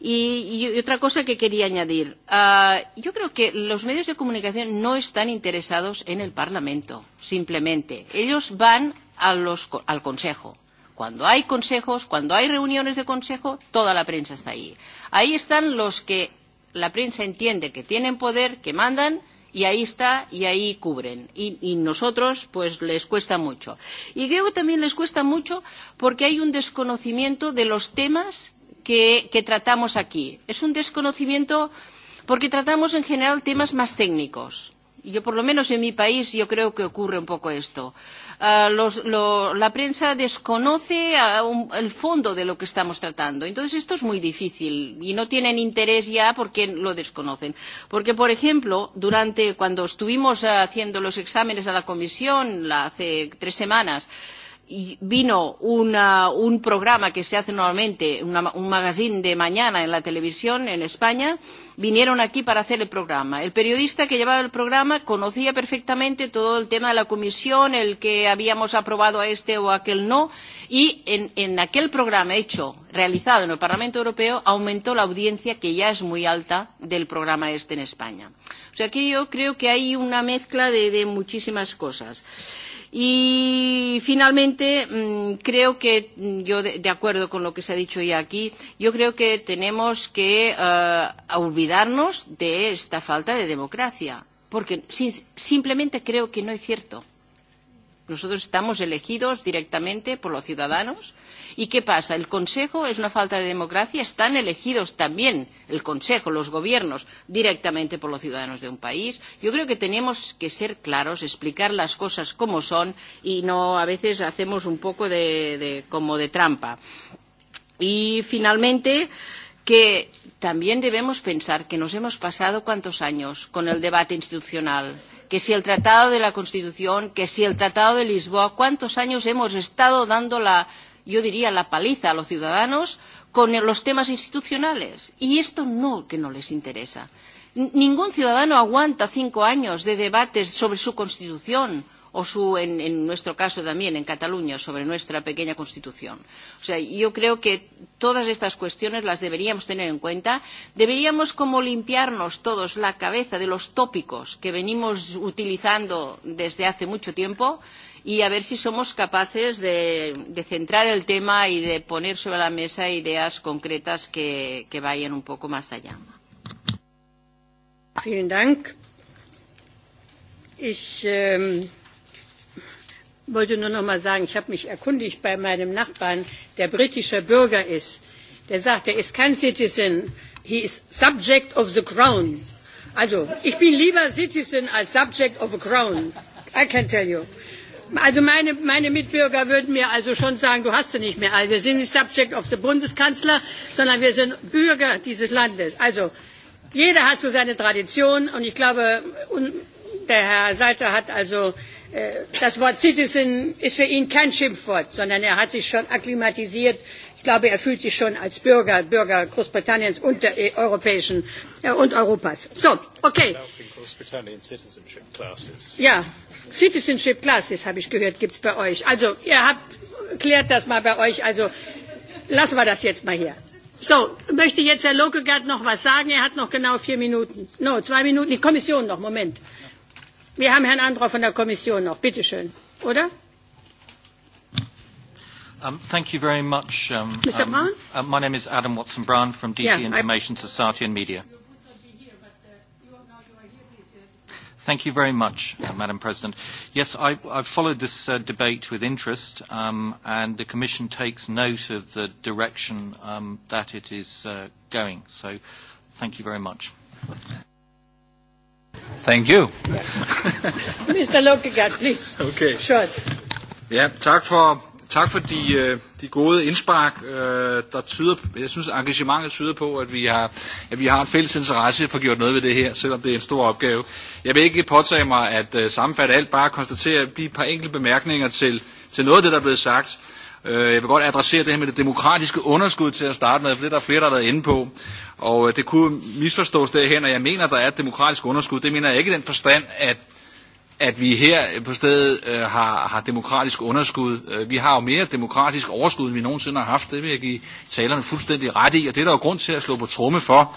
Y, y otra cosa que quería añadir. Uh, yo creo que los medios de comunicación no están interesados en el Parlamento, simplemente. Ellos van a los, al Consejo. Cuando hay consejos, cuando hay reuniones de consejo, toda la prensa está ahí. Ahí están los que la prensa entiende que tienen poder, que mandan, y ahí está y ahí cubren y, y nosotros pues les cuesta mucho y creo que también les cuesta mucho porque hay un desconocimiento de los temas que, que tratamos aquí es un desconocimiento porque tratamos en general temas más técnicos Yo, por lo menos en mi país, yo creo que ocurre un poco esto. Uh, los, lo, la prensa desconoce a ah, un, el fondo de lo que estamos tratando. Entonces, esto es muy difícil y no tienen interés ya porque lo desconocen. Porque, por ejemplo, durante cuando estuvimos ah, haciendo los exámenes a la comisión la, hace tres semanas, uh, vino una, un programa que se hace normalmente, una, un magazine de mañana en la televisión en España, vinieron aquí para hacer el programa. El periodista que llevaba el programa conocía perfectamente todo el tema de la comisión, el que habíamos aprobado a este o a aquel no, y en, en aquel programa hecho, realizado en el Parlamento Europeo, aumentó la audiencia, que ya es muy alta, del programa este en España. O sea que yo creo que hay una mezcla de, de muchísimas cosas. Eh, Y finalmente, mm, creo que mm, yo, de acuerdo con lo que se ha dicho ya aquí, yo creo que tenemos que uh, olvidarnos de esta falta de democracia, porque sin, simplemente creo que no es cierto. Nosotros estamos elegidos directamente por los ciudadanos ¿Y qué pasa? ¿El Consejo es una falta de democracia? Están elegidos también el Consejo, los gobiernos, directamente por los ciudadanos de un país. Yo creo que tenemos que ser claros, explicar las cosas como son y no a veces hacemos un poco de, de, como de trampa. Y finalmente, que también debemos pensar que nos hemos pasado cuántos años con el debate institucional, que si el Tratado de la Constitución, que si el Tratado de Lisboa, cuántos años hemos estado dando la yo diría la paliza a los ciudadanos con los temas institucionales. Y esto no que no les interesa. Ningún ciudadano aguanta cinco años de debates sobre su constitución o su, en, en nuestro caso también en Cataluña, sobre nuestra pequeña constitución. O sea, yo creo que todas estas cuestiones las deberíamos tener en cuenta. Deberíamos como limpiarnos todos la cabeza de los tópicos que venimos utilizando desde hace mucho tiempo y a ver si somos capaces de, de centrar el tema y de poner sobre la mesa ideas concretas que, que vayan un poco más allá. Vielen Dank. Ich ähm, wollte nur noch mal sagen, ich habe mich erkundigt bei meinem Nachbarn, der britischer Bürger ist. Der sagt, er ist kein Citizen, he is subject of the crown. Also, ich bin lieber Citizen als subject of crown. I can tell you. Also meine, meine Mitbürger würden mir also schon sagen, du hast sie nicht mehr alle. Wir sind nicht subject of the Bundeskanzler, sondern wir sind Bürger dieses Landes. Also jeder hat so seine Tradition und ich glaube, der Herr Salter hat also Äh, das Wort Citizen ist für ihn kein Schimpfwort, sondern er hat sich schon akklimatisiert. Ich glaube, er fühlt sich schon als Bürger, Bürger Großbritanniens und der europäischen äh, und Europas. So, okay. Ja, Citizenship Classes habe ich gehört, gibt es bei euch. Also, ihr habt, klärt das mal bei euch. Also, lassen wir das jetzt mal hier. So, möchte jetzt Herr Lokegaard noch was sagen? Er hat noch genau vier Minuten. No, zwei Minuten. Die Kommission noch, Moment. Äh, Wir haben Herrn Andra von der Kommission noch. Bitte schön, oder? Um, thank you very much. Um, Mr. Brown? Um, uh, my name is Adam Watson Brown from DG yeah, Information I... Society and Media. Thank you very much, uh, Madam President. Yes, I, I've followed this uh, debate with interest, um, and the Commission takes note of the direction um, that it is uh, going. So thank you very much. Thank you. Mr. Lukkegaard, please. Okay. Short. Ja, tak for, tak for de, øh, de gode indspark, øh, der tyder, jeg synes engagementet tyder på, at vi, har, at vi har en fælles interesse for at gjort noget ved det her, selvom det er en stor opgave. Jeg vil ikke påtage mig at øh, sammenfatte alt, bare konstatere et par enkelte bemærkninger til, til noget af det, der er blevet sagt. Øh, jeg vil godt adressere det her med det demokratiske underskud til at starte med, for det er der flere, der har været inde på. Og øh, det kunne misforstås derhen, og jeg mener, der er et demokratisk underskud. Det mener jeg ikke i den forstand, at, at vi her på stedet øh, har, har demokratisk underskud. Øh, vi har jo mere demokratisk overskud, end vi nogensinde har haft. Det vil jeg give talerne fuldstændig ret i, og det er der jo grund til at slå på tromme for.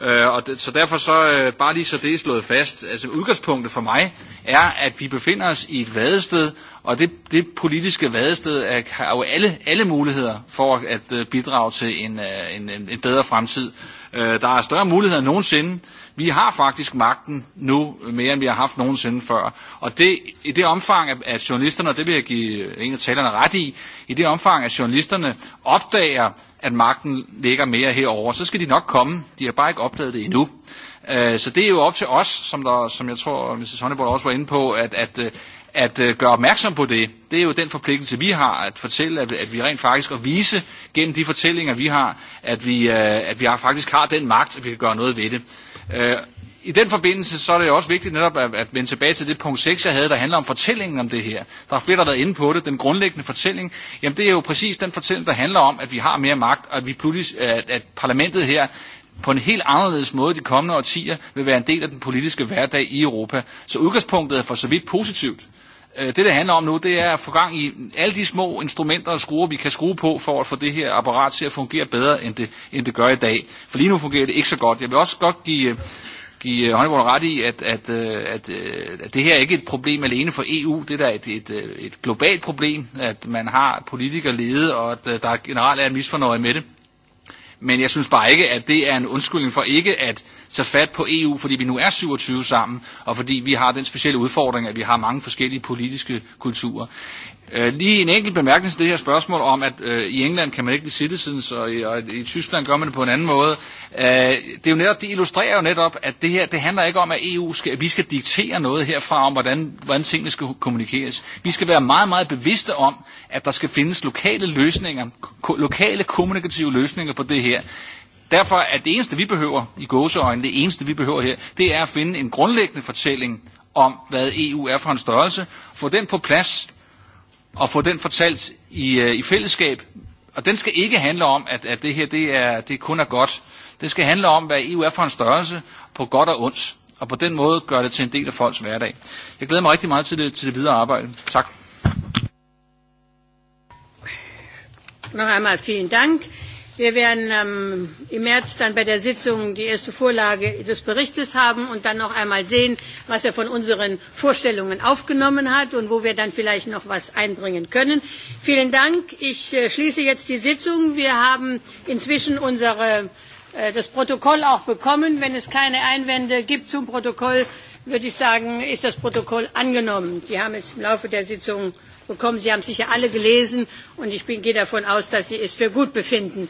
Øh, og det, så derfor så, øh, bare lige så det er slået fast, altså udgangspunktet for mig er, at vi befinder os i et vadested, og det, det politiske vadested er, har jo alle, alle muligheder for at at øh, bidrage til en, øh, en, en, en bedre fremtid Øh, der er større muligheder end nogensinde. Vi har faktisk magten nu mere, end vi har haft nogensinde før. Og det, i det omfang, at journalisterne, og det vil jeg give øh, en af talerne ret i, i det omfang, at journalisterne opdager, at magten ligger mere herover, så skal de nok komme. De har bare ikke opdaget det endnu. Øh, så det er jo op til os, som, der, som jeg tror, Mrs. Honeyball også var inde på, at, at øh, at øh, gøre opmærksom på det, det er jo den forpligtelse, vi har, at fortælle, at, at vi rent faktisk, og vise gennem de fortællinger, vi har, at vi, øh, at vi har, faktisk har den magt, at vi kan gøre noget ved det. Øh, i den forbindelse så er det jo også vigtigt netop at, at vende tilbage til det punkt 6, jeg havde, der handler om fortællingen om det her. Der er flere, der har været inde på det. Den grundlæggende fortælling, jamen det er jo præcis den fortælling, der handler om, at vi har mere magt, og at, vi pludselig, at, at parlamentet her på en helt anderledes måde de kommende årtier vil være en del af den politiske hverdag i Europa. Så udgangspunktet er for så vidt positivt. Øh, det, det handler om nu, det er at få gang i alle de små instrumenter og skruer, vi kan skrue på, for at få det her apparat til at fungere bedre, end det, end det gør i dag. For lige nu fungerer det ikke så godt. Jeg vil også godt give, øh, give øh, Honeywell ret i, at, at, at, at det her er ikke et problem alene for EU. Det er da et, et, et globalt problem, at man har politikere lede, og at der generelt er en misfornøje med det. Men jeg synes bare ikke, at det er en undskyldning for ikke at tage fat på EU, fordi vi nu er 27 sammen, og fordi vi har den specielle udfordring, at vi har mange forskellige politiske kulturer. Øh, lige en enkelt bemærkning til det her spørgsmål om, at øh, i England kan man ikke blive citizens, og i, og i Tyskland gør man det på en anden måde. Øh, det, er jo netop, det illustrerer jo netop, at det her det handler ikke om, at EU skal, at vi skal diktere noget herfra om, hvordan, hvordan tingene skal kommunikeres. Vi skal være meget, meget bevidste om, at der skal findes lokale løsninger, ko- lokale kommunikative løsninger på det her. Derfor er det eneste, vi behøver i gåseøjne, det eneste, vi behøver her, det er at finde en grundlæggende fortælling om, hvad EU er for en størrelse, få den på plads og få den fortalt i, øh, i fællesskab. Og den skal ikke handle om, at, at det her det er, det kun er godt. Det skal handle om, hvad EU er for en størrelse på godt og ondt. Og på den måde gør det til en del af folks hverdag. Jeg glæder mig rigtig meget til det, til det videre arbejde. Tak. Noch einmal vielen Dank. Wir werden ähm, im März dann bei der Sitzung die erste Vorlage des Berichtes haben und dann noch einmal sehen, was er von unseren Vorstellungen aufgenommen hat und wo wir dann vielleicht noch was einbringen können. Vielen Dank. Ich äh, schließe jetzt die Sitzung. Wir haben inzwischen unsere, äh, das Protokoll auch bekommen. Wenn es keine Einwände gibt zum Protokoll, würde ich sagen, ist das Protokoll angenommen. Sie haben es im Laufe der Sitzung bekommen. Sie haben es sicher alle gelesen und ich bin, gehe davon aus, dass Sie es für gut befinden.